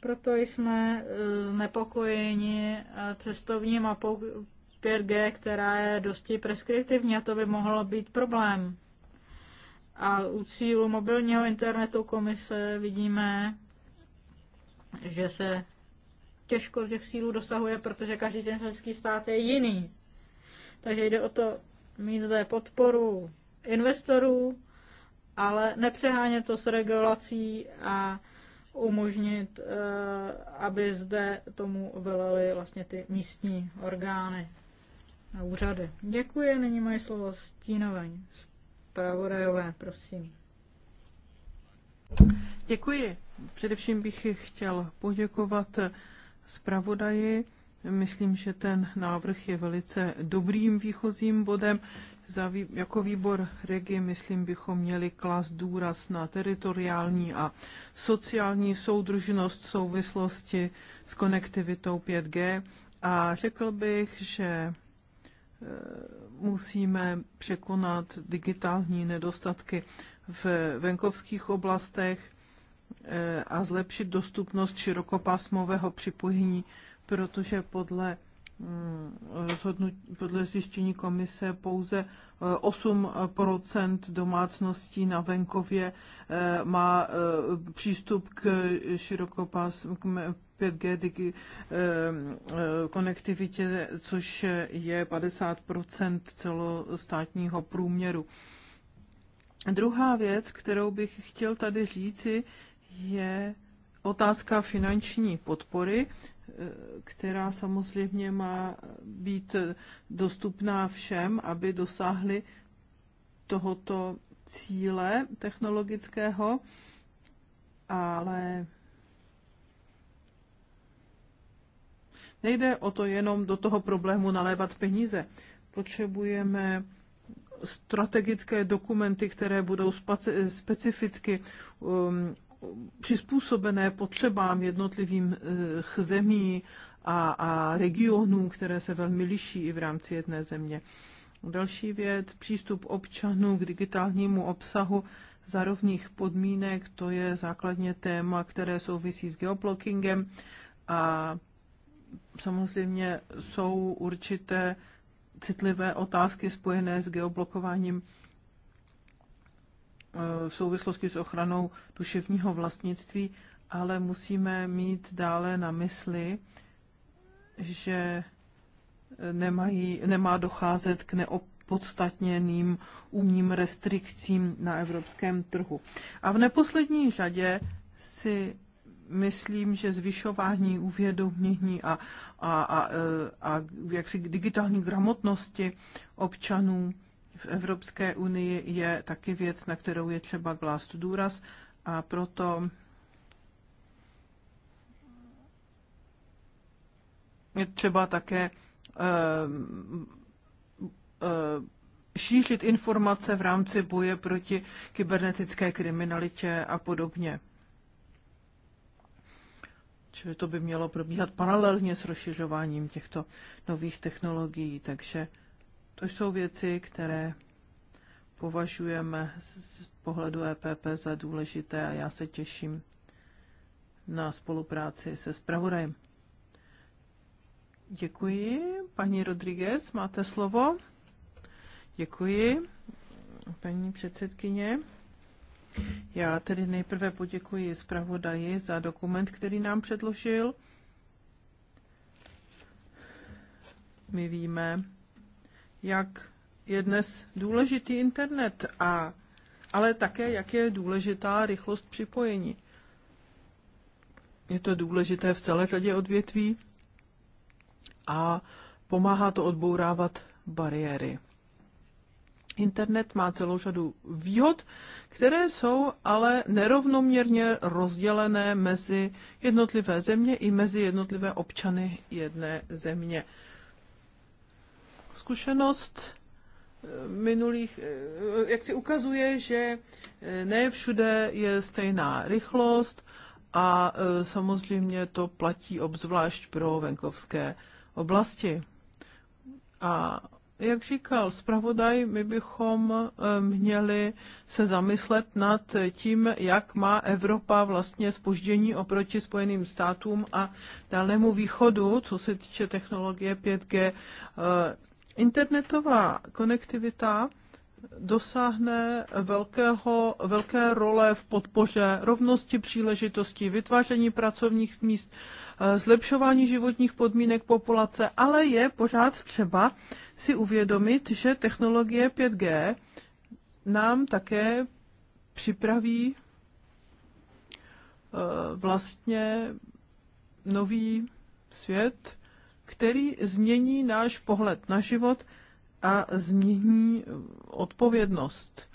Proto jsme eh, znepokojeni eh, cestovní mapou 5G, která je dosti preskriptivní a to by mohlo být problém. A u cílu mobilního internetu komise vidíme, že se těžko těch sílů dosahuje, protože každý ten stát je jiný. Takže jde o to mít zde podporu investorů, ale nepřehánět to s regulací a umožnit, eh, aby zde tomu velely vlastně ty místní orgány a úřady. Děkuji, nyní mají slovo stínové zpravodajové, prosím. Děkuji. Především bych chtěl poděkovat zpravodaji. Myslím, že ten návrh je velice dobrým výchozím bodem za, vý, jako výbor regi, myslím, bychom měli klas důraz na teritoriální a sociální soudržnost v souvislosti s konektivitou 5G. A řekl bych, že e, musíme překonat digitální nedostatky v venkovských oblastech e, a zlepšit dostupnost širokopásmového připojení, protože podle Mm, rozhodnutí, podle zjištění komise pouze 8 eh, domácností na venkově eh, má eh, přístup k širokopás, k 5G digi, konektivitě, což je 50 celostátního průměru. Druhá věc, kterou bych chtěl tady říci, je otázka finanční podpory, eh, která samozřejmě má být dostupná všem, aby dosáhli tohoto cíle technologického, ale nejde o to jenom do toho problému nalévat peníze. Potřebujeme strategické dokumenty, které budou specificky um, přizpůsobené potřebám jednotlivým eh, zemí a, a regionů, které se velmi liší i v rámci jedné země. Další věc, přístup občanů k digitálnímu obsahu za rovných podmínek, to je základně téma, které souvisí s geoblockingem a samozřejmě jsou určité citlivé otázky spojené s geoblokováním v souvislosti s ochranou duševního vlastnictví, ale musíme mít dále na mysli, že nemají, nemá docházet k neopodstatněným umním restrikcím na evropském trhu. A v neposlední řadě si myslím, že zvyšování uvědomění a, a, a, a jaksi digitální gramotnosti občanů v Evropské unii je taky věc, na kterou je třeba klást důraz a proto je třeba také eh, eh, šířit informace v rámci boje proti kybernetické kriminalitě a podobně. Čili to by mělo probíhat paralelně s rozšiřováním těchto nových technologií, takže to jsou věci, které považujeme z pohledu EPP za důležité a já se těším na spolupráci se zpravodajem. Děkuji. Paní Rodriguez, máte slovo. Děkuji, paní předsedkyně. Já tedy nejprve poděkuji zpravodaji za dokument, který nám předložil. My víme, jak je dnes důležitý internet, a, ale také jak je důležitá rychlost připojení. Je to důležité v celé řadě odvětví a pomáhá to odbourávat bariéry. Internet má celou řadu výhod, které jsou ale nerovnoměrně rozdělené mezi jednotlivé země i mezi jednotlivé občany jedné země zkušenost eh, minulých, eh, jak si ukazuje, že eh, ne všude je stejná rychlost a samozřejmě to platí obzvlášť pro venkovské oblasti. A jak říkal zpravodaj, my bychom měli se zamyslet nad tím, jak má Evropa vlastně spoždění oproti Spojeným státům a Dálnému východu, co se týče technologie 5G Internetová konektivita dosáhne velkého, velké role v podpoře rovnosti příležitostí, vytváření pracovních míst, eh, zlepšování životních podmínek populace, ale je pořád třeba si uvědomit, že technologie 5G nám také připraví eh, vlastně nový svět, který změní náš pohled na život a změní odpovědnost.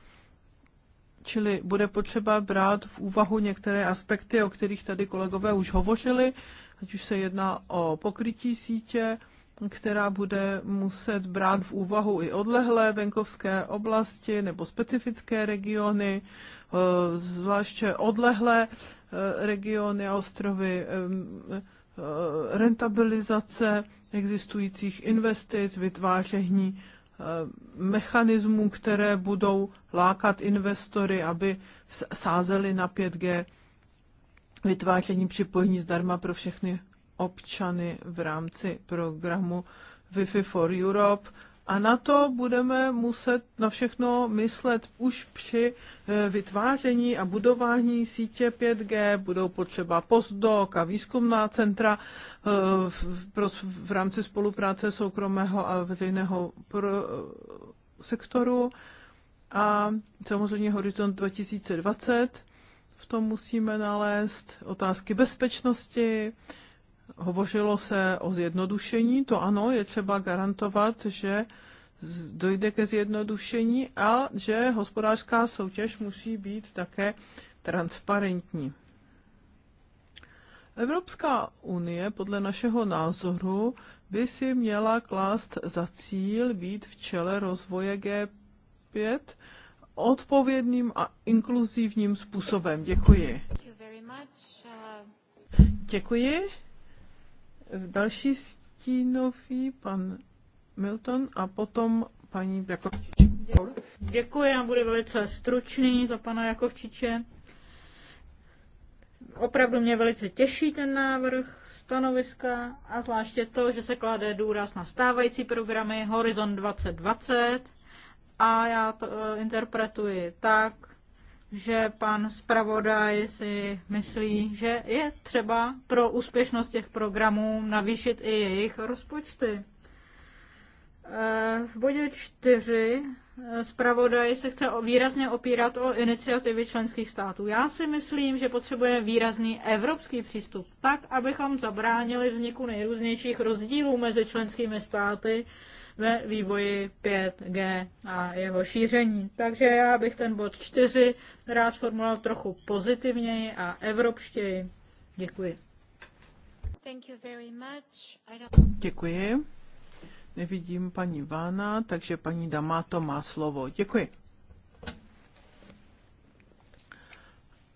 Čili bude potřeba brát v úvahu některé aspekty, o kterých tady kolegové už hovořili, ať už se jedná o pokrytí sítě, která bude muset brát v úvahu i odlehlé venkovské oblasti nebo specifické regiony, eh, zvláště odlehlé eh, regiony a ostrovy Eh, rentabilizace existujících investic, vytváření eh, mechanismů, které budou lákat investory, aby sázeli na 5G, vytváření připojení zdarma pro všechny občany v rámci programu Wi-Fi for Europe, a na to budeme muset na všechno myslet už při e, vytváření a budování sítě 5G. Budou potřeba postdoc a výzkumná centra e, v rámci spolupráce soukromého a veřejného sektoru. A samozřejmě Horizont 2020. V tom musíme nalézt otázky bezpečnosti, Hovořilo se o zjednodušení, to ano, je třeba garantovat, že dojde ke zjednodušení a že hospodářská soutěž musí být také transparentní. Evropská unie podle našeho názoru by si měla klást za cíl být v čele rozvoje G5 odpovědným a inkluzivním způsobem. Děkuji. Uh, Děkuji. Další stínový pan Milton a potom paní Jakovčič. Děkuji, já budu velice stručný za pana Jakovčiče. Opravdu mě velice těší ten návrh stanoviska a zvláště to, že se klade důraz na stávající programy Horizon 2020 a já to eh, interpretuji tak, že pan zpravodaj si myslí, že je třeba pro úspěšnost těch programů navýšit i jejich rozpočty. Eh, v bodě 4 eh, zpravodaj se chce výrazně opírat o iniciativy členských států. Já si myslím, že potřebujeme výrazný evropský přístup, tak, abychom zabránili vzniku nejrůznějších rozdílů mezi členskými státy ve vývoji 5G a jeho šíření. Takže já bych ten bod 4 rád formuloval trochu pozitivněji a evropštěji. Děkuji. Děkuji. Nevidím paní Vána, takže paní Damáto má slovo. Děkuji.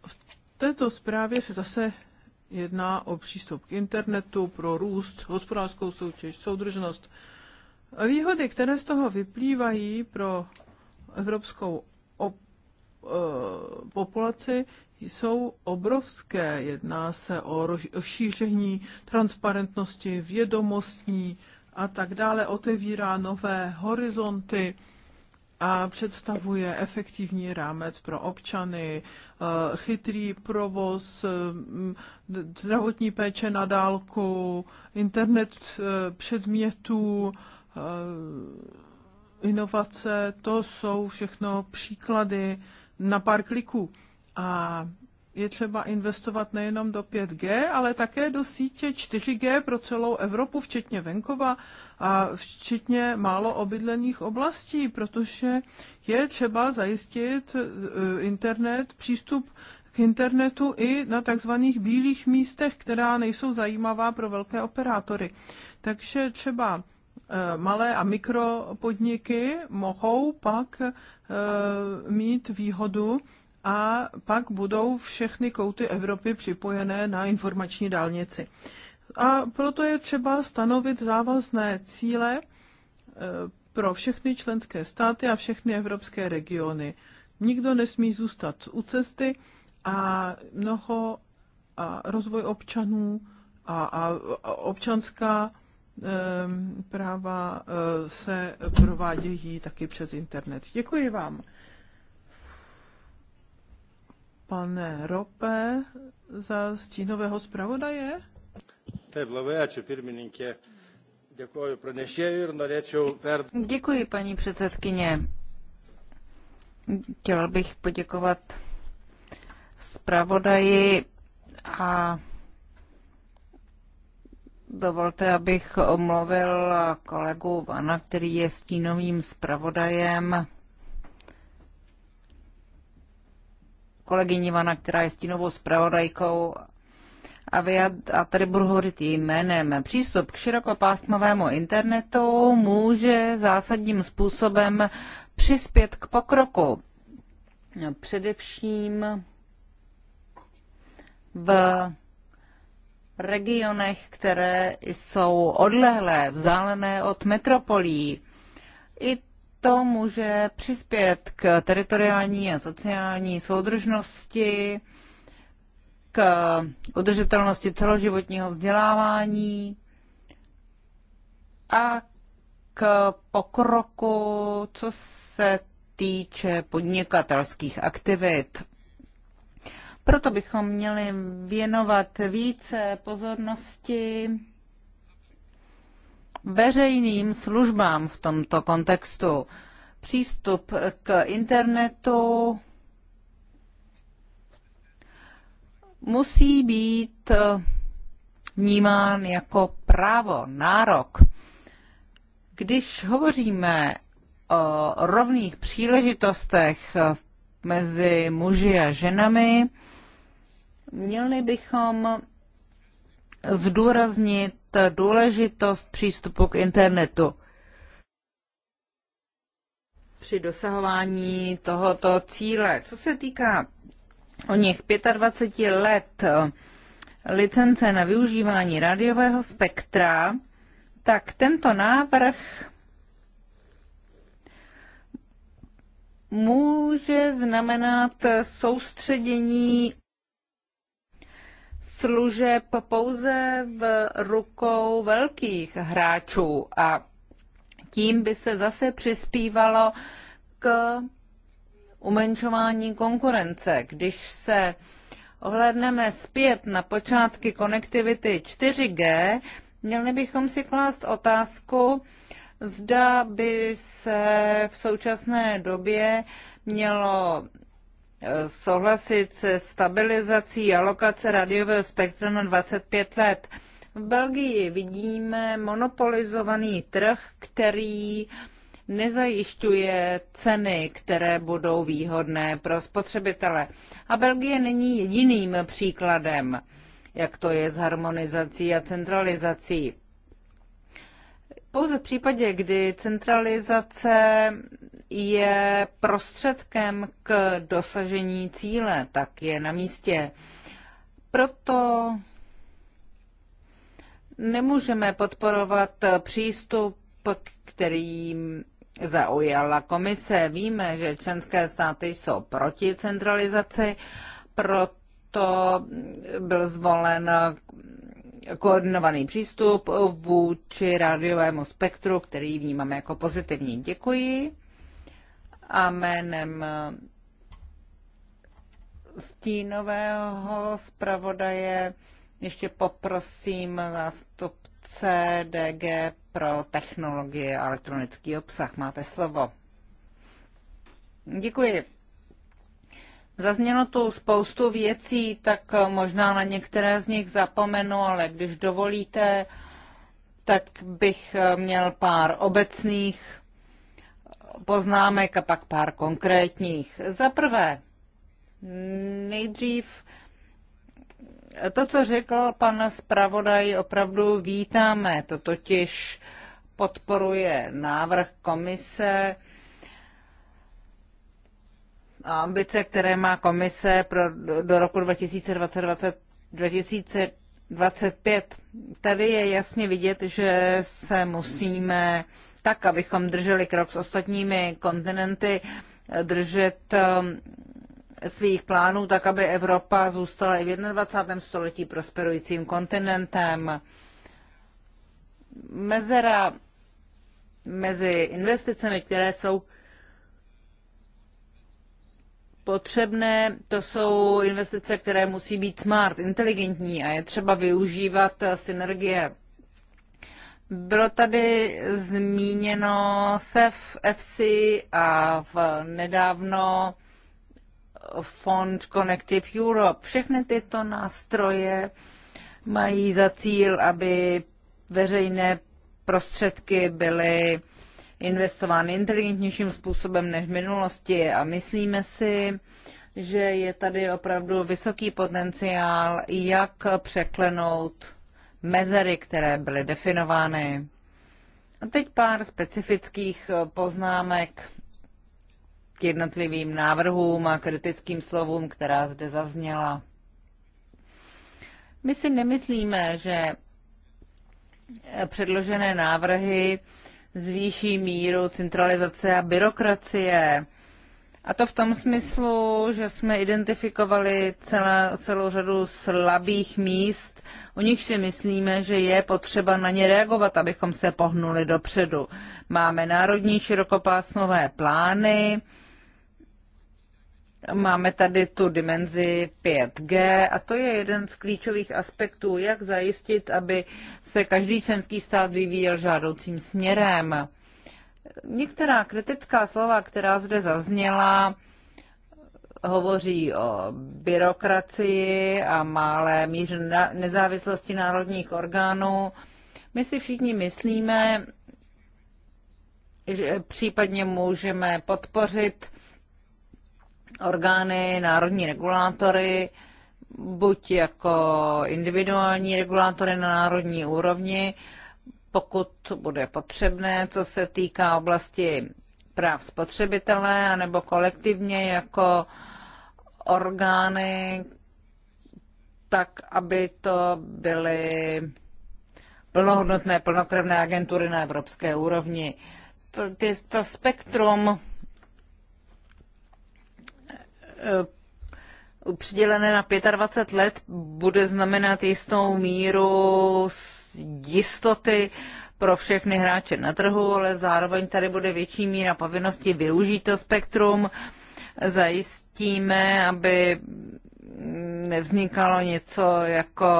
V této zprávě se zase jedná o přístup k internetu pro růst, hospodářskou soutěž, soudržnost Výhody, které z toho vyplývají pro evropskou op, e, populaci, jsou obrovské. Jedná se o rozšíření transparentnosti, vědomostní a tak dále. Otevírá nové horizonty a představuje efektivní rámec pro občany, eh, chytrý provoz, eh, zdravotní péče na dálku, internet předmětů, Eh, inovace, to jsou všechno příklady na pár kliků. A je třeba investovat nejenom do 5G, ale také do sítě 4G pro celou Evropu, včetně venkova a včetně málo obydlených oblastí, protože je třeba zajistit eh, internet, přístup k internetu i na takzvaných bílých místech, která nejsou zajímavá pro velké operátory. Takže třeba Eh, malé a mikropodniky mohou pak eh, mít výhodu a pak budou všechny kouty Evropy připojené na informační dálnici. A proto je třeba stanovit závazné cíle eh, pro všechny členské státy a všechny evropské regiony. Nikdo nesmí zůstat u cesty a mnoho a rozvoj občanů a, a, a občanská Ehm, práva eh, se provádějí taky přes internet. Děkuji vám. Pane Rope, za stínového zpravodaje. Taip, labai ačiū pirmininkė. Děkuji pranešėjui ir norėčiau per... Děkuji, paní předsedkyně. Chtěl bych poděkovat zpravodaji a Dovolte, abych omluvil kolegu Vana, který je stínovým zpravodajem. Kolegyni Vana, která je stínovou zpravodajkou a, vyjad, a tady budu hovořit jménem. Přístup k širokopásmovému internetu může zásadním způsobem přispět k pokroku. Především v regionech, které jsou odlehlé, vzdálené od metropolí. I to může přispět k teritoriální a sociální soudržnosti, k udržitelnosti celoživotního vzdělávání a k pokroku, co se týče podnikatelských aktivit. Proto bychom měli věnovat více pozornosti veřejným službám v tomto kontextu. Přístup k internetu musí být vnímán jako právo, nárok. Když hovoříme o rovných příležitostech mezi muži a ženami, Měli bychom zdůraznit důležitost přístupu k internetu. Při dosahování tohoto cíle, co se týká o nich 25 let licence na využívání rádiového spektra, tak tento návrh může znamenat soustředění služeb pouze v rukou velkých hráčů a tím by se zase přispívalo k umenšování konkurence. Když se ohledneme zpět na počátky konektivity 4G, měli bychom si klást otázku, zda by se v současné době mělo souhlasit se stabilizací alokace radiového spektra na 25 let. V Belgii vidíme monopolizovaný trh, který nezajišťuje ceny, které budou výhodné pro spotřebitele. A Belgie není jediným příkladem, jak to je s harmonizací a centralizací. Pouze v případě, kdy centralizace je prostředkem k dosažení cíle, tak je na místě. Proto nemůžeme podporovat přístup, který zaujala komise. Víme, že členské státy jsou proti centralizaci, proto byl zvolen koordinovaný přístup vůči rádiovému spektru, který vnímáme jako pozitivní. Děkuji a jménem eh, stínového zpravodaje ještě poprosím zástupce DG pro technologie a elektronický obsah. Máte slovo. Děkuji. Zaznělo tu spoustu věcí, tak eh, možná na některé z nich zapomenu, ale když dovolíte, tak bych eh, měl pár obecných poznámek a pak pár konkrétních. Za prvé, nejdřív to, co řekl pan zpravodaj, opravdu vítáme. To totiž podporuje návrh komise a ambice, které má komise pro, do roku 2020, 2025. Tady je jasně vidět, že se musíme tak, abychom drželi krok s ostatními kontinenty, držet um, svých plánů, tak aby Evropa zůstala i v 21. století prosperujícím kontinentem. Mezera mezi investicemi, které jsou potřebné, to jsou investice, které musí být smart, inteligentní a je třeba využívat synergie bylo tady zmíněno se v FC a v nedávno fond Connective Europe. Všechny tyto nástroje mají za cíl, aby veřejné prostředky byly investovány inteligentnějším způsobem než v minulosti a myslíme si, že je tady opravdu vysoký potenciál, jak překlenout mezery, které byly definovány. A teď pár specifických eh, poznámek k jednotlivým návrhům a kritickým slovům, která zde zazněla. My si nemyslíme, že eh, předložené návrhy zvýší míru centralizace a byrokracie. A to v tom smyslu, že jsme identifikovali celé, celou řadu slabých míst, o nich si myslíme, že je potřeba na ně reagovat, abychom se pohnuli dopředu. Máme národní širokopásmové plány, máme tady tu dimenzi 5G a to je jeden z klíčových aspektů, jak zajistit, aby se každý členský stát vyvíjel žádoucím směrem Některá kritická slova, která zde zazněla, hovoří o byrokracii a malé míře nezávislosti národních orgánů. My si všichni myslíme, že případně můžeme podpořit orgány, národní regulátory, buď jako individuální regulátory na národní úrovni, pokud bude potřebné, co se týká oblasti práv spotřebitele, anebo kolektivně jako orgány, tak aby to byly plnohodnotné, plnokrevné agentury na evropské úrovni. To, ty, to spektrum eh, přidělené na 25 let bude znamenat jistou míru jistoty pro všechny hráče na trhu, ale zároveň tady bude větší míra povinnosti využít to spektrum. Zajistíme, aby nevznikalo něco jako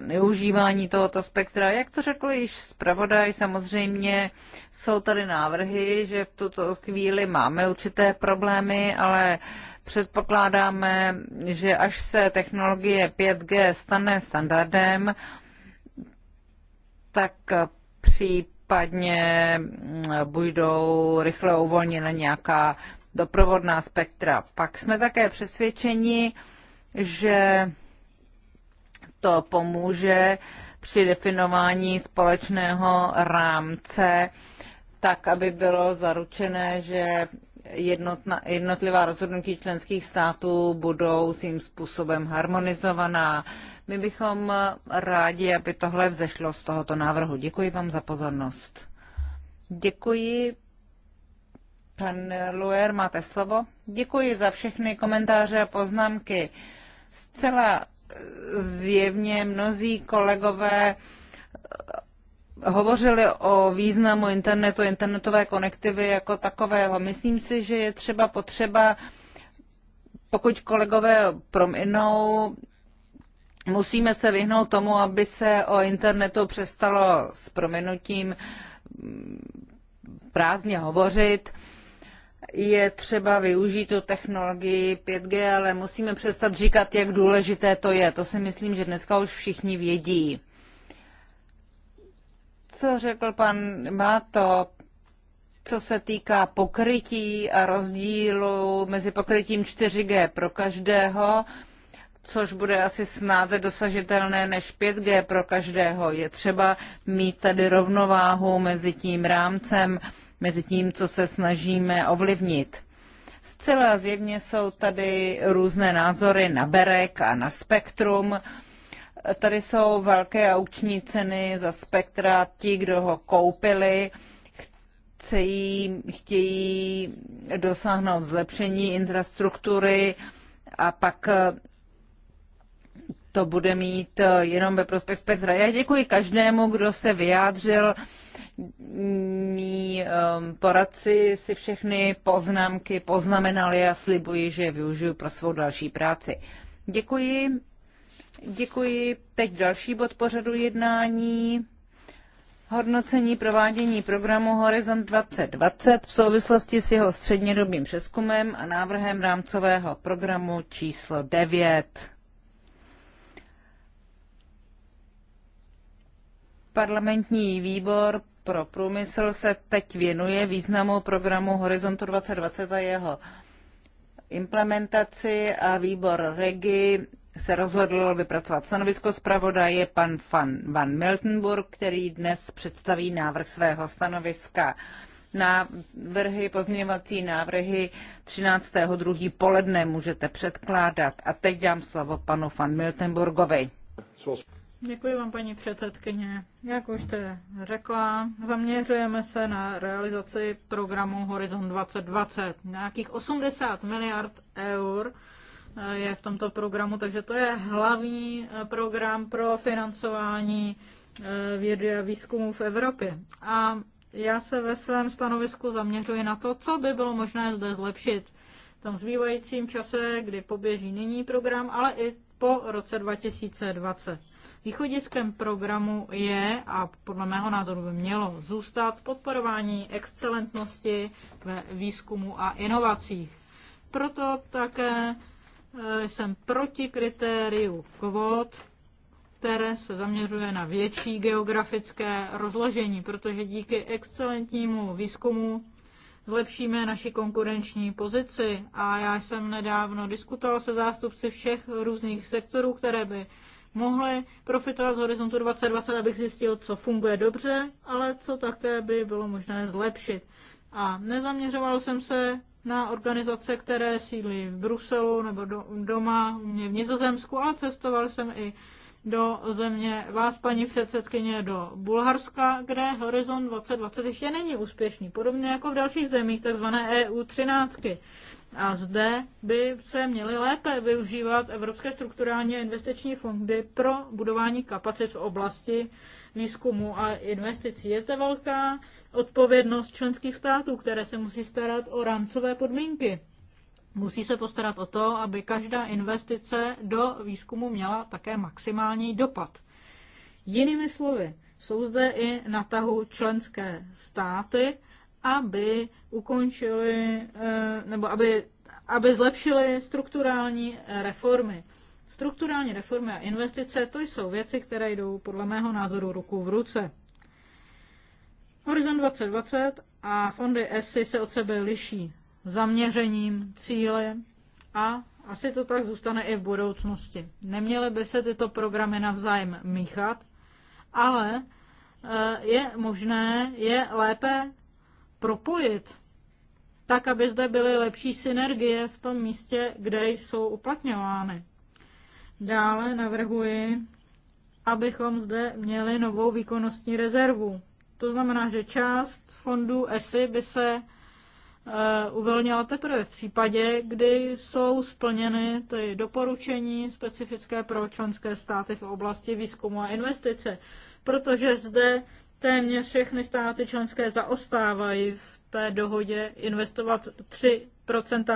neužívání tohoto spektra. Jak to řekl již zpravodaj, samozřejmě jsou tady návrhy, že v tuto chvíli máme určité problémy, ale předpokládáme, že až se technologie 5G stane standardem, tak případně mm, budou rychle uvolněna nějaká doprovodná spektra. Pak jsme také přesvědčeni, že to pomůže při definování společného rámce, tak aby bylo zaručené, že jednotna, jednotlivá rozhodnutí členských států budou svým způsobem harmonizovaná. My bychom rádi, aby tohle vzešlo z tohoto návrhu. Děkuji vám za pozornost. Děkuji. Pan Luer, máte slovo. Děkuji za všechny komentáře a poznámky. Zcela zjevně mnozí kolegové hovořili o významu internetu, internetové konektivy jako takového. Myslím si, že je třeba potřeba, pokud kolegové prominou, Musíme se vyhnout tomu, aby se o internetu přestalo s prominutím mm, prázdně hovořit. Je třeba využít tu technologii 5G, ale musíme přestat říkat, jak důležité to je. To si myslím, že dneska už všichni vědí. Co řekl pan Máto, co se týká pokrytí a rozdílu mezi pokrytím 4G pro každého, což bude asi snáze dosažitelné než 5G pro každého. Je třeba mít tady rovnováhu mezi tím rámcem, mezi tím, co se snažíme ovlivnit. Zcela zjevně jsou tady různé názory na berek a na spektrum. Tady jsou velké auční ceny za spektra. Ti, kdo ho koupili, chcejí, chtějí dosáhnout zlepšení infrastruktury a pak to bude mít eh, jenom ve prospěch spektra. Já děkuji každému, kdo se vyjádřil. Mí ehm, poradci si všechny poznámky poznamenali a slibuji, že je využiju pro svou další práci. Děkuji. Děkuji. Teď další bod pořadu jednání. Hodnocení provádění programu Horizont 2020 v souvislosti s jeho střednědobým přeskumem a návrhem rámcového programu číslo 9. Parlamentní výbor pro průmysl se teď věnuje významu programu Horizontu 2020 a jeho implementaci a výbor REGI se rozhodl vypracovat stanovisko zpravodaje pan Van, Van Miltenburg, který dnes představí návrh svého stanoviska. Návrhy, pozměňovací návrhy 13.2. poledne můžete předkládat. A teď dám slovo panu Van Miltenburgovi. Děkuji vám, paní předsedkyně. Jak už jste řekla, zaměřujeme se na realizaci programu Horizon 2020. Nějakých 80 miliard eur eh, je v tomto programu, takže to je hlavní eh, program pro financování eh, vědy a výzkumu v Evropě. A já se ve svém stanovisku zaměřuji na to, co by bylo možné zde zlepšit. V tom zbývajícím čase, kdy poběží nyní program, ale i po roce 2020. Východiskem programu je, a podle mého názoru by mělo zůstat, podporování excelentnosti ve výzkumu a inovacích. Proto také eh, jsem proti kritériu kvót, které se zaměřuje na větší geografické rozložení, protože díky excelentnímu výzkumu zlepšíme naši konkurenční pozici. A já jsem nedávno diskutoval se zástupci všech různých sektorů, které by mohli profitovat z horizontu 2020, abych zjistil, co funguje dobře, ale co také by bylo možné zlepšit. A nezaměřoval jsem se na organizace, které sídlí v Bruselu nebo do, doma mě v Nizozemsku, ale cestoval jsem i do země vás, paní předsedkyně, do Bulharska, kde Horizon 2020 ještě není úspěšný, podobně jako v dalších zemích, takzvané EU 13. A zde by se měly lépe využívat evropské strukturální a investiční fondy pro budování kapacit v oblasti výzkumu a investicí. Je zde velká odpovědnost členských států, které se musí starat o rámcové podmínky. Musí se postarat o to, aby každá investice do výzkumu měla také maximální dopad. Jinými slovy, jsou zde i na tahu členské státy, aby ukončili, eh, nebo aby, aby zlepšili strukturální reformy. Strukturální reformy a investice, to jsou věci, které jdou podle mého názoru ruku v ruce. Horizon 2020 a fondy ESI se od sebe liší zaměřením, cílem a asi to tak zůstane i v budoucnosti. Neměly by se tyto programy navzájem míchat, ale eh, je možné je lépe propojit, tak aby zde byly lepší synergie v tom místě, kde jsou uplatňovány. Dále navrhuji, abychom zde měli novou výkonnostní rezervu. To znamená, že část fondů ESI by se eh, uvolnila teprve v případě, kdy jsou splněny ty doporučení specifické pro členské státy v oblasti výzkumu a investice, protože zde téměř všechny státy členské zaostávají v té dohodě investovat 3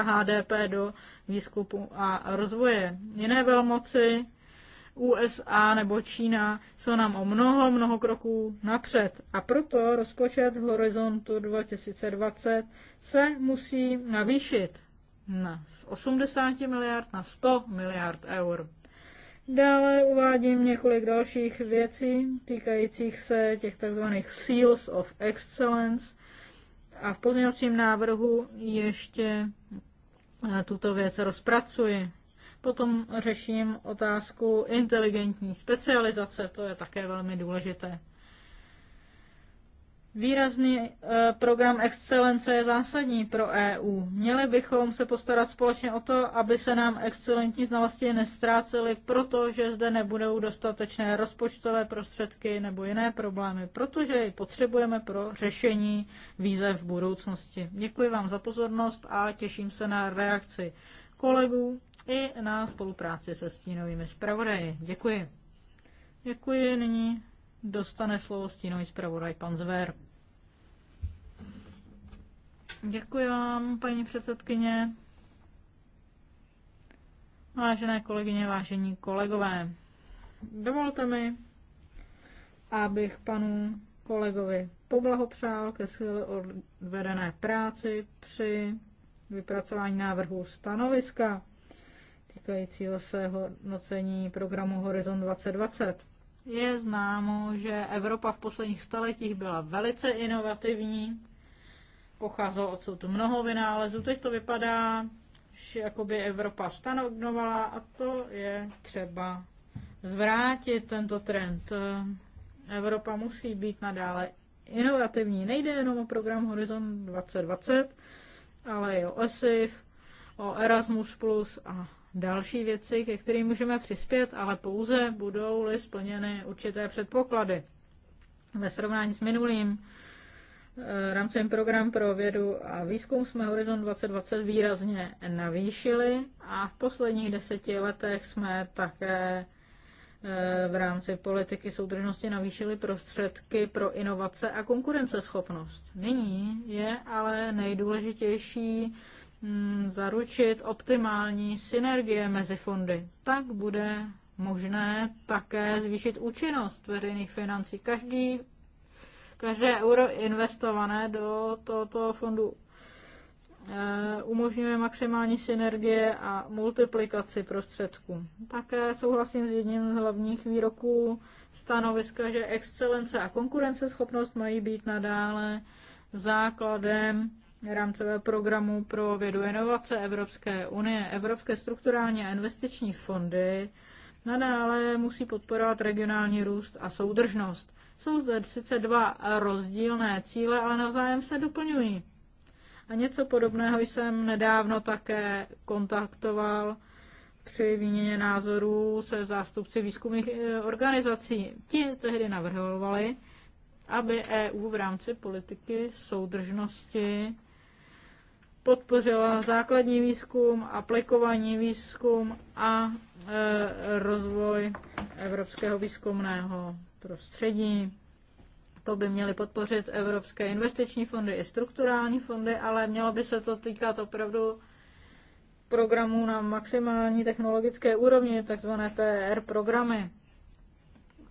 HDP do výzkumu a rozvoje. Jiné velmoci, USA nebo Čína, jsou nám o mnoho, mnoho kroků napřed. A proto rozpočet v horizontu 2020 se musí navýšit z 80 miliard na 100 miliard eur. Dále uvádím několik dalších věcí týkajících se těch tzv. Seals of Excellence a v pozměňovacím návrhu ještě eh, tuto věc rozpracuji. Potom řeším otázku inteligentní specializace, to je také velmi důležité. Výrazný eh, program excelence je zásadní pro EU. Měli bychom se postarat společně o to, aby se nám excelentní znalosti nestrácely, protože zde nebudou dostatečné rozpočtové prostředky nebo jiné problémy, protože je potřebujeme pro řešení výzev v budoucnosti. Děkuji vám za pozornost a těším se na reakci kolegů i na spolupráci se stínovými zpravodaji. Děkuji. Děkuji nyní dostane slovo stínový zpravodaj pan Zver. Děkuji vám, paní předsedkyně. Vážené kolegyně, vážení kolegové, dovolte mi, abych panu kolegovi poblahopřál ke skvěle odvedené práci při vypracování návrhu stanoviska týkajícího se hodnocení programu Horizon 2020 je známo, že Evropa v posledních staletích byla velice inovativní, pocházelo odsud mnoho vynálezů, teď to vypadá, že jakoby Evropa stanovnovala a to je třeba zvrátit tento trend. Evropa musí být nadále inovativní. Nejde jenom o program Horizon 2020, ale i o ESIF, o Erasmus Plus a další věci, ke kterým můžeme přispět, ale pouze budou-li splněny určité předpoklady. Ve srovnání s minulým eh, rámcovým program pro vědu a výzkum jsme Horizon 2020 výrazně navýšili a v posledních deseti letech jsme také eh, v rámci politiky soudržnosti navýšili prostředky pro inovace a konkurenceschopnost. Nyní je ale nejdůležitější Hmm, zaručit optimální synergie mezi fondy. Tak bude možné také zvýšit účinnost veřejných financí. Každý, každé euro investované do tohoto fondu eh, umožňuje maximální synergie a multiplikaci prostředků. Také souhlasím s jedním z hlavních výroků stanoviska, že excelence a konkurenceschopnost mají být nadále základem rámcového programu pro vědu inovace Evropské unie. Evropské strukturální a investiční fondy nadále musí podporovat regionální růst a soudržnost. Jsou zde sice dva rozdílné cíle, ale navzájem se doplňují. A něco podobného jsem nedávno také kontaktoval při výměně názorů se zástupci výzkumných eh, organizací. Ti tehdy navrhovali, aby EU v rámci politiky soudržnosti podpořila základní výzkum, aplikovaný výzkum a e, rozvoj evropského výzkumného prostředí. To by měly podpořit evropské investiční fondy i strukturální fondy, ale mělo by se to týkat opravdu programů na maximální technologické úrovni, takzvané TR programy.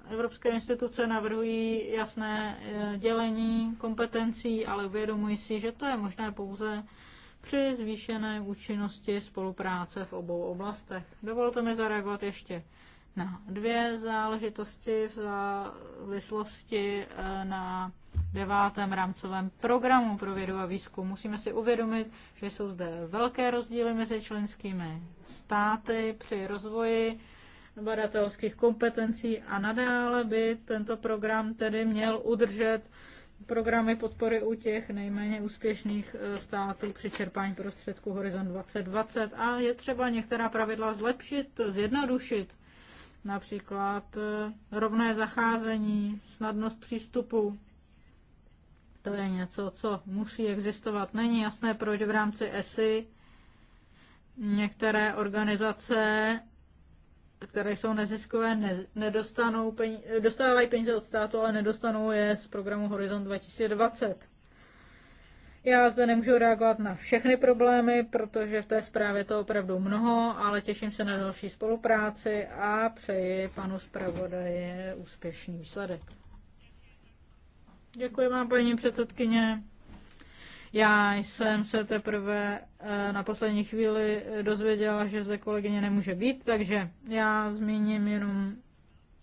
Evropské instituce navrhují jasné e, dělení kompetencí, ale uvědomují si, že to je možné pouze při zvýšené účinnosti spolupráce v obou oblastech. Dovolte mi zareagovat ještě na dvě záležitosti v závislosti eh, na devátém rámcovém programu pro vědu a výzkum. Musíme si uvědomit, že jsou zde velké rozdíly mezi členskými státy při rozvoji badatelských kompetencí a nadále by tento program tedy měl udržet programy podpory u těch nejméně úspěšných eh, států při čerpání prostředků Horizon 2020 a je třeba některá pravidla zlepšit, zjednodušit, například eh, rovné zacházení, snadnost přístupu. To je něco, co musí existovat. Není jasné, proč v rámci ESI některé organizace které jsou neziskové, ne, nedostanou peníze, dostávají peníze od státu, ale nedostanou je z programu Horizont 2020. Já zde nemůžu reagovat na všechny problémy, protože v té zprávě to opravdu mnoho, ale těším se na další spolupráci a přeji panu zpravodaji úspěšný výsledek. Děkuji vám, paní předsedkyně. Já jsem se teprve eh, na poslední chvíli dozvěděla, že ze kolegyně nemůže být, takže já zmíním jenom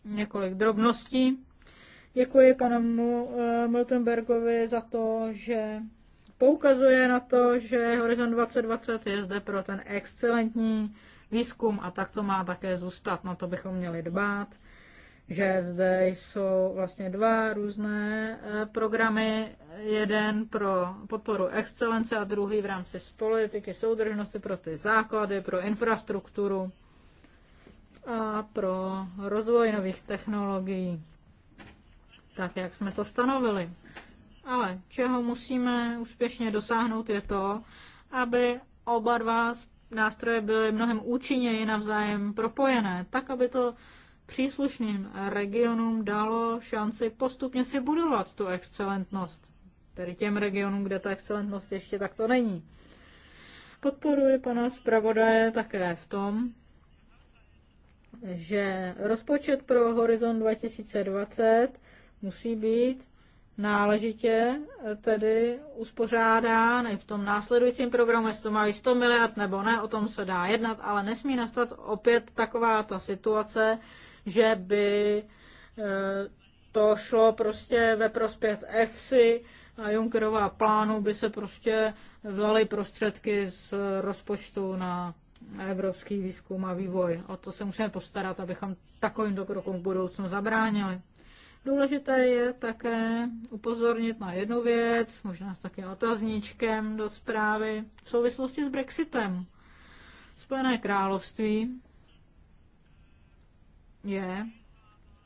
několik drobností. Děkuji panu eh, Miltenbergovi za to, že poukazuje na to, že Horizon 2020 je zde pro ten excelentní výzkum a tak to má také zůstat. Na to bychom měli dbát že zde jsou vlastně dva různé eh, programy. Jeden pro podporu excelence a druhý v rámci politiky soudržnosti pro ty základy, pro infrastrukturu a pro rozvoj nových technologií, tak jak jsme to stanovili. Ale čeho musíme úspěšně dosáhnout je to, aby oba dva nástroje byly mnohem účinněji navzájem propojené, tak aby to příslušným regionům dalo šanci postupně si budovat tu excelentnost, tedy těm regionům, kde ta excelentnost ještě takto není. Podporuji pana zpravodaje také v tom, že rozpočet pro Horizon 2020 musí být náležitě eh, tedy uspořádán i v tom následujícím programu, jestli to mají 100 miliard nebo ne, o tom se dá jednat, ale nesmí nastat opět taková ta situace, že by eh, to šlo prostě ve prospěch EFSI a Junckerová plánu by se prostě vzaly prostředky z rozpočtu na evropský výzkum a vývoj. O to se musíme postarat, abychom takovýmto krokům v budoucnu zabránili. Důležité je také upozornit na jednu věc, možná s také otazníčkem do zprávy, v souvislosti s Brexitem. Spojené království je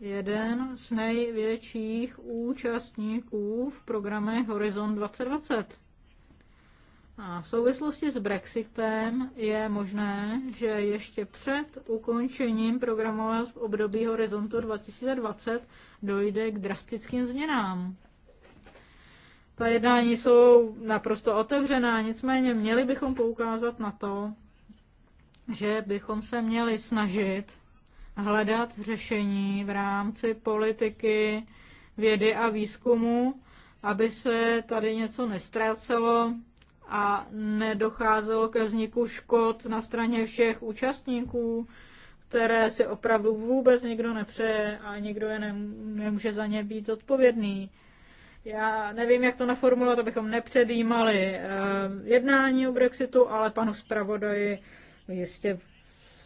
jeden z největších účastníků v programe Horizon 2020. A v souvislosti s Brexitem je možné, že ještě před ukončením programového období Horizontu 2020 dojde k drastickým změnám. Ta jednání jsou naprosto otevřená, nicméně měli bychom poukázat na to, že bychom se měli snažit hledat řešení v rámci politiky, vědy a výzkumu, aby se tady něco nestrácelo a nedocházelo ke vzniku škod na straně všech účastníků, které si opravdu vůbec nikdo nepřeje a nikdo je nemůže za ně být odpovědný. Já nevím, jak to naformulovat, abychom nepředjímali eh, jednání o Brexitu, ale panu zpravodaji jistě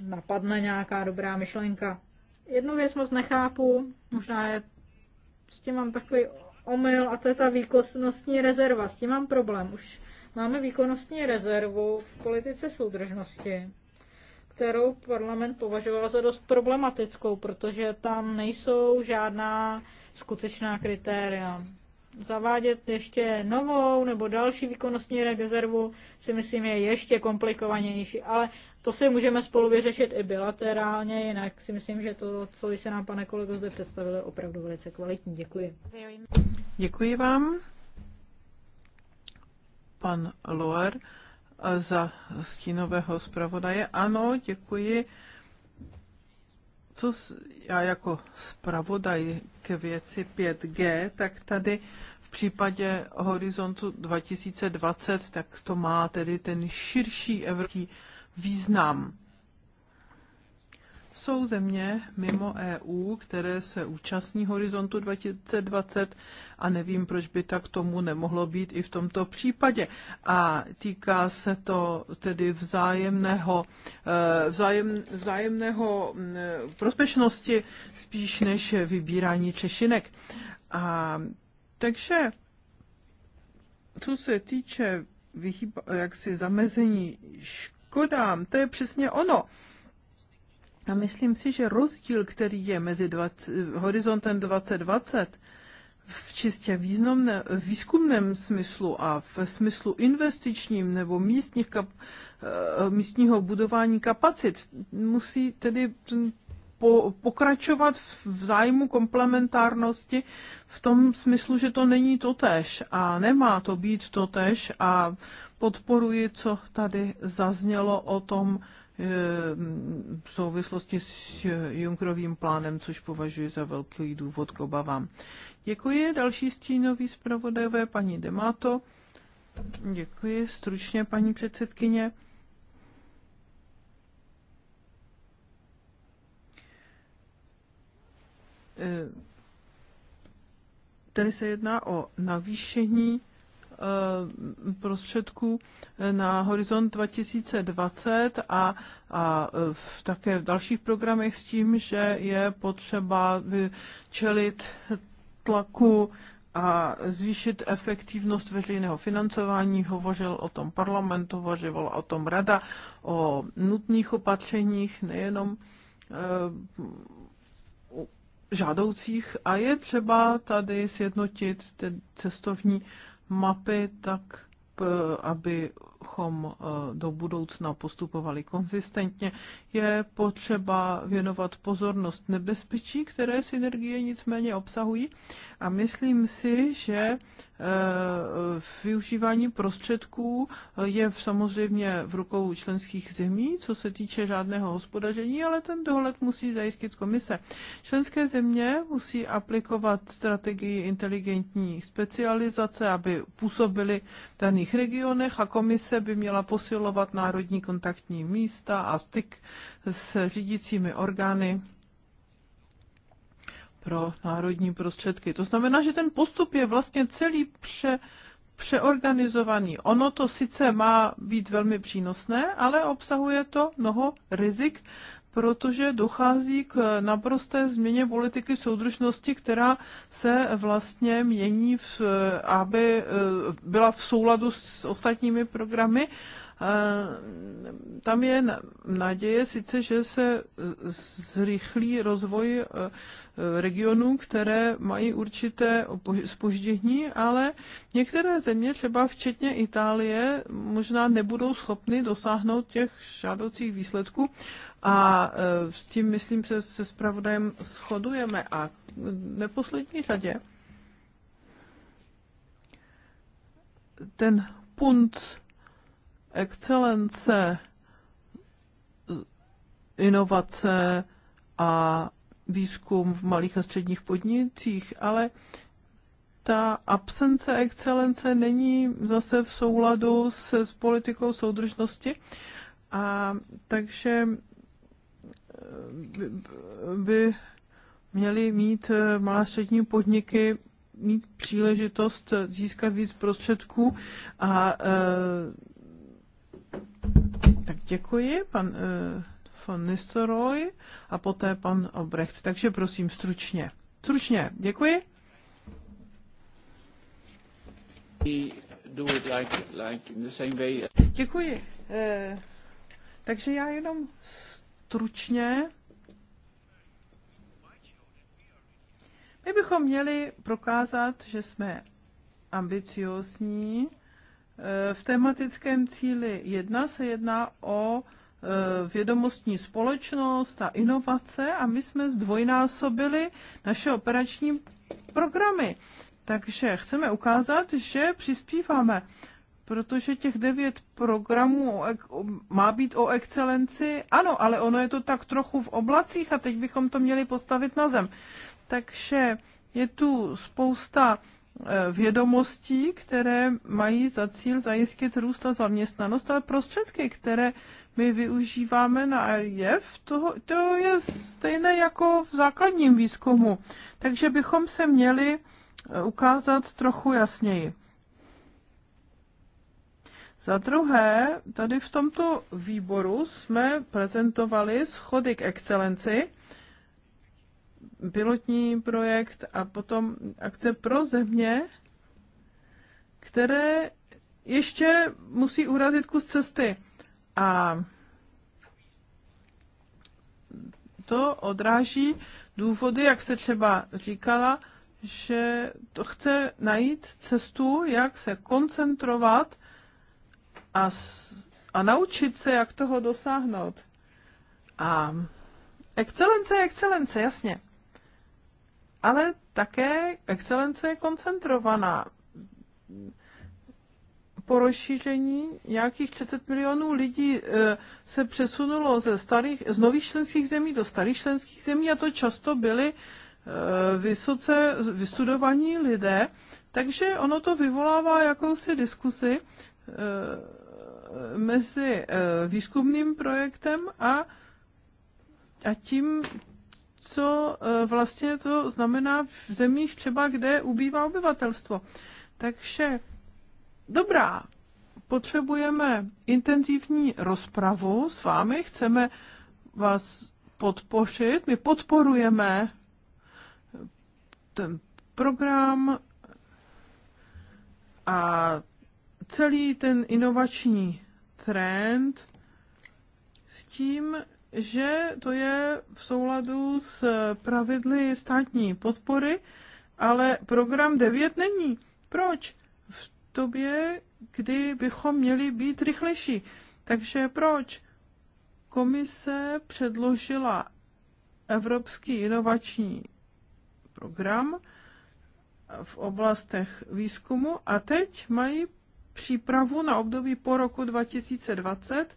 napadne nějaká dobrá myšlenka. Jednu věc moc nechápu, možná je, s tím mám takový omyl a to je ta výkonnostní rezerva. S tím mám problém. Už máme výkonnostní rezervu v politice soudržnosti, kterou parlament považoval za dost problematickou, protože tam nejsou žádná skutečná kritéria zavádět ještě novou nebo další výkonnostní rezervu si myslím je ještě komplikovanější, ale to si můžeme spolu vyřešit i bilaterálně, jinak si myslím, že to, co se nám, pane kolego, zde představil, je opravdu velice kvalitní. Děkuji. Děkuji vám, pan Loer, za stínového zpravodaje. Ano, děkuji co já jako zpravodaj ke věci 5G, tak tady v případě horizontu 2020, tak to má tedy ten širší evropský význam. Jsou země mimo EU, které se účastní Horizontu 2020 a nevím, proč by tak tomu nemohlo být i v tomto případě. A týká se to tedy vzájemného, eh, vzájem, vzájemného mm, prospešnosti spíš než vybírání češinek. A, takže co se týče vyhýba, jaksi zamezení škodám, to je přesně ono. A myslím si, že rozdíl, který je mezi 20, horizontem 2020 v čistě významné, výzkumném smyslu a v smyslu investičním nebo místních kap, eh, místního budování kapacit, musí tedy po, pokračovat v zájmu komplementárnosti v tom smyslu, že to není totéž a nemá to být totéž a podporuji, co tady zaznělo o tom, E, v souvislosti s Junkrovým plánem, což považuji za velký důvod k obavám. Děkuji. Další stínový zpravodajové, paní Demato. Děkuji. Stručně, paní předsedkyně. E, tady se jedná o navýšení Eh, prostředků eh, na Horizont 2020 a, a eh, v, také v dalších programech s tím, že je potřeba čelit tlaku a zvýšit efektivnost veřejného financování. Hovořil o tom parlament, hovořil o tom rada, o nutných opatřeních, nejenom e, žádoucích. A je třeba tady sjednotit ten cestovní mapy tak, abychom e, do budoucna postupovali konzistentně, je potřeba věnovat pozornost nebezpečí, které synergie nicméně obsahují a myslím si, že eh, využívání prostředků eh, je samozřejmě v rukou členských zemí, co se týče žádného hospodaření, ale ten dohled musí zajistit komise. Členské země musí aplikovat strategii inteligentní specializace, aby působili v daných regionech a komise by měla posilovat národní kontaktní místa a styk s řídícími orgány pro národní prostředky. To znamená, že ten postup je vlastně celý pře, přeorganizovaný. Ono to sice má být velmi přínosné, ale obsahuje to mnoho rizik, protože dochází k naprosté změně politiky soudržnosti, která se vlastně mění, v, aby eh, byla v souladu s ostatními programy tam je naděje sice, že se zrychlí rozvoj e, e, regionů, které mají určité spoždění, ale některé země, třeba včetně Itálie, možná nebudou schopny dosáhnout těch žádoucích výsledků a e, s tím, myslím, se se spravodajem shodujeme. A v neposlední řadě ten punt excelence, inovace a výzkum v malých a středních podnicích, ale ta absence excelence není zase v souladu s, s politikou soudržnosti. A takže eh, by měly mít eh, malé střední podniky mít příležitost získat víc prostředků a eh, tak děkuji, pan uh, von Nistelrooy a poté pan Obrecht. Takže prosím, stručně. Stručně, děkuji. Děkuji. Uh, takže já jenom stručně. My bychom měli prokázat, že jsme ambiciózní, v tematickém cíli 1 se jedná o eh, vědomostní společnost a inovace a my jsme zdvojnásobili naše operační programy. Takže chceme ukázat, že přispíváme, protože těch devět programů má být o excelenci. Ano, ale ono je to tak trochu v oblacích a teď bychom to měli postavit na zem. Takže je tu spousta Eh, vědomostí, které mají za cíl zajistit růst a zaměstnanost, ale prostředky, které my využíváme na RIF, to, to je stejné jako v základním výzkumu. Takže bychom se měli eh, ukázat trochu jasněji. Za druhé, tady v tomto výboru jsme prezentovali schody k excelenci, pilotní projekt a potom akce pro země, které ještě musí urazit kus cesty. A to odráží důvody, jak se třeba říkala, že to chce najít cestu, jak se koncentrovat a, a naučit se, jak toho dosáhnout. A excelence, excelence, jasně ale také excelence je koncentrovaná. Po rozšíření nějakých 30 milionů lidí eh, se přesunulo ze, starých, z nových členských zemí do starých členských zemí a to často byly eh, vysoce vystudovaní lidé, takže ono to vyvolává jakousi diskusi eh, mezi výzkumným projektem a, a tím co e, vlastně to znamená v zemích třeba, kde ubývá obyvatelstvo. Takže dobrá, potřebujeme intenzivní rozpravu s vámi, chceme vás podpořit, my podporujeme ten program a celý ten inovační trend s tím, že to je v souladu s pravidly státní podpory, ale program 9 není. Proč? V době, kdy bychom měli být rychlejší. Takže proč? Komise předložila Evropský inovační program v oblastech výzkumu a teď mají přípravu na období po roku 2020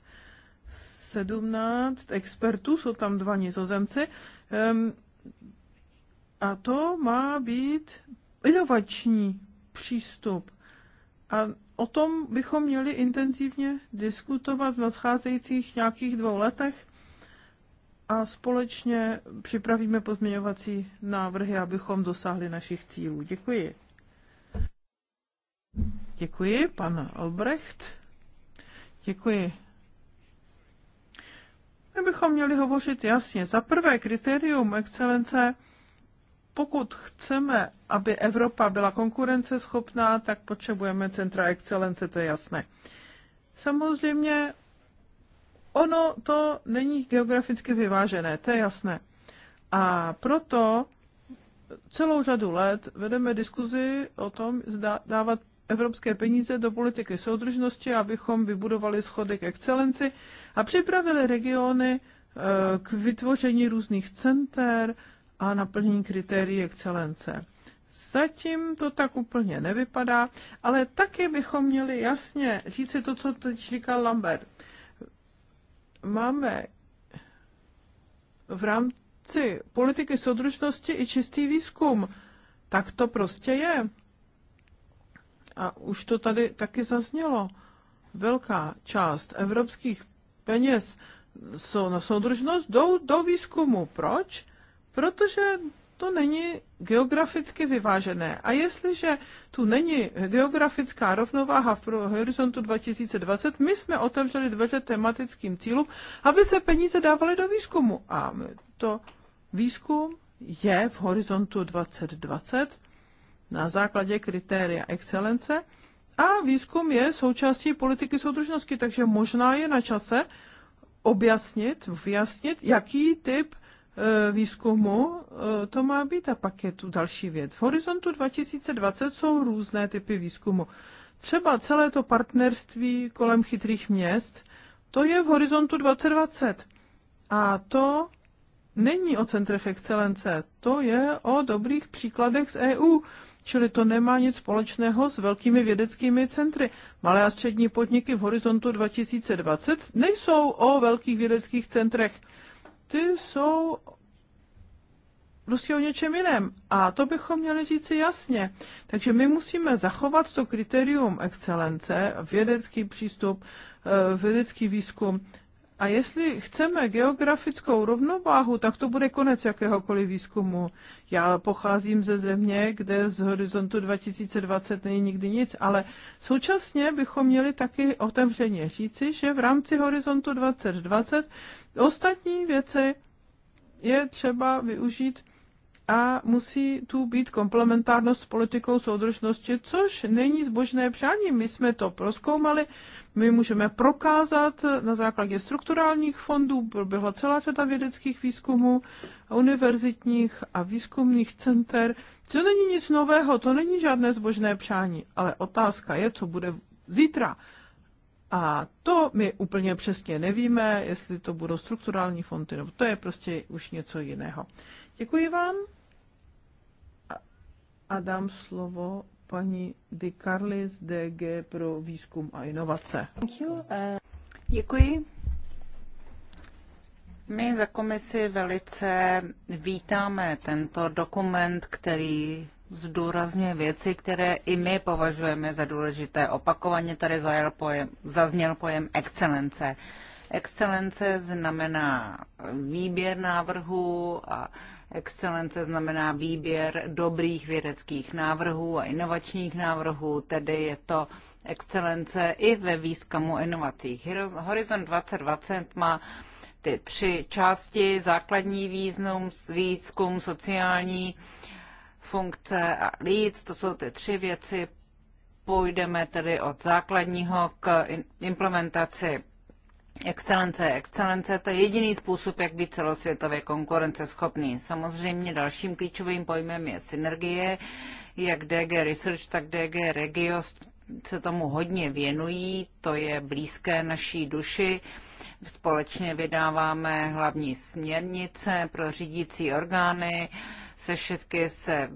17 expertů, jsou tam dva nizozemci, a to má být inovační přístup. A o tom bychom měli intenzivně diskutovat v nadcházejících nějakých dvou letech a společně připravíme pozměňovací návrhy, abychom dosáhli našich cílů. Děkuji. Děkuji, pan Albrecht. Děkuji. My bychom měli hovořit jasně. Za prvé kritérium excelence, pokud chceme, aby Evropa byla konkurenceschopná, tak potřebujeme centra excelence, to je jasné. Samozřejmě ono to není geograficky vyvážené, to je jasné. A proto celou řadu let vedeme diskuzi o tom, zda dávat evropské peníze do politiky soudržnosti, abychom vybudovali schody k excelenci a připravili regiony eh, k vytvoření různých center a naplnění kritérií excelence. Zatím to tak úplně nevypadá, ale taky bychom měli jasně říci to, co teď říkal Lambert. Máme v rámci politiky soudržnosti i čistý výzkum. Tak to prostě je a už to tady taky zaznělo, velká část evropských peněz jsou na soudržnost jdou do výzkumu. Proč? Protože to není geograficky vyvážené. A jestliže tu není geografická rovnováha v horizontu 2020, my jsme otevřeli dveře tematickým cílům, aby se peníze dávaly do výzkumu. A to výzkum je v horizontu 2020 na základě kritéria excelence a výzkum je součástí politiky soudržnosti, takže možná je na čase objasnit, vyjasnit, jaký typ eh, výzkumu eh, to má být. A pak je tu další věc. V horizontu 2020 jsou různé typy výzkumu. Třeba celé to partnerství kolem chytrých měst, to je v horizontu 2020. A to není o centrech excelence, to je o dobrých příkladech z EU čili to nemá nic společného s velkými vědeckými centry. Malé a střední podniky v horizontu 2020 nejsou o velkých vědeckých centrech. Ty jsou prostě o něčem jiném. A to bychom měli říci jasně. Takže my musíme zachovat to kritérium excelence, vědecký přístup, eh, vědecký výzkum, a jestli chceme geografickou rovnováhu, tak to bude konec jakéhokoliv výzkumu. Já pocházím ze země, kde z horizontu 2020 není nikdy nic, ale současně bychom měli taky otevřeně říci, že v rámci horizontu 2020 ostatní věci je třeba využít a musí tu být komplementárnost s politikou soudržnosti, což není zbožné přání. My jsme to proskoumali, my můžeme prokázat na základě strukturálních fondů, proběhla celá řada vědeckých výzkumů, univerzitních a výzkumných center. To není nic nového, to není žádné zbožné přání, ale otázka je, co bude zítra. A to my úplně přesně nevíme, jestli to budou strukturální fondy, nebo to je prostě už něco jiného. Děkuji vám a dám slovo paní Di Carlis DG pro výzkum a inovace. Uh, Děkuji. My za komisi velice vítáme tento dokument, který zdůrazňuje věci, které i my považujeme za důležité. Opakovaně tady pojem, zazněl pojem excelence. Excelence znamená výběr návrhů a Excelence znamená výběr dobrých vědeckých návrhů a inovačních návrhů, tedy je to excelence i ve výzkumu inovacích. Horizon 2020 má ty tři části, základní význam, výzkum, sociální funkce a líc, to jsou ty tři věci. Půjdeme tedy od základního k implementaci Excelence, excelence, to je jediný způsob, jak být celosvětově konkurenceschopný. Samozřejmě dalším klíčovým pojmem je synergie. Jak DG Research, tak DG Regios se tomu hodně věnují, to je blízké naší duši. Společně vydáváme hlavní směrnice pro řídící orgány, se všetky se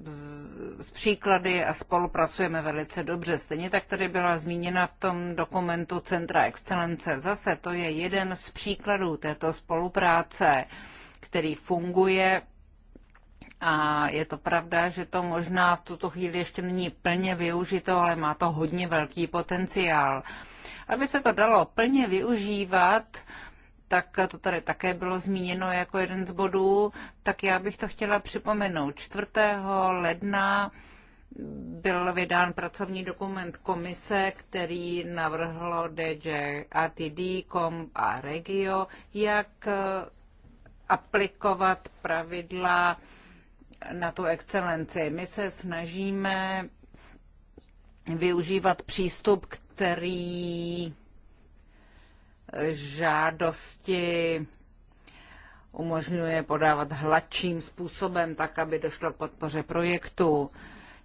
s příklady a spolupracujeme velice dobře. Stejně tak tady byla zmíněna v tom dokumentu Centra excelence. Zase to je jeden z příkladů této spolupráce, který funguje a je to pravda, že to možná v tuto chvíli ještě není plně využito, ale má to hodně velký potenciál. Aby se to dalo plně využívat, tak to tady také bylo zmíněno jako jeden z bodů, tak já bych to chtěla připomenout. 4. ledna byl vydán pracovní dokument komise, který navrhlo DJ, ATD, KOM a Regio, jak aplikovat pravidla na tu excelenci. My se snažíme využívat přístup, který žádosti umožňuje podávat hladším způsobem, tak aby došlo k podpoře projektu.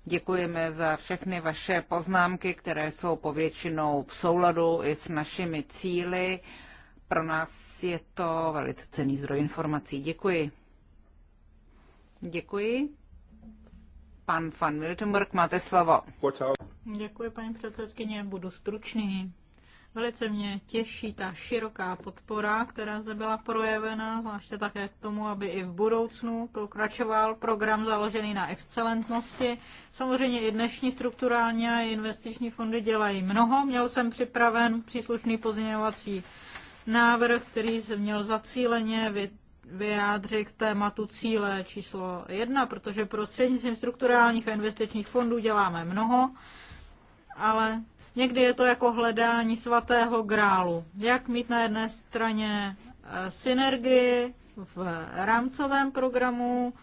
Děkujeme za všechny vaše poznámky, které jsou povětšinou v souladu i s našimi cíly. Pro nás je to velice cený zdroj informací. Děkuji. Děkuji. Pan van Miltenburg, máte slovo. Děkuji, paní předsedkyně, budu stručný. Velice mě těší ta široká podpora, která zde byla projevena, zvláště také k tomu, aby i v budoucnu pokračoval program založený na excelentnosti. Samozřejmě i dnešní strukturální a investiční fondy dělají mnoho. Měl jsem připraven příslušný pozměňovací návrh, který se měl zacíleně vyjádřit k tématu cíle číslo jedna, protože prostřednictvím strukturálních a investičních fondů děláme mnoho, ale Někdy je to jako hledání svatého grálu. Jak mít na jedné straně eh, synergii v rámcovém programu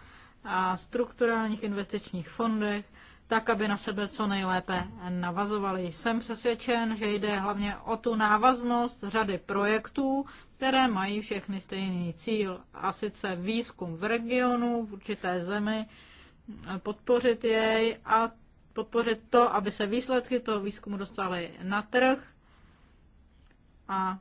a strukturálních investičních fondech, tak, aby na sebe co nejlépe navazovali. Jsem přesvědčen, že jde hlavně o tu návaznost řady projektů, které mají všechny stejný cíl, a sice výzkum v regionu, v určité zemi, eh, podpořit jej a podpořit to, aby se výsledky toho výzkumu dostaly na trh a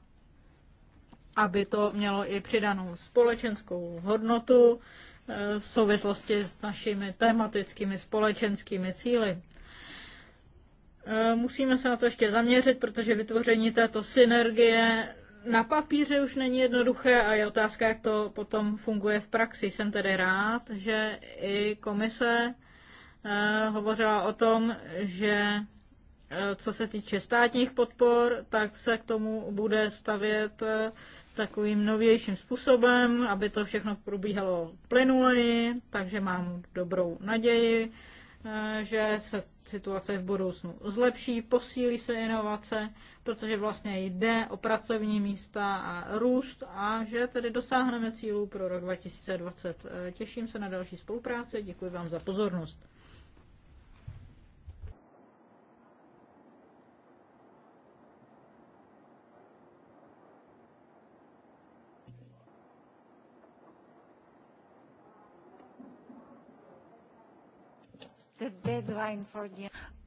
aby to mělo i přidanou společenskou hodnotu eh, v souvislosti s našimi tematickými společenskými cíly. Eh, musíme se na to ještě zaměřit, protože vytvoření této synergie na papíře už není jednoduché a je otázka, jak to potom funguje v praxi. Jsem tedy rád, že i komise Eh, hovořila o tom, že eh, co se týče státních podpor, tak se k tomu bude stavět eh, takovým novějším způsobem, aby to všechno probíhalo plynuleji, takže mám dobrou naději, že se situace v budoucnu zlepší, posílí se inovace, protože vlastně jde o pracovní místa a růst a že tedy dosáhneme cílů pro rok 2020. Těším se na další spolupráci, děkuji vám za pozornost.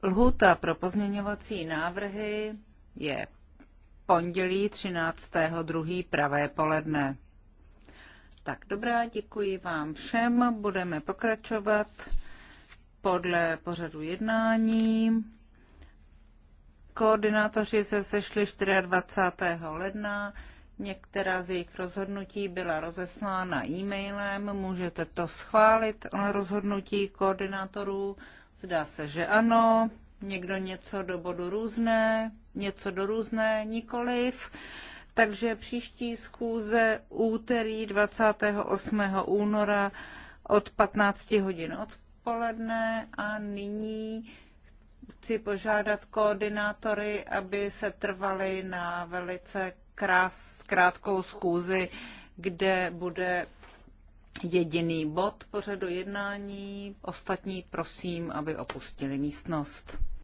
Lhuta pro pozměňovací návrhy je pondělí 13.2. pravé poledne. Tak dobrá, děkuji vám všem. Budeme pokračovat podle pořadu jednání. Koordinátoři se sešli 24. ledna. Některá z jejich rozhodnutí byla rozeslána e-mailem. Můžete to schválit, ale rozhodnutí koordinátorů Zdá se, že ano. Někdo něco do bodu různé, něco do různé nikoliv. Takže příští schůze úterý 28. února od 15 hodin odpoledne a nyní chci požádat koordinátory, aby se trvali na velice krás, krátkou schůzi, kde bude jediný bod pořadu jednání. Ostatní prosím, aby opustili místnost.